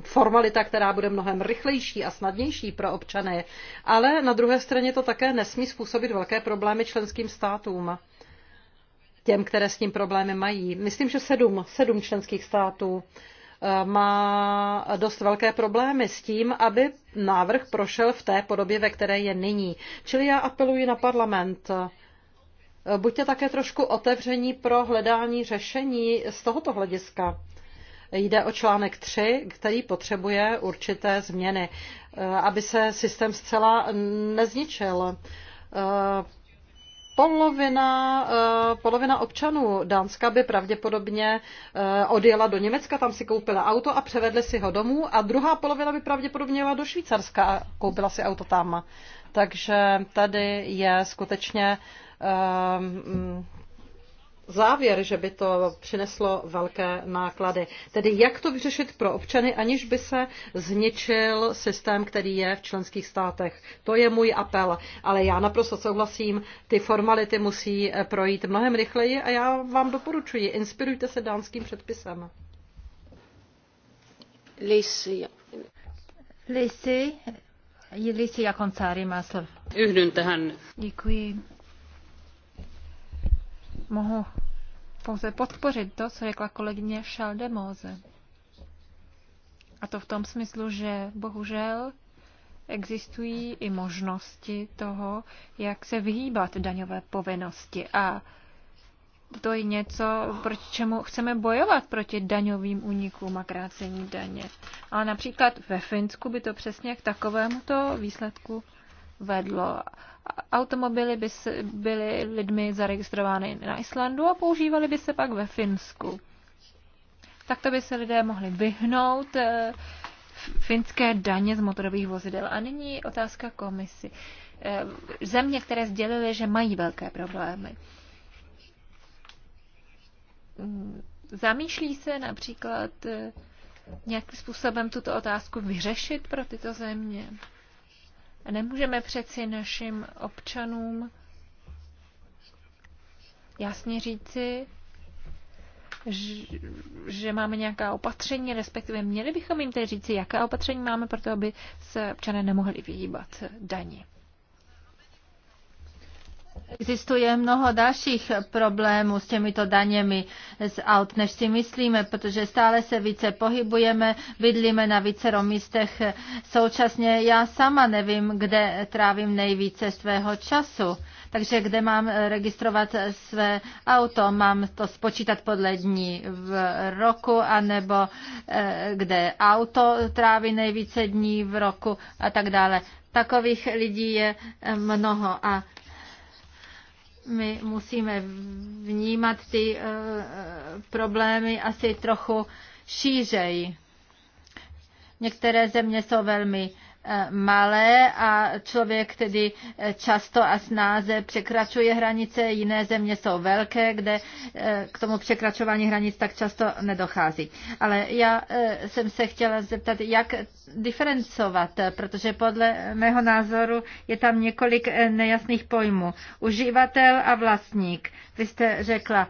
formalita, která bude mnohem rychlejší a snadnější pro občany, ale na druhé straně to také nesmí způsobit velké problémy členským státům těm, které s tím problémy mají. Myslím, že sedm, sedm členských států eh, má dost velké problémy s tím, aby návrh prošel v té podobě, ve které je nyní. Čili já apeluji na parlament. Eh, buďte také trošku otevření pro hledání řešení z tohoto hlediska. Jde o článek 3, který potřebuje určité změny, eh, aby se systém zcela nezničil Polovina, eh, polovina občanů Dánska by pravděpodobně eh, odjela do Německa, tam si koupila auto a převedli si ho domů a druhá polovina by pravděpodobně jela do Švýcarska a koupila si auto tam. Takže tady je skutečně eh, mm, závěr, že by to přineslo velké náklady. Tedy jak to vyřešit pro občany, aniž by se zničil systém, který je v členských státech. To je můj apel, ale já naprosto souhlasím, ty formality musí projít mnohem rychleji a já vám doporučuji, inspirujte se dánským předpisem. Lisi. Lisi. Lissi Jakonsári má slovo. Děkuji. Mohu pouze podpořit to, co řekla kolegyně Šaldemóze. A to v tom smyslu, že bohužel existují i možnosti toho, jak se vyhýbat daňové povinnosti. A to je něco, proti čemu chceme bojovat proti daňovým únikům a krácení daně. Ale například ve Finsku by to přesně k takovému výsledku vedlo. Automobily by se, byly lidmi zaregistrovány na Islandu a používaly by se pak ve Finsku. Takto by se lidé mohli vyhnout eh, finské daně z motorových vozidel. A nyní otázka komisi. Eh, země, které sdělily, že mají velké problémy. Mm, zamýšlí se například eh, nějakým způsobem tuto otázku vyřešit pro tyto země? Nemůžeme přeci našim občanům jasně říci, že máme nějaká opatření, respektive měli bychom jim tedy říci, jaká opatření máme pro to, aby se občané nemohli vyhýbat daní. Existuje mnoho dalších problémů s těmito daněmi z aut, než si myslíme, protože stále se více pohybujeme, bydlíme na více místech. Současně já sama nevím, kde trávím nejvíce svého času. Takže kde mám registrovat své auto? Mám to spočítat podle dní v roku, anebo eh, kde auto tráví nejvíce dní v roku a tak dále. Takových lidí je eh, mnoho a my musíme vnímat ty eh, problémy asi trochu šířej. Některé země jsou velmi malé a člověk tedy eh, často a snáze překračuje hranice, jiné země jsou velké, kde eh, k tomu překračování hranic tak často nedochází. Ale já eh, jsem se chtěla zeptat, jak diferencovat, protože podle mého názoru je tam několik nejasných pojmů. Uživatel a vlastník. Vy jste řekla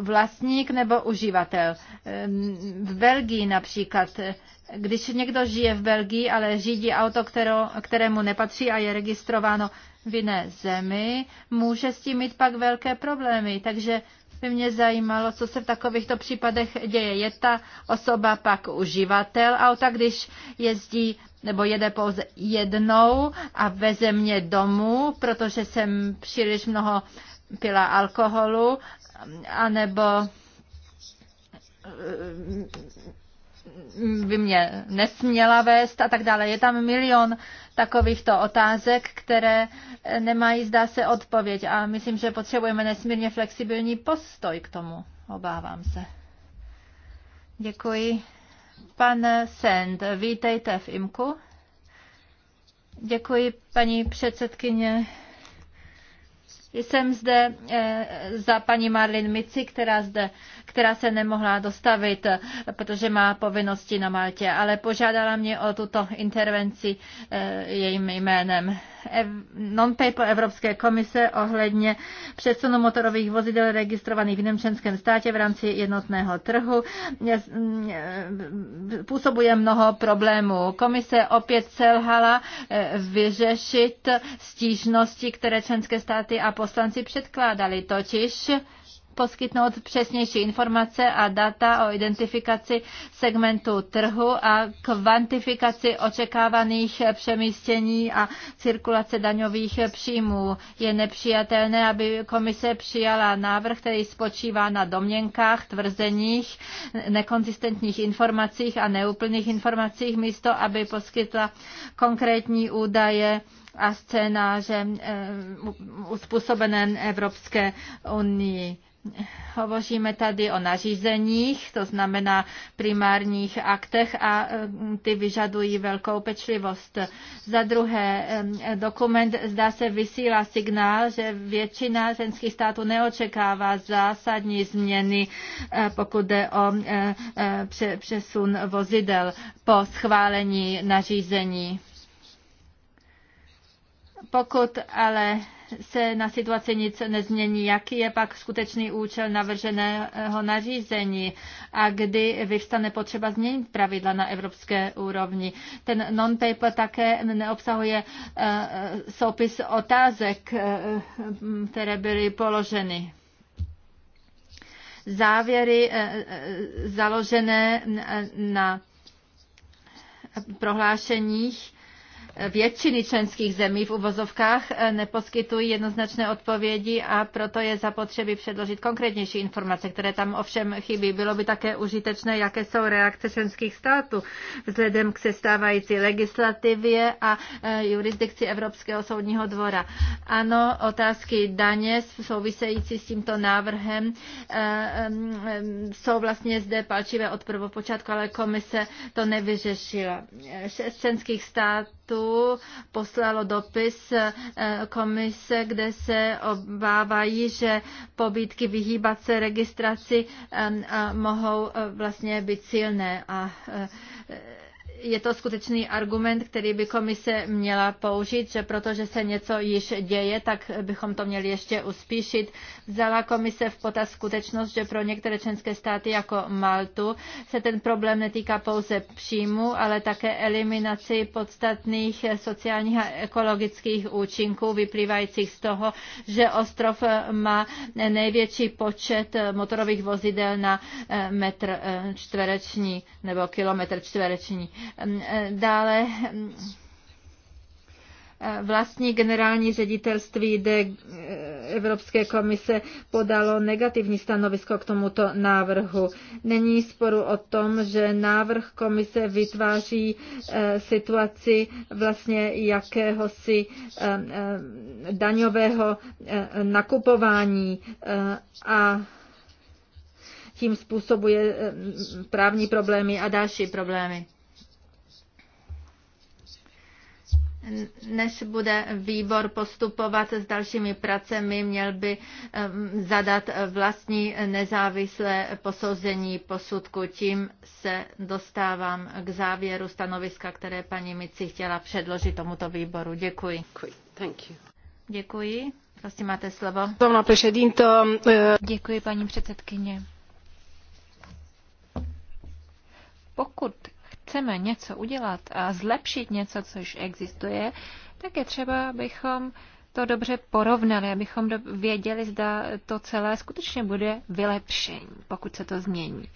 vlastník nebo uživatel. V Belgii například, když někdo žije v Belgii, ale řídí auto, kterou, kterému nepatří a je registrováno v jiné zemi, může s tím mít pak velké problémy. Takže by mě zajímalo, co se v takovýchto případech děje. Je ta osoba pak uživatel auta, když jezdí nebo jede pouze jednou a veze mě domů, protože jsem příliš mnoho pila alkoholu, anebo eh, by mě nesměla vést a tak dále. Je tam milion takovýchto otázek, které eh, nemají, zdá se, odpověď a myslím, že potřebujeme nesmírně flexibilní postoj k tomu, obávám se. Děkuji. Pan Send, vítejte v IMKU. Děkuji, paní předsedkyně. Jsem zde eh, za paní Marlin Mici, která, zde, která se nemohla dostavit, protože má povinnosti na Maltě, ale požádala mě o tuto intervenci eh, jejím jménem. Non-paper Evropské komise ohledně přesunu motorových vozidel registrovaných v jiném členském státě v rámci jednotného trhu eh, působuje mnoho problémů. Komise opět selhala vyřešit stížnosti, které členské státy a poslanci předkládali, totiž poskytnout přesnější informace a data o identifikaci segmentu trhu a kvantifikaci očekávaných přemístění a cirkulace daňových příjmů. Je nepřijatelné, aby komise přijala návrh, který spočívá na domněnkách, tvrzeních, nekonzistentních informacích a neúplných informacích, místo aby poskytla konkrétní údaje a scénáře eh, uspůsobené Evropské unii. Hovoříme tady o nařízeních, to znamená primárních aktech a eh, ty vyžadují velkou pečlivost. Za druhé, eh, dokument zdá se vysílá signál, že většina ženských států neočekává zásadní změny, pokud jde o přesun vozidel po schválení nařízení pokud ale se na situaci nic nezmění, jaký je pak skutečný účel navrženého nařízení a kdy vyvstane potřeba změnit pravidla na evropské úrovni. Ten non-paper také neobsahuje eh, eh, soupis otázek, eh, které byly položeny závěry založené na prohlášeních většiny členských zemí v uvozovkách eh, neposkytují jednoznačné odpovědi a proto je zapotřebí předložit konkrétnější informace, které tam ovšem chybí. Bylo by také užitečné, jaké jsou reakce členských států vzhledem k sestávající legislativě a eh, jurisdikci Evropského soudního dvora. Ano, otázky daně související s tímto návrhem eh, jsou vlastně zde palčivé od prvopočátku, ale komise to nevyřešila. Šest členských států státu poslalo dopis eh, komise, kde se obávají, že pobídky vyhýbat se registraci eh, eh, mohou vlastně být silné a je to skutečný argument, který by komise měla použít, že protože se něco již děje, tak bychom to měli ještě uspíšit. Vzala komise v potaz skutečnost, že pro některé členské státy jako Maltu se ten problém netýká pouze příjmu, ale také eliminaci podstatných sociálních a ekologických účinků vyplývajících z toho, že ostrov má největší počet motorových vozidel na metr čtvereční nebo kilometr čtvereční. E, dále e, vlastní generální ředitelství D e, Evropské komise podalo negativní stanovisko k tomuto návrhu. Není sporu o tom, že návrh komise vytváří situaci vlastně jakéhosi daňového nakupování a tím způsobuje právní problémy a další problémy. než bude výbor postupovat s dalšími pracemi, měl by zadat vlastní nezávislé posouzení posudku. Tím se dostávám k závěru stanoviska, které paní Mici chtěla předložit tomuto výboru. Děkuji. Děkuji. Děkuji. Prosím, máte slovo. E, Děkuji, paní předsedkyně. Pokud chceme něco udělat a zlepšit něco, co už existuje, tak je třeba, abychom to dobře porovnali, abychom věděli, zda to celé skutečně bude vylepšení, pokud se to změní.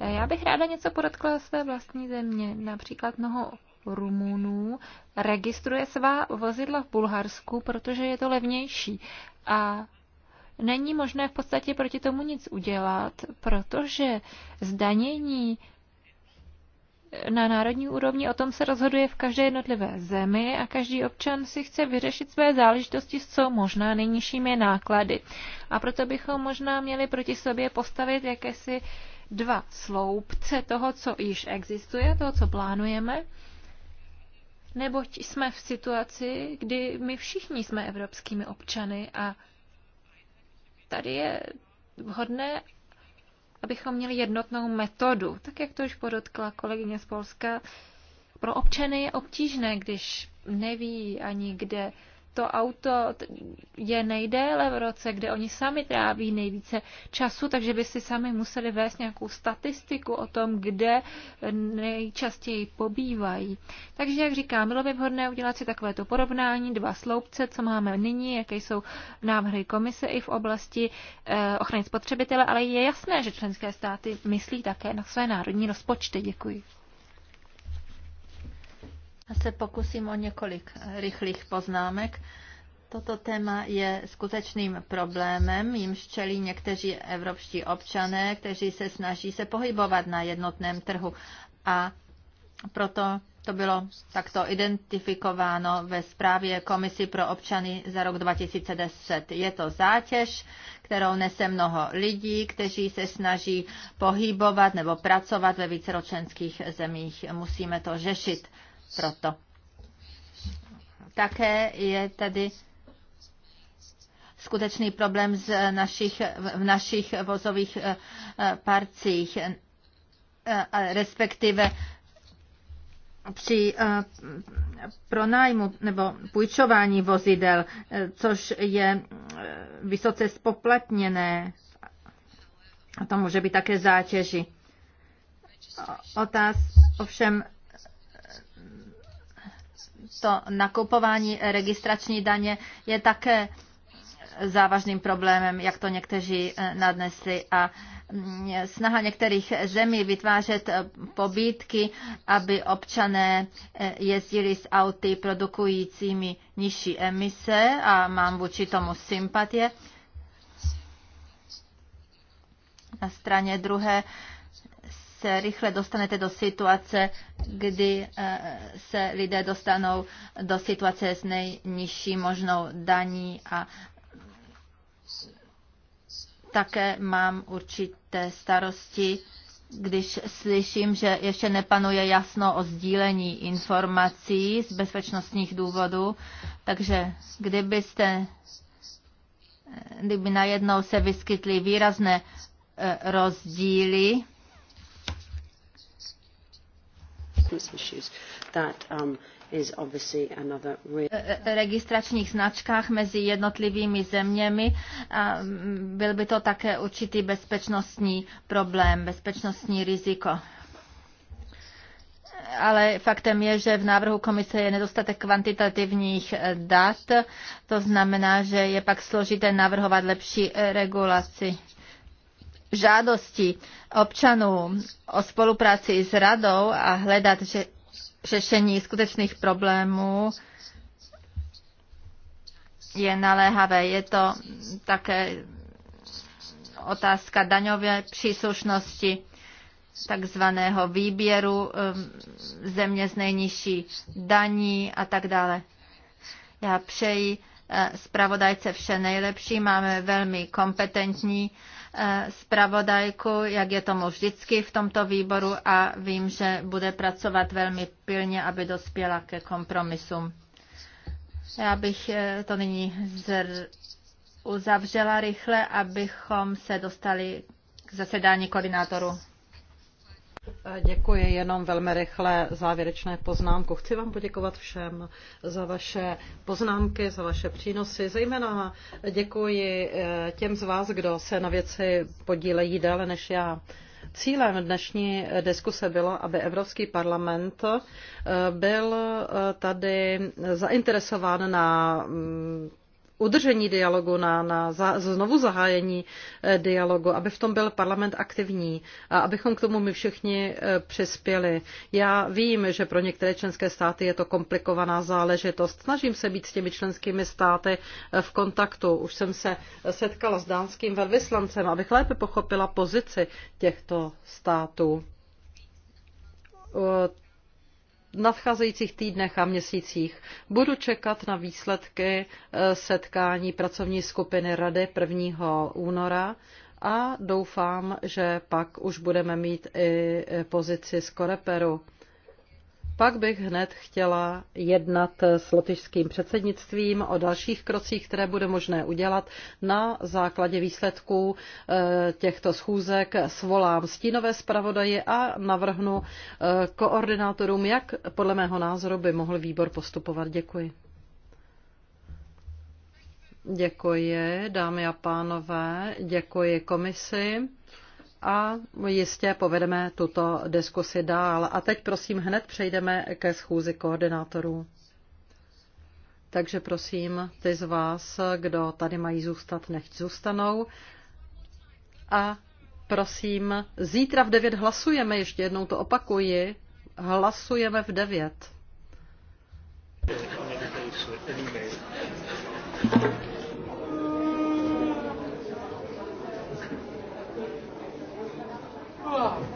E, já bych ráda něco podotkla své vlastní země. Například mnoho Rumunů registruje svá vozidla v Bulharsku, protože je to levnější. A není možné v podstatě proti tomu nic udělat, protože zdanění na národní úrovni, o tom se rozhoduje v každé jednotlivé zemi a každý občan si chce vyřešit své záležitosti s co možná nejnižšími náklady. A proto bychom možná měli proti sobě postavit jakési dva sloupce toho, co již existuje, toho, co plánujeme, neboť jsme v situaci, kdy my všichni jsme evropskými občany a tady je vhodné, abychom měli jednotnou metodu. Tak, jak to už podotkla kolegyně z Polska, pro občany je obtížné, když neví ani kde to auto je nejdéle v roce, kde oni sami tráví nejvíce času, takže by si sami museli vést nějakou statistiku o tom, kde nejčastěji pobývají. Takže, jak říkám, bylo by vhodné udělat si takovéto porovnání, dva sloupce, co máme nyní, jaké jsou návrhy komise i v oblasti eh, ochrany spotřebitele, ale je jasné, že členské státy myslí také na své národní rozpočty. Děkuji. Já se pokusím o několik eh, rychlých poznámek. Toto téma je skutečným problémem, jimž čelí někteří evropští občané, kteří se snaží se pohybovat na jednotném trhu. A proto to bylo takto identifikováno ve zprávě Komisi pro občany za rok 2010. Je to zátěž, kterou nese mnoho lidí, kteří se snaží pohybovat nebo pracovat ve víceročenských zemích. Musíme to řešit proto. Také je tady skutečný problém z našich, v našich vozových eh, parcích, eh, respektive při eh, pronájmu nebo půjčování vozidel, což je vysoce spoplatněné. A to může být také zátěži. Otáz, ovšem to nakupování registrační daně je také závažným problémem, jak to někteří eh, nadnesli. A mm, snaha některých zemí vytvářet eh, pobídky, aby občané eh, jezdili s auty produkujícími nižší emise a mám vůči tomu sympatie. Na straně druhé se rychle dostanete do situace, kdy eh, se lidé dostanou do situace s nejnižší možnou daní a také mám určité starosti, když slyším, že ještě nepanuje jasno o sdílení informací z bezpečnostních důvodů, takže kdybyste, eh, kdyby najednou se vyskytly výrazné eh, rozdíly business issues. That um, is obviously another real... E, e, registračních značkách mezi jednotlivými zeměmi. A byl by to také určitý bezpečnostní problém, bezpečnostní riziko ale faktem je, že v návrhu komise je nedostatek kvantitativních e, dat, to znamená, že je pak složité navrhovat lepší regulaci žádosti občanů o spolupráci s radou a hledat řešení skutečných problémů je naléhavé. Je to také otázka daňové příslušnosti takzvaného výběru ehm, země z nejnižší daní a tak dále. Já přeji eh, zpravodajce vše nejlepší. Máme velmi kompetentní Eh, zpravodajku, jak je tomu vždycky v tomto výboru a vím, že bude pracovat velmi pilně, aby dospěla ke kompromisům. Já bych eh, to nyní zr- uzavřela rychle, abychom se dostali k zasedání koordinátoru. Děkuji, jenom velmi rychle závěrečné poznámku. Chci vám poděkovat všem za vaše poznámky, za vaše přínosy. Zejména děkuji eh, těm z vás, kdo se na věci podílejí déle než já. Cílem dnešní diskuse bylo, aby Evropský parlament eh, byl eh, tady zainteresován na mm, udržení dialogu, na, na za, znovu zahájení eh, dialogu, aby v tom byl parlament aktivní a abychom k tomu my všichni eh, přispěli. Já vím, že pro některé členské státy je to komplikovaná záležitost. Snažím se být s těmi členskými státy eh, v kontaktu. Už jsem se setkala s dánským velvyslancem, abych lépe pochopila pozici těchto států nadcházejících týdnech a měsících. Budu čekat na výsledky eh, setkání pracovní skupiny Rady 1. února a doufám, že pak už budeme mít i pozici z Koreperu. Pak bych hned chtěla jednat s lotyšským předsednictvím o dalších krocích, které bude možné udělat. Na základě výsledků eh, těchto schůzek svolám stínové zpravodaje a navrhnu eh, koordinátorům, jak podle mého názoru by mohl výbor postupovat. Děkuji. Děkuji, dámy a pánové, děkuji komisi a jistě povedeme tuto diskusi dál. A teď prosím hned přejdeme ke schůzi koordinátorů. Takže prosím, ty z vás, kdo tady mají zůstat, nechť zůstanou. A prosím, zítra v 9 hlasujeme, ještě jednou to opakuji, hlasujeme v 9. Wow.